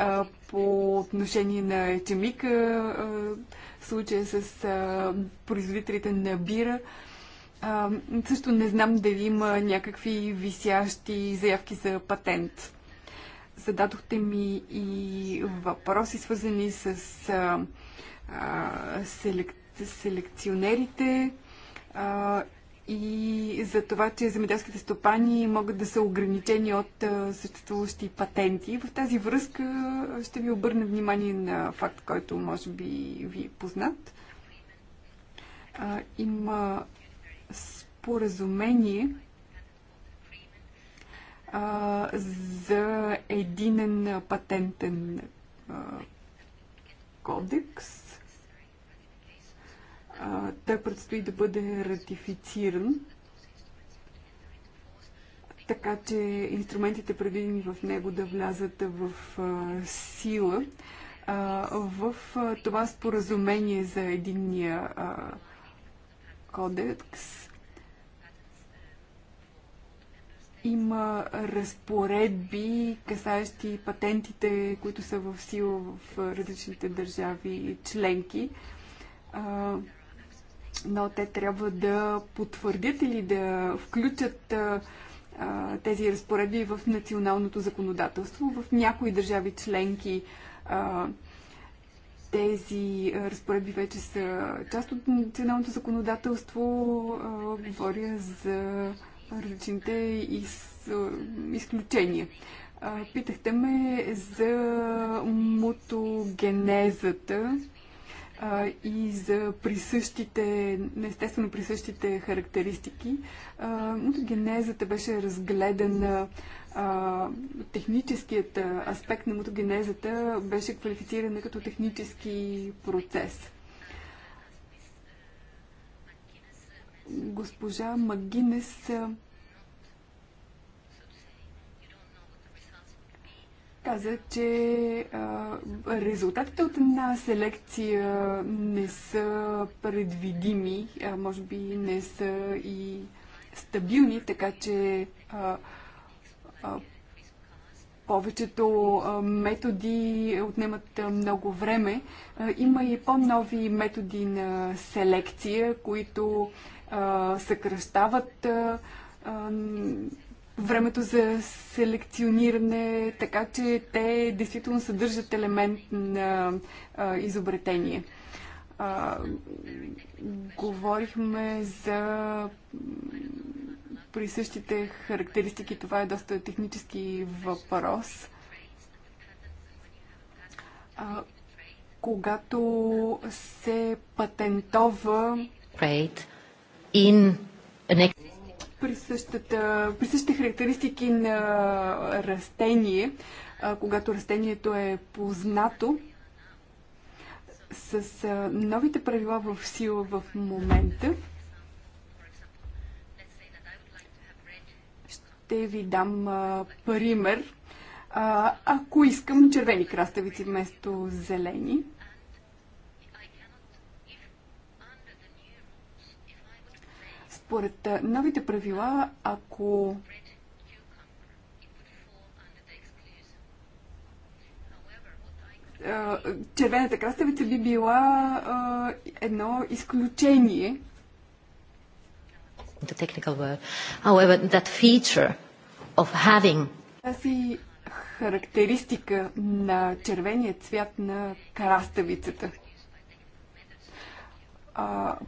по отношение на ечемика, случая с производителите на бира. А, също не знам дали има някакви висящи заявки за патент. Зададохте ми и въпроси, свързани с а, а, селек, селекционерите а, и за това, че земеделските стопани могат да са ограничени от а, съществуващи патенти. В тази връзка ще ви обърна внимание на факт, който може би ви е познат. А, има споразумение а, за единен патентен а, кодекс, той предстои да бъде ратифициран. Така че инструментите предвидени в него да влязат в сила. В това споразумение за единния кодекс има разпоредби, касаещи патентите, които са в сила в различните държави и членки но те трябва да потвърдят или да включат тези разпоредби в националното законодателство. В някои държави членки тези разпоредби вече са част от националното законодателство. говоря за различните из, изключения. питахте ме за мутогенезата а, и за присъщите, естествено присъщите характеристики. Мутогенезата беше разгледана, а, техническият аспект на мутогенезата беше квалифицирана като технически процес. Госпожа Магинес каза, че а, резултатите от една селекция не са предвидими, а може би не са и стабилни, така че а, а, повечето а, методи отнемат а, много време. А, има и по-нови методи на селекция, които а, съкръщават а, времето за селекциониране, така че те действително съдържат елемент на а, изобретение. А, говорихме за при същите характеристики. Това е доста технически въпрос. А, когато се патентова in an при, същата, при същите характеристики на растение, когато растението е познато. С новите правила в сила в момента, ще ви дам а, пример. А, ако искам червени краставици вместо зелени, Според новите правила, ако червената е краставица би била едно изключение. The technical word. However, that feature of having тази характеристика на червения цвят на краставицата –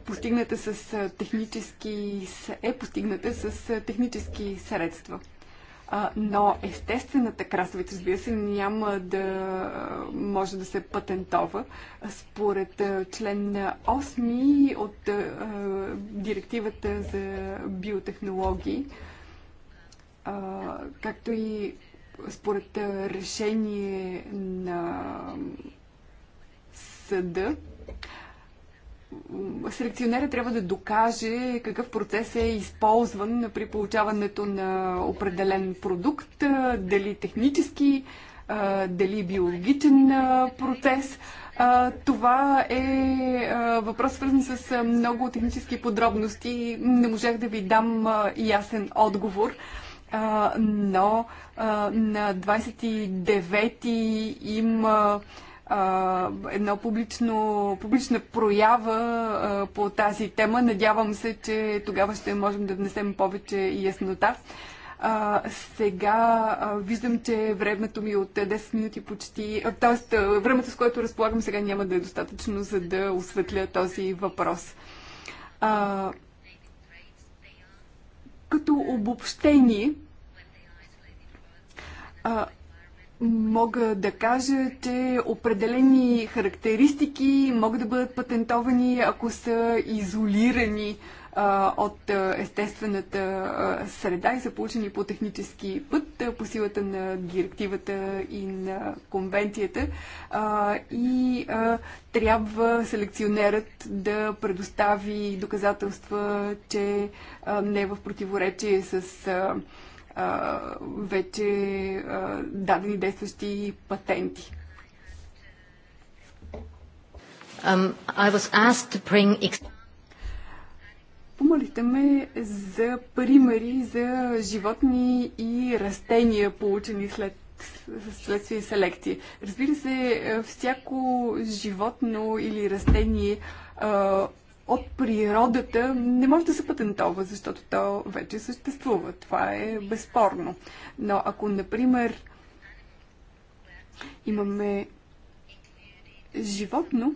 постигната с технически, е постигната с технически средства. Но естествената красавица, разбира се, няма да може да се патентова. Според член 8 от директивата за биотехнологии, както и според решение на съда, селекционера трябва да докаже какъв процес е използван при получаването на определен продукт, дали технически, дали биологичен процес. Това е въпрос свързан с много технически подробности. Не можах да ви дам ясен отговор но на 29 има едно публично, публична проява по тази тема. Надявам се, че тогава ще можем да внесем повече яснота. А, сега а, виждам, че времето ми е от 10 минути почти, т.е. времето, с което разполагам сега няма да е достатъчно, за да осветля този въпрос. А, като обобщение, а, мога да кажа, че определени характеристики могат да бъдат патентовани, ако са изолирани а, от естествената а, среда и са получени по технически път а, по силата на директивата и на конвенцията. А, и а, трябва селекционерът да предостави доказателства, че а, не е в противоречие с. А, вече а, дадени действащи патенти. Um, I was asked to bring... Помолите ме за примери за животни и растения, получени след следствие селекция. Разбира се, всяко животно или растение а, от природата не може да се патентова, защото то вече съществува. Това е безспорно. Но ако, например, имаме животно,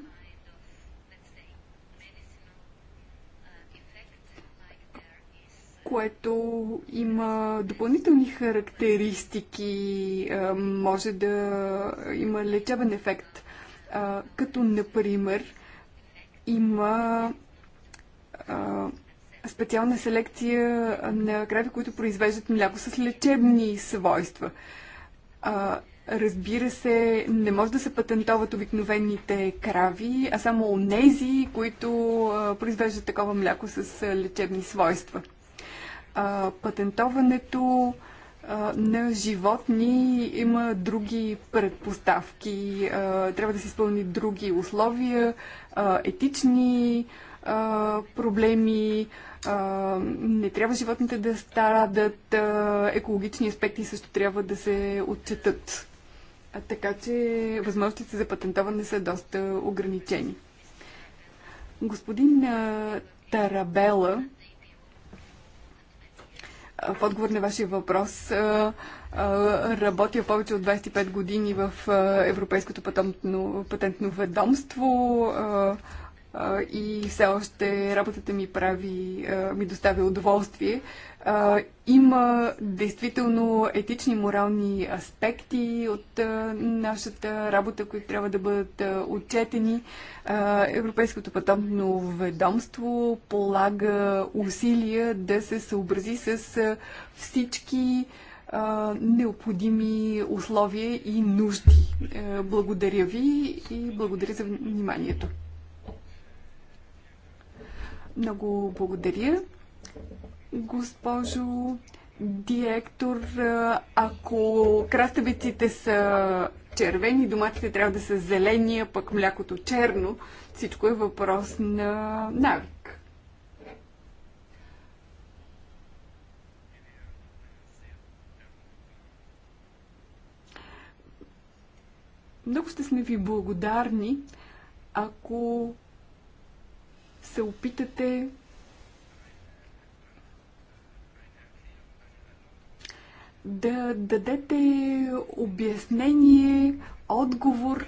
което има допълнителни характеристики, може да има лечебен ефект, като например има а, специална селекция на крави, които произвеждат мляко с лечебни свойства. А, разбира се, не може да се патентоват обикновените крави, а само онези, които а, произвеждат такова мляко с лечебни свойства. А, патентоването а, на животни има други предпоставки, трябва да се изпълни други условия, етични проблеми, не трябва животните да страдат, екологични аспекти също трябва да се отчетат. Така че възможностите за патентоване са доста ограничени. Господин Тарабела в отговор на вашия въпрос, работя повече от 25 години в Европейското патентно, патентно ведомство и все още работата ми прави, ми доставя удоволствие а, има действително етични, морални аспекти от а, нашата работа, които трябва да бъдат а, отчетени. А, Европейското патентно ведомство полага усилия да се съобрази с а, всички а, необходими условия и нужди. А, благодаря ви и благодаря за вниманието. Много благодаря. Госпожо директор, ако краставиците са червени, доматите трябва да са зелени, а пък млякото черно, всичко е въпрос на навик. Много ще сме ви благодарни, ако се опитате да дадете обяснение, отговор.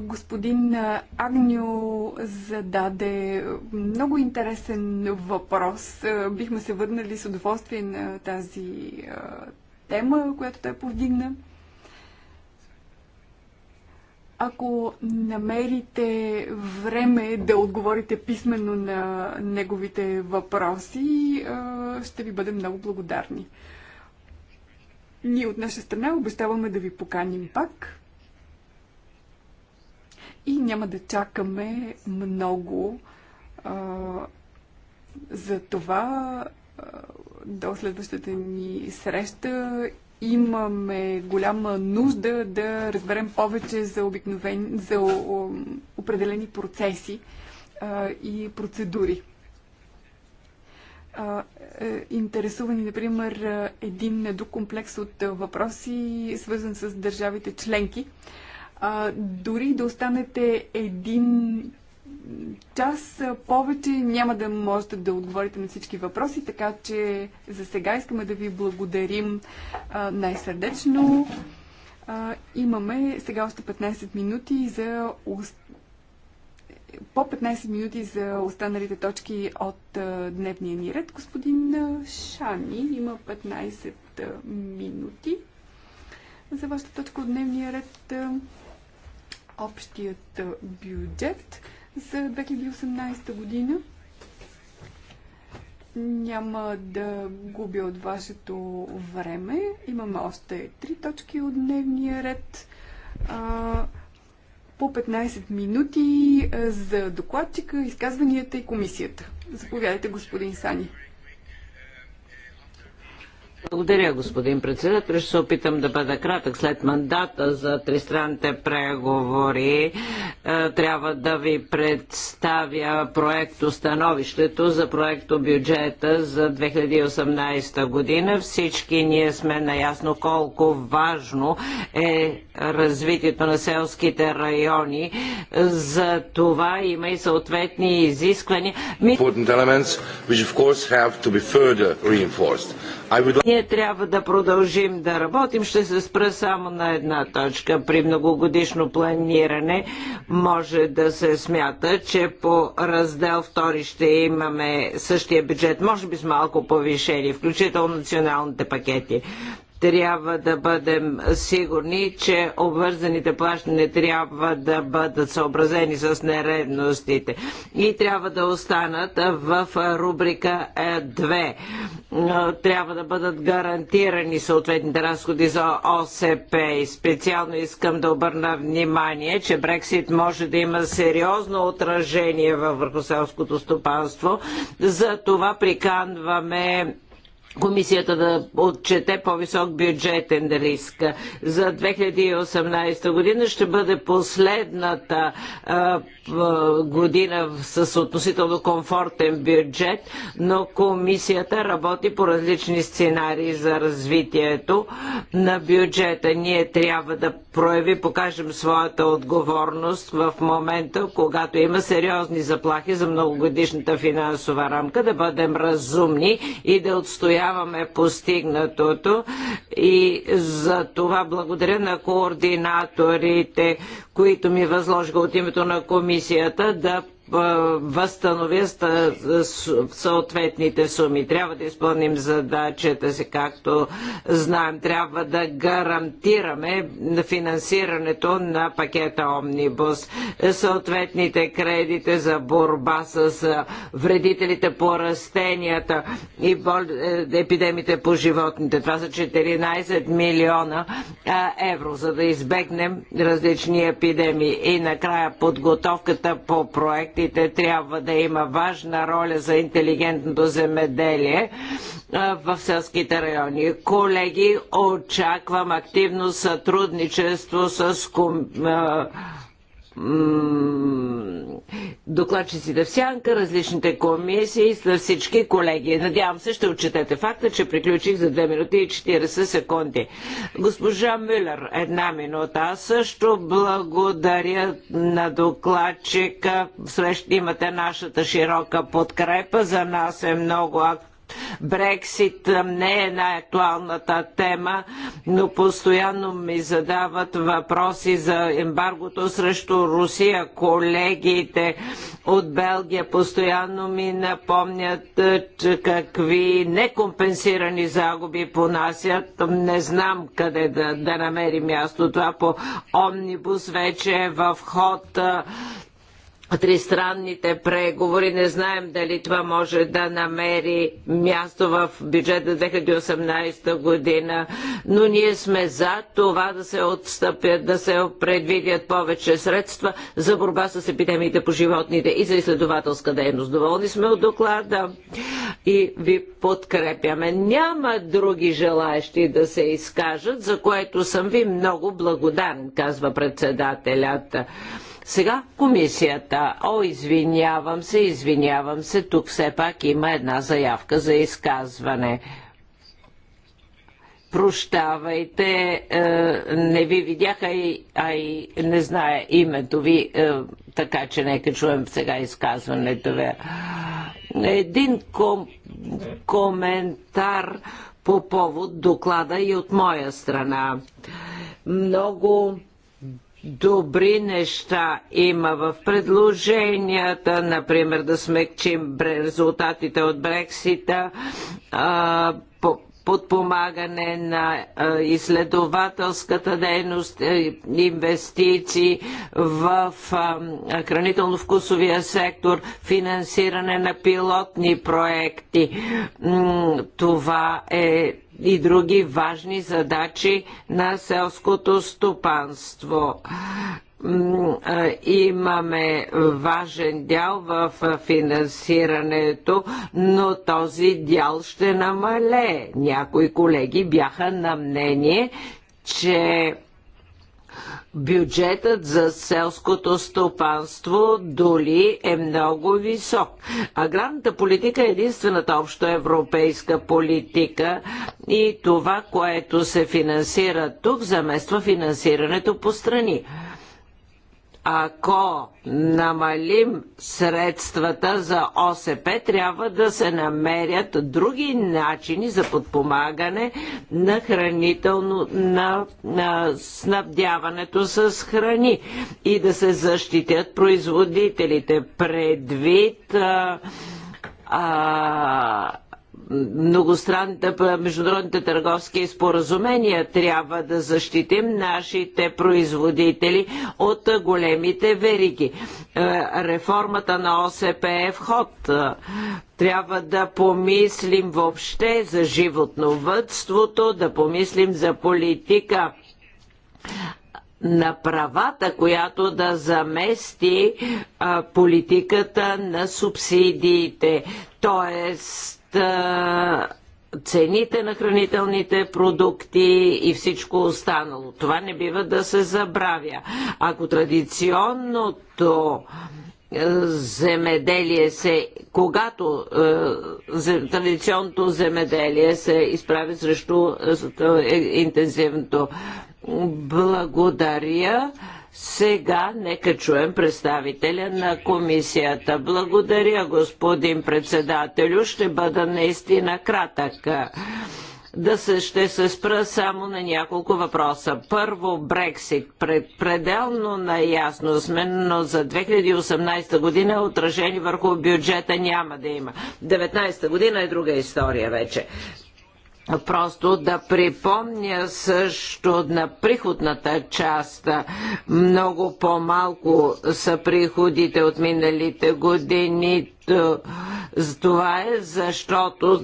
Господин Агню зададе много интересен въпрос. Бихме се върнали с удоволствие на тази тема, която той повдигна. Ако намерите време да отговорите писменно на неговите въпроси, ще ви бъдем много благодарни. Ние от наша страна обещаваме да ви поканим пак и няма да чакаме много а, за това а, до следващата ни среща имаме голяма нужда да разберем повече за, обикновен, за определени процеси а, и процедури. Е, интересувани, например, е, един друг комплекс от е, въпроси, свързан с държавите членки. Дори да останете един час повече, няма да можете да отговорите на всички въпроси, така че за сега искаме да ви благодарим най-сърдечно. Имаме сега още 15 минути за уст по 15 минути за останалите точки от дневния ни ред. Господин Шани има 15 минути за вашата точка от дневния ред. Общият бюджет за 2018 година. Няма да губя от вашето време. Имаме още три точки от дневния ред по 15 минути за докладчика, изказванията и комисията. Заповядайте, господин Сани. Благодаря, господин председател. Ще се опитам да бъда кратък. След мандата за тристранните преговори е, трябва да ви представя проекто становището за проекто бюджета за 2018 година. Всички ние сме наясно колко важно е развитието на селските райони. За това има и съответни изисквания. Ми... Ние ние трябва да продължим да работим. Ще се спра само на една точка. При многогодишно планиране може да се смята, че по раздел втори ще имаме същия бюджет, може би с малко повишение, включително националните пакети трябва да бъдем сигурни, че обвързаните плащания трябва да бъдат съобразени с нередностите и трябва да останат в рубрика 2. Трябва да бъдат гарантирани съответните разходи за ОСП и специално искам да обърна внимание, че Брексит може да има сериозно отражение върху селското стопанство. За това приканваме комисията да отчете по-висок бюджетен риск. За 2018 година ще бъде последната година с относително комфортен бюджет, но комисията работи по различни сценарии за развитието на бюджета. Ние трябва да прояви, покажем своята отговорност в момента, когато има сериозни заплахи за многогодишната финансова рамка, да бъдем разумни и да отстоя отстояваме постигнатото и за това благодаря на координаторите, които ми възложиха от името на комисията да възстановя съответните суми. Трябва да изпълним задачата си, както знаем, трябва да гарантираме финансирането на пакета Омнибус. Съответните кредите за борба с вредителите по растенията и е, епидемите по животните. Това са 14 милиона евро, за да избегнем различни епидемии. И накрая подготовката по проект проектите трябва да има важна роля за интелигентното земеделие в селските райони. Колеги, очаквам активно сътрудничество с докладчиците да сянка, различните комисии, с всички колеги. Надявам се, ще отчетете факта, че приключих за 2 минути и 40 секунди. Госпожа Мюллер, една минута. Аз също благодаря на докладчика. Срещу имате нашата широка подкрепа. За нас е много актуално Брексит не е най-актуалната тема, но постоянно ми задават въпроси за ембаргото срещу Русия. Колегите от Белгия постоянно ми напомнят, че какви некомпенсирани загуби понасят. Не знам къде да, да намери място. Това по Омнибус вече е в ход тристранните преговори. Не знаем дали това може да намери място в бюджета 2018 година, но ние сме за това да се отстъпят, да се предвидят повече средства за борба с епидемиите по животните и за изследователска дейност. Доволни сме от доклада и ви подкрепяме. Няма други желаящи да се изкажат, за което съм ви много благодарен, казва председателят. Сега комисията. О, извинявам се, извинявам се, тук все пак има една заявка за изказване. Прощавайте, е, не ви видях, и, а и не знае името ви, е, така че нека чуем сега изказването ви. Един ком, коментар по повод доклада и от моя страна. Много добри неща има в предложенията, например да смекчим резултатите от Брексита, подпомагане на изследователската дейност, инвестиции в хранително-вкусовия сектор, финансиране на пилотни проекти. Това е и други важни задачи на селското стопанство имаме важен дял в финансирането, но този дял ще намалее. Някои колеги бяха на мнение, че Бюджетът за селското стопанство доли е много висок. Аграрната политика е единствената общо европейска политика и това, което се финансира тук, замества финансирането по страни ако намалим средствата за ОСП, трябва да се намерят други начини за подпомагане на хранително на, на снабдяването с храни и да се защитят производителите предвид а, а, многостранните международните търговски споразумения трябва да защитим нашите производители от големите вериги. Е, реформата на ОСП е в ход. Е, трябва да помислим въобще за животновътството, да помислим за политика на правата, която да замести а, политиката на субсидиите. Тоест, цените на хранителните продукти и всичко останало. Това не бива да се забравя. Ако традиционното земеделие се, когато е, традиционното земеделие се изправи срещу е, интензивното благодаря. Сега нека чуем представителя на комисията. Благодаря, господин председателю. Ще бъда наистина кратък да се, ще се спра само на няколко въпроса. Първо, Брексит. Пред, пределно наясно сме, но за 2018 година е отражение върху бюджета няма да има. 2019 година е друга история вече. Просто да припомня също на приходната част. Много по-малко са приходите от миналите години това е защото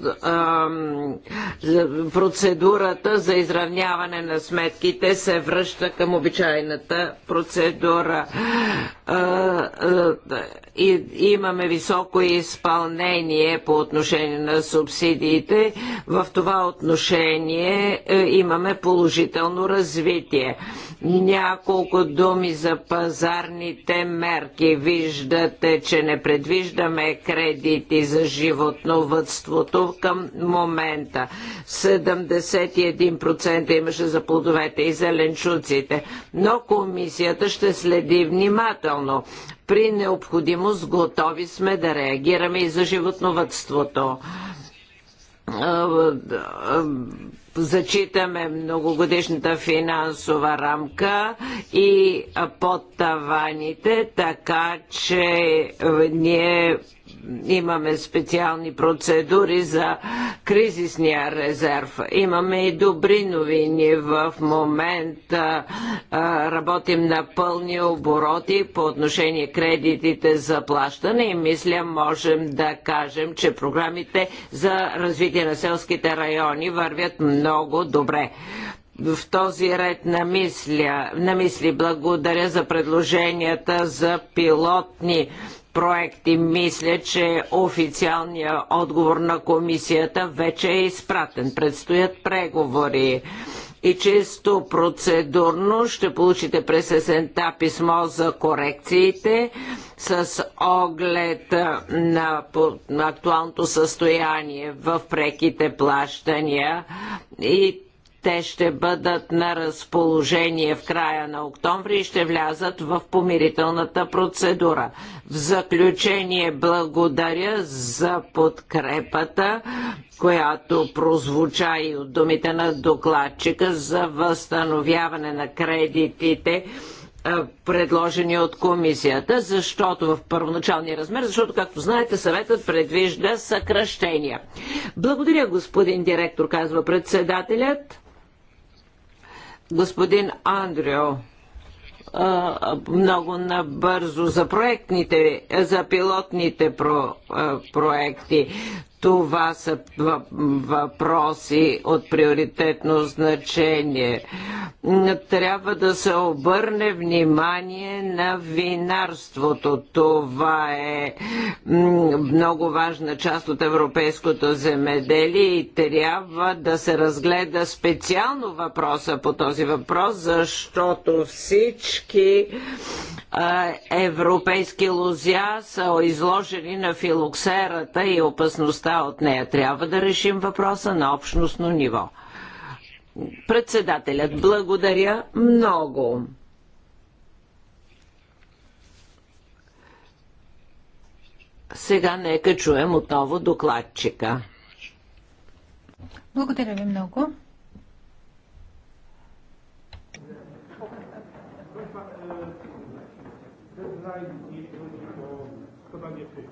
процедурата за изравняване на сметките се връща към обичайната процедура. и, имаме високо изпълнение по отношение на субсидиите. В това отношение е, имаме положително развитие. Няколко думи за пазарните мерки. Виждате, че не предвиждаме кредити за животновътството към момента. 71% имаше за плодовете и зеленчуците, но комисията ще следи внимателно. При необходимост готови сме да реагираме и за животновътството зачитаме многогодишната финансова рамка и под таваните, така че ние имаме специални процедури за кризисния резерв. Имаме и добри новини в момента. Работим на пълни обороти по отношение кредитите за плащане и мисля можем да кажем, че програмите за развитие на селските райони вървят много добре в този ред на, мисля, на мисли благодаря за предложенията за пилотни проекти. Мисля, че официалният отговор на комисията вече е изпратен. Предстоят преговори и чисто процедурно ще получите през есента писмо за корекциите с оглед на, актуалното състояние в преките плащания и те ще бъдат на разположение в края на октомври и ще влязат в помирителната процедура. В заключение благодаря за подкрепата, която прозвуча и от думите на докладчика за възстановяване на кредитите е, предложени от комисията, защото в първоначалния размер, защото, както знаете, съветът предвижда съкръщения. Благодаря, господин директор, казва председателят. Господин Андрео, много набързо за проектните, за пилотните про, проекти. Това са въпроси от приоритетно значение. Трябва да се обърне внимание на винарството. Това е много важна част от европейското земеделие и трябва да се разгледа специално въпроса по този въпрос, защото всички европейски лузя са изложени на филоксерата и опасността вода от нея. Трябва да решим въпроса на общностно ниво. Председателят, благодаря много. Сега нека чуем отново докладчика. Благодаря ви много.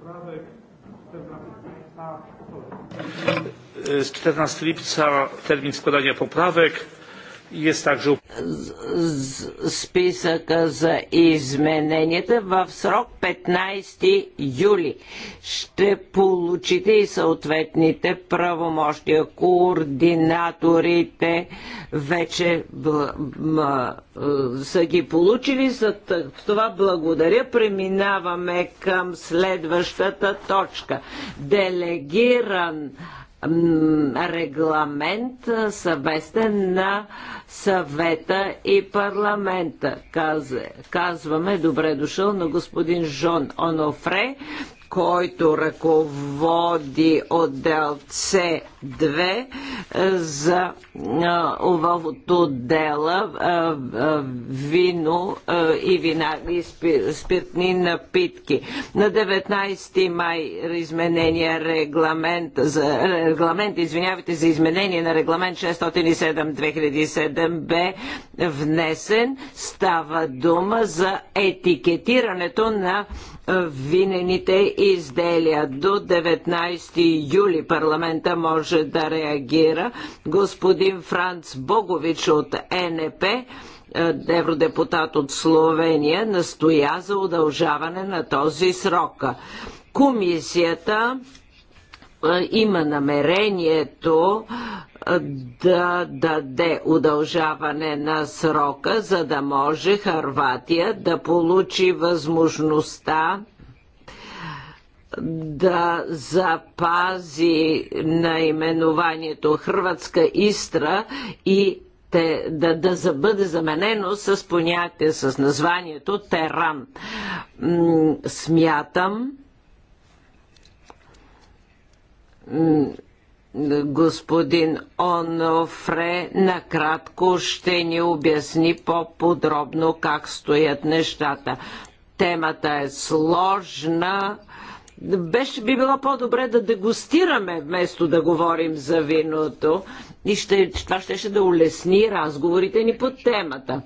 poprawek, te z czternaście lipca termin składania poprawek Есть также Списъка за измененията в срок 15 юли. Ще получите и съответните правомощия. Координаторите вече са ги получили. За това благодаря. Преминаваме към следващата точка. Делегиран регламент съвестен на съвета и парламента. Казваме добре дошъл на господин Жон Онофре, който ръководи отдел с 2 е, за е, в дела е, вино и вина и спиртни напитки. На 19 май изменение регламент за регламент, извинявайте за изменение на регламент 607-2007 бе внесен. Става дума за етикетирането на винените изделия. До 19 юли парламента може да реагира. Господин Франц Богович от НП е, евродепутат от Словения, настоя за удължаване на този срок. Комисията има намерението да даде удължаване на срока, за да може Харватия да получи възможността да запази наименованието Хрватска Истра и те, да, да бъде заменено с понятие, с названието Теран. Смятам, господин Онофре накратко ще ни обясни по-подробно как стоят нещата. Темата е сложна. Беше би било по-добре да дегустираме, вместо да говорим за виното. И ще, това ще, ще да улесни разговорите ни по темата.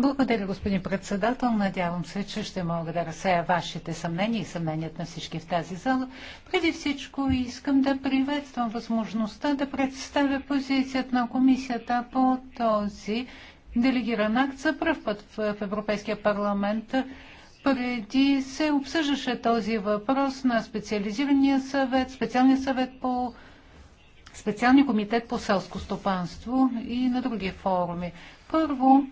Благодаря, господин председател. Надявам се, че ще мога да разсея вашите съмнения и съмненият на всички в тази зала. Преди всичко искам да приветствам възможността да представя позицията на комисията по този делегиран акт за първ път в Европейския парламент. Преди се обсъждаше този въпрос на специализирания съвет, специалния съвет по специалния комитет по селско стопанство и на други форуми. Първо,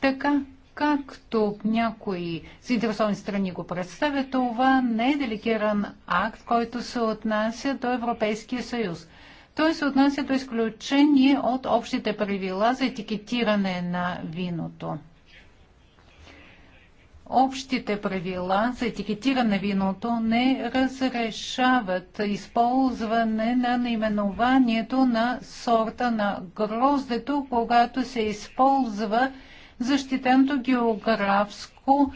така както някои заинтересовани страни го представят, това не е делегиран акт, който се отнася до Европейския съюз. Той се отнася до изключение от общите правила за етикетиране на виното. Общите правила за етикетиране на виното не разрешават използване на наименованието на сорта на гроздето, когато се използва защитеното географско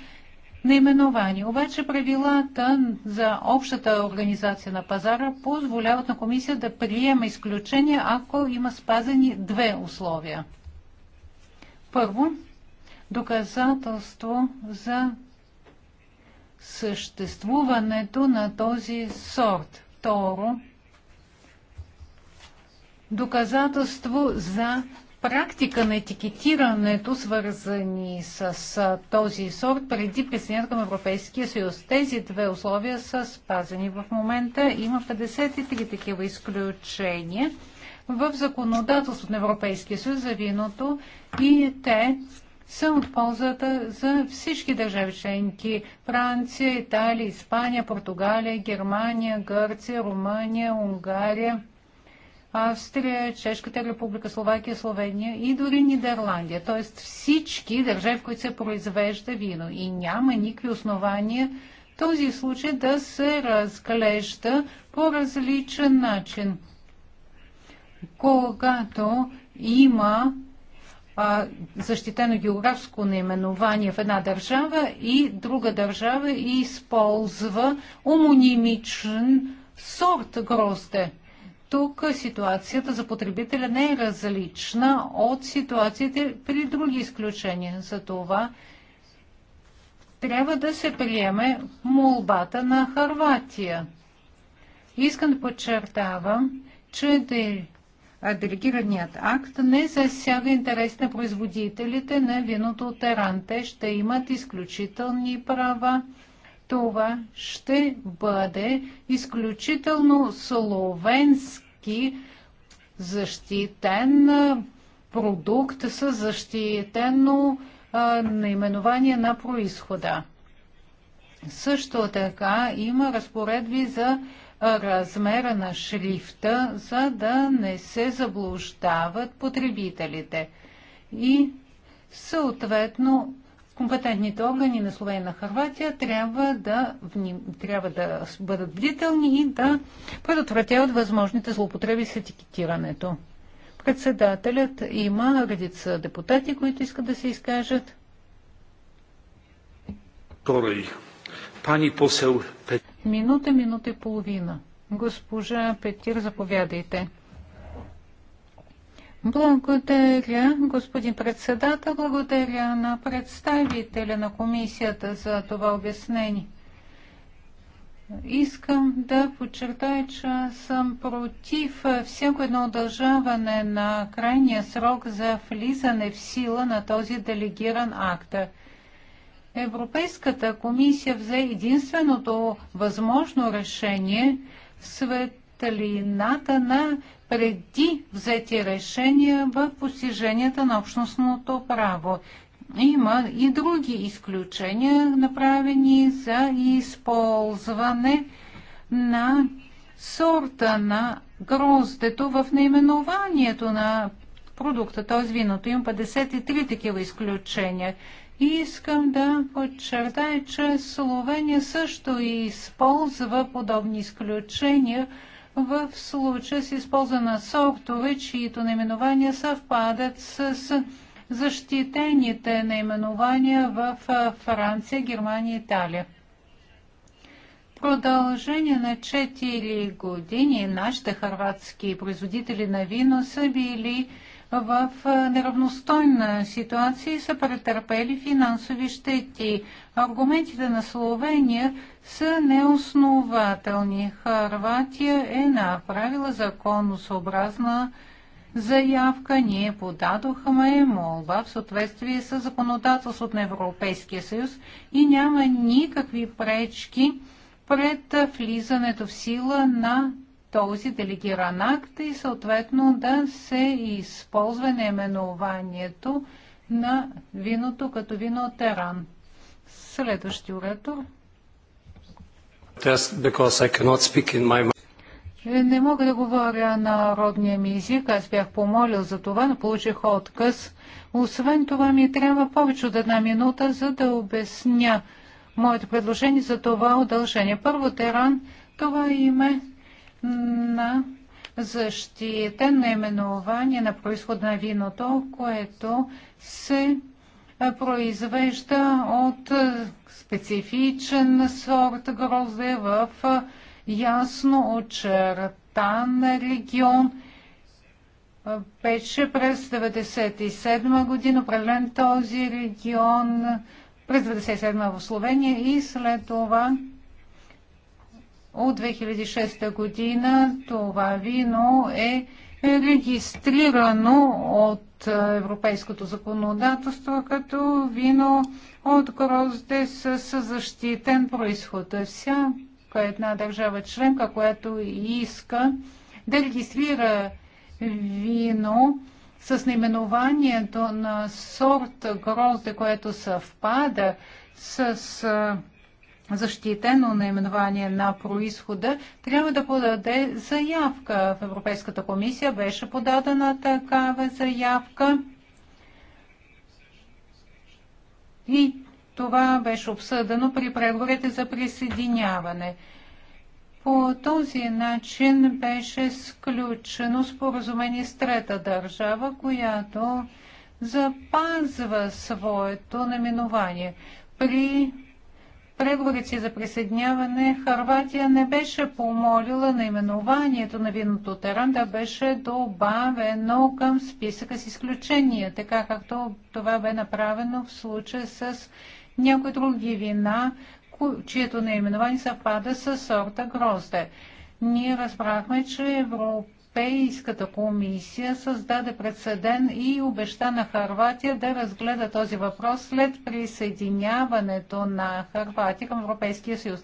наименование. Обаче правилата за общата организация на пазара позволяват на комисия да приема изключения, ако има спазени две условия. Първо, доказателство за съществуването на този сорт. Второ, доказателство за практика на етикетирането, свързани с този сорт, преди присъединяването към Европейския съюз. Тези две условия са спазени в момента. Има 53 такива изключения в законодателството на Европейския съюз за виното и те са от ползата за всички държави членки – Франция, Италия, Испания, Португалия, Германия, Гърция, Румъния, Унгария – Австрия, Чешката република, Словакия, Словения и дори Нидерландия. Тоест всички държави, в които се произвежда вино. И няма никакви основания този случай да се разглежда по различен начин. Когато има а, защитено географско наименование в една държава и друга държава използва омонимичен сорт грозде тук ситуацията за потребителя не е различна от ситуациите при други изключения. За това трябва да се приеме молбата на Харватия. Искам да подчертавам, че делегираният акт не засяга интерес на производителите на виното от Теран. Те ще имат изключителни права това ще бъде изключително словенски защитен продукт с защитено наименование на происхода. Също така има разпоредби за размера на шрифта, за да не се заблуждават потребителите. И съответно компетентните органи на Словения на Харватия трябва да, вним, трябва да бъдат бдителни и да предотвратяват възможните злоупотреби с етикетирането. Председателят има редица депутати, които искат да се изкажат. Второй. Пани посел. Минута, минута и половина. Госпожа Петир, заповядайте. Благодаря, господин председател. Благодаря на представителя на комисията за това обяснение. Искам да подчертая, че съм против всяко едно удължаване на крайния срок за влизане в сила на този делегиран акт. Европейската комисия взе единственото възможно решение в светлината на преди взети решения в постиженията на общностното право. Има и други изключения, направени за използване на сорта на гроздето в наименованието на продукта, т.е. виното. Има 53 такива изключения. И искам да подчертая, че Словения също използва подобни изключения – в случая с използва на софтове, чието наименования съвпадат с защитените наименования в Франция, Германия и Италия. Продължение на 4 години нашите хрватски производители на вино са били в неравностойна ситуация и са претърпели финансови щети. Аргументите на Словения са неоснователни. Харватия е направила законосъобразна заявка. Ние подадохме молба в съответствие с законодателството на Европейския съюз и няма никакви пречки пред влизането в сила на този делегиран акт и съответно да се използва наименованието на виното като вино от Теран. Следващи оратор. Е, не мога да говоря на родния ми език. Аз бях помолил за това, но получих отказ. Освен това ми трябва повече от една минута, за да обясня моето предложение за това удължение. Първо, Теран, това е име на защита наименование на происход на виното, което се произвежда от специфичен сорт грозде в ясно очертан регион. Беше през 1997 година определен този регион, през 1997 в Словения и след това от 2006 година това вино е регистрирано от европейското законодателство като вино от грозде с защитен происход. Всяка една държава членка, която иска да регистрира вино с наименованието на сорт грозде, което съвпада с защитено наименование на происхода, трябва да подаде заявка. В Европейската комисия беше подадена такава заявка. И това беше обсъдено при преговорите за присъединяване. По този начин беше сключено споразумение с трета държава, която запазва своето наименование. При преговорите си за присъединяване Харватия не беше помолила наименованието на виното Теран да беше добавено към списъка с изключения, така както това бе направено в случая с някои други вина, чието наименование съвпада с сорта грозде. Ние разбрахме, че Европа Европейската комисия създаде прецедент и обеща на Харватия да разгледа този въпрос след присъединяването на Харватия към Европейския съюз.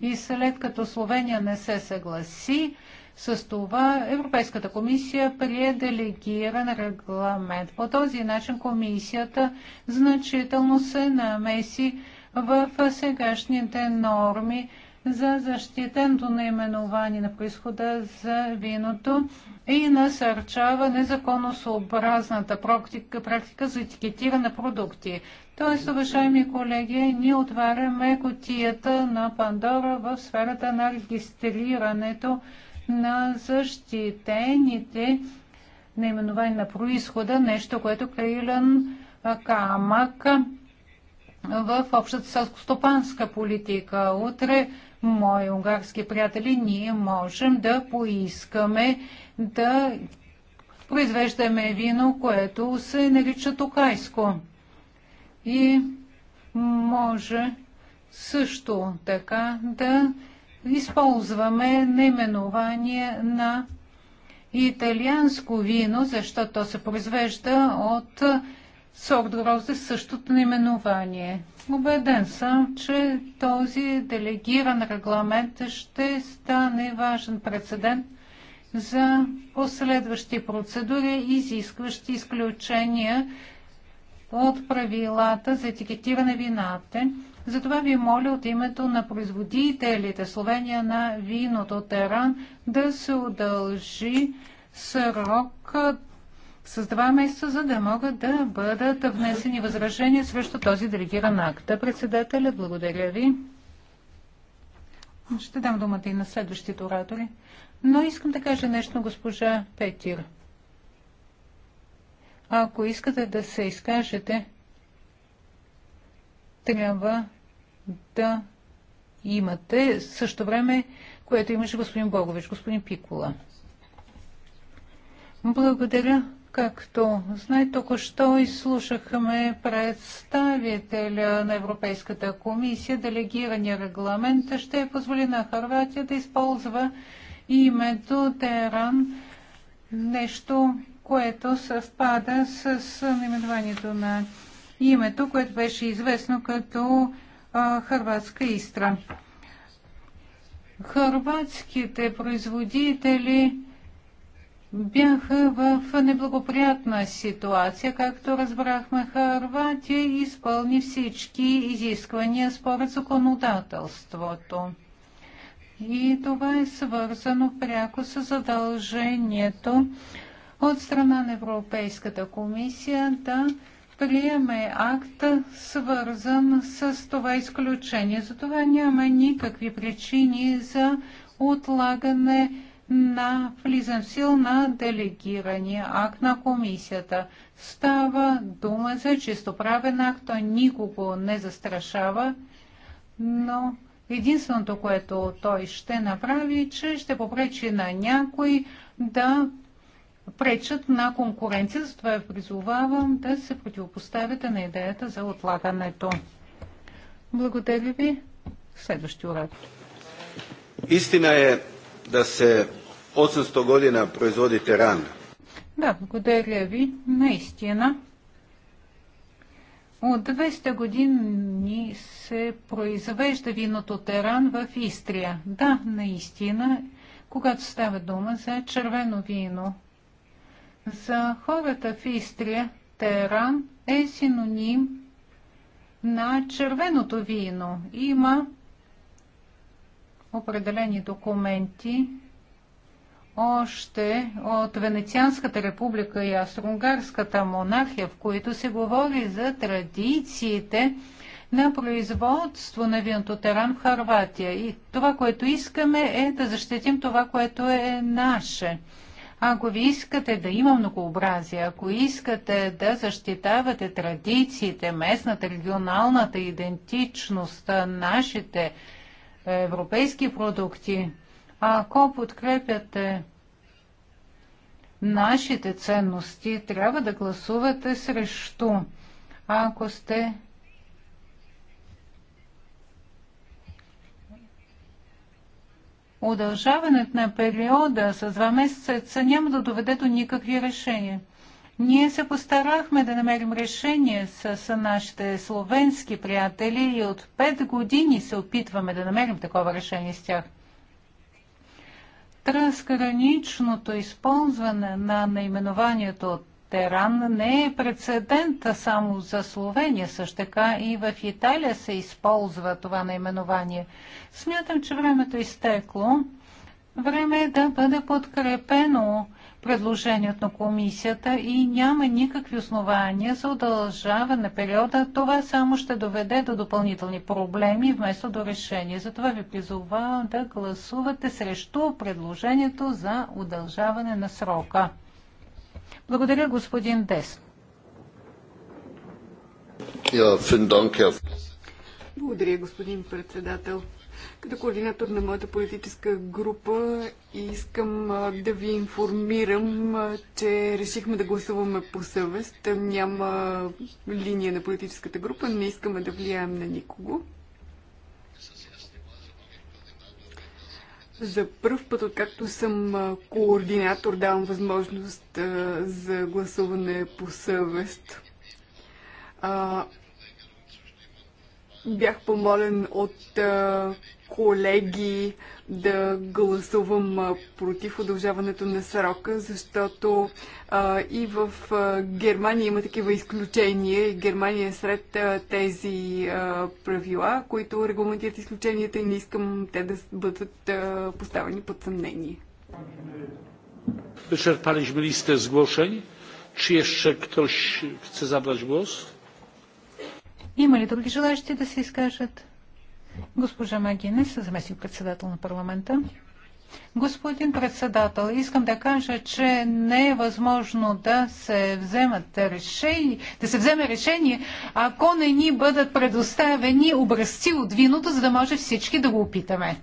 И след като Словения не се съгласи с това, Европейската комисия прие делегиран регламент. По този начин комисията значително се намеси в сегашните норми за защитеното наименование на происхода за виното и насърчава незаконосообразната практика, практика за етикетиране на продукти. Тоест, уважаеми колеги, ние отваряме котията на Пандора в сферата на регистрирането на защитените наименования на происхода, нещо, което е Крилен камък в общата селскостопанска политика. Утре, мои унгарски приятели, ние можем да поискаме да произвеждаме вино, което се нарича токайско. И може също така да използваме наименование на италианско вино, защото то се произвежда от с отговор същото наименование. Обеден съм, че този делегиран регламент ще стане важен прецедент за последващи процедури, изискващи изключения от правилата за етикетиране вината. Затова ви моля от името на производителите Словения на виното Теран да се удължи срокът с два месеца, за да могат да бъдат внесени възражения срещу този делегиран акт. Председателя, благодаря ви. Ще дам думата и на следващите оратори. Но искам да кажа нещо, госпожа Петир. Ако искате да се изкажете, трябва да имате също време, което имаше господин Богович, господин Пикола. Благодаря, Както знаете, току-що изслушахме представителя на Европейската комисия. Делегирания регламент ще позволи на Харватия да използва името Теран, нещо, което съвпада с наименованието на името, което беше известно като Харватска Истра. Харватските производители бяха в неблагоприятна ситуация. Както разбрахме, Харватия изпълни всички изисквания според законодателството. И това е свързано пряко с задължението от страна на Европейската комисия да приеме акт, свързан с това изключение. Затова няма никакви причини за отлагане на влизан в сил на делегирания акт на комисията. Става дума за чистоправен акт, той никого не застрашава, но единственото, което той ще направи, е, че ще попречи на някой да пречат на конкуренция, затова я призовавам да се противопоставяте на идеята за отлагането. Благодаря ви. Следващи урок. Истина е, да се 800 година производи теран. Да, благодаря ви. Наистина. От 200 години се произвежда виното теран в Истрия. Да, наистина, когато става дума за червено вино. За хората в Истрия теран е синоним на червеното вино. Има определени документи още от Венецианската република и Австро-Унгарската монархия, в които се говори за традициите на производство на виното теран в Харватия. И това, което искаме е да защитим това, което е наше. Ако ви искате да има многообразие, ако искате да защитавате традициите, местната, регионалната идентичност, нашите европейски продукти, ако подкрепяте нашите ценности, трябва да гласувате срещу. Ако сте удължаването на периода с два месеца няма да доведе до никакви решения. Ние се постарахме да намерим решение с, нашите словенски приятели и от пет години се опитваме да намерим такова решение с тях. Трансграничното използване на наименованието Теран не е прецедента само за Словения, също така и в Италия се използва това наименование. Смятам, че времето изтекло. Време е да бъде подкрепено предложението на комисията и няма никакви основания за удължаване на периода. Това само ще доведе до допълнителни проблеми вместо до решение. Затова ви призовавам да гласувате срещу предложението за удължаване на срока. Благодаря, господин Дес. Благодаря, господин председател. Като координатор на моята политическа група искам да ви информирам, че решихме да гласуваме по съвест. Няма линия на политическата група, не искаме да влияем на никого. За първ път, откакто съм координатор, давам възможност за гласуване по съвест. Бях помолен от колеги да гласувам против удължаването на срока, защото а, и в а, Германия има такива изключения и Германия е сред а, тези а, правила, които регламентират изключенията и не искам те да бъдат а, поставени под съмнение. Wyczerpaliśmy listę zgłoszeń. Czy чи еще chce забрать głos? Има ли други желащи да се изкажат? Госпожа Магинес, заместник председател на парламента. Господин председател, искам да кажа, че не е възможно да се, вземат решение, да се вземе решение, ако не ни бъдат предоставени образци от виното, за да може всички да го опитаме.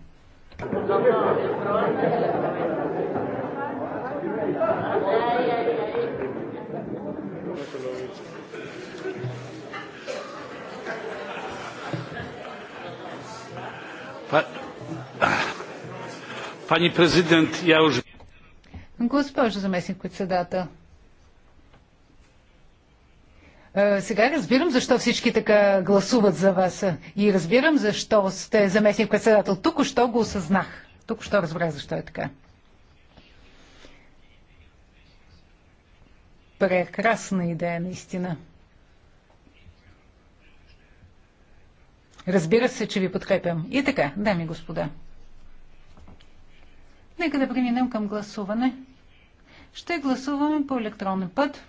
Пани президент, я уже... Госпожо заместник председател, е, сега разбирам защо всички така гласуват за вас и разбирам защо сте заместник председател. Тук що го осъзнах. Тук що разбрах защо е така. Прекрасна идея, наистина. Разбира се, че ви подкрепям. И така, дами и господа. Нека да преминем към гласуване. Ще гласуваме по електронен път.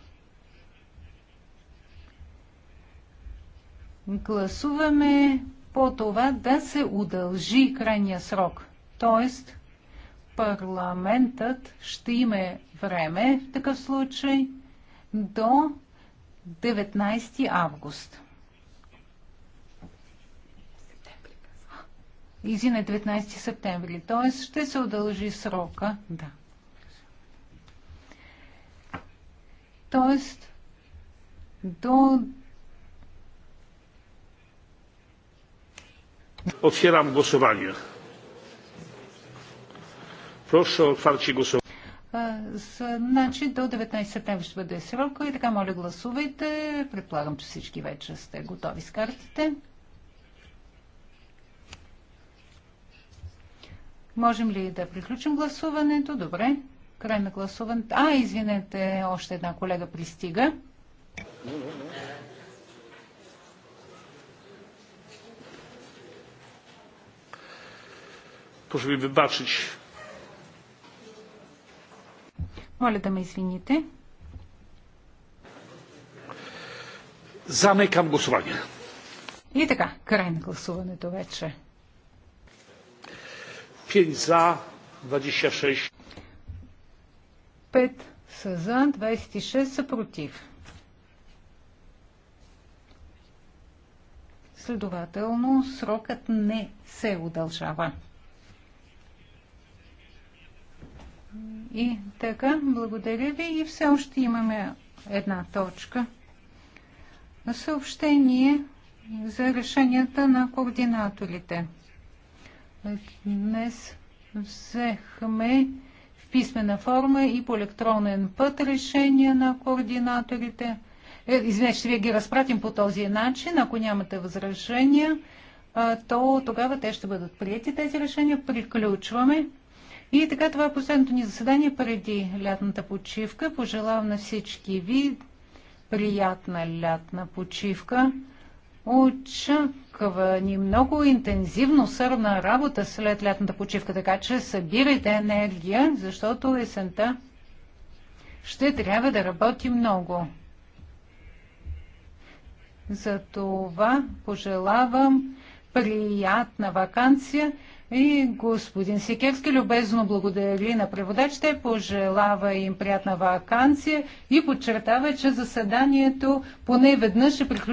Гласуваме по това да се удължи крайния срок. Тоест, парламентът ще има време в такъв случай до 19 август. Изи на 19 септември. Т.е. ще се удължи срока. Да. Тоест, до... Otwieram głosowanie. Proszę o otwarcie głosowania. Значи до 19 септември ще бъде срока и така моля гласувайте. Предполагам, че всички вече сте готови с картите. Можем ли да приключим гласуването? Добре. Край на гласуването. А, извинете, още една колега пристига. Може mi wybaczyć. Моля да ме извините. Замекам гласуване. И така, край на гласуването вече. 5 за, 26. 5 са за, 26 са против. Следователно, срокът не се удължава. И така, благодаря ви и все още имаме една точка. Съобщение за решенията на координаторите. Днес взехме в писмена форма и по електронен път решение на координаторите. Е, извинете, ще ви ги разпратим по този начин. Ако нямате възражения, то тогава те ще бъдат прияти тези решения. Приключваме. И така това е последното ни заседание преди лятната почивка. Пожелавам на всички ви приятна лятна почивка. Очаква ни много интензивно сърна работа след лятната почивка, така че събирайте енергия, защото есента ще трябва да работи много. Затова пожелавам приятна вакансия и господин Сикерски любезно благодари на преводачите, пожелава им приятна вакансия и подчертава, че заседанието поне веднъж ще приключи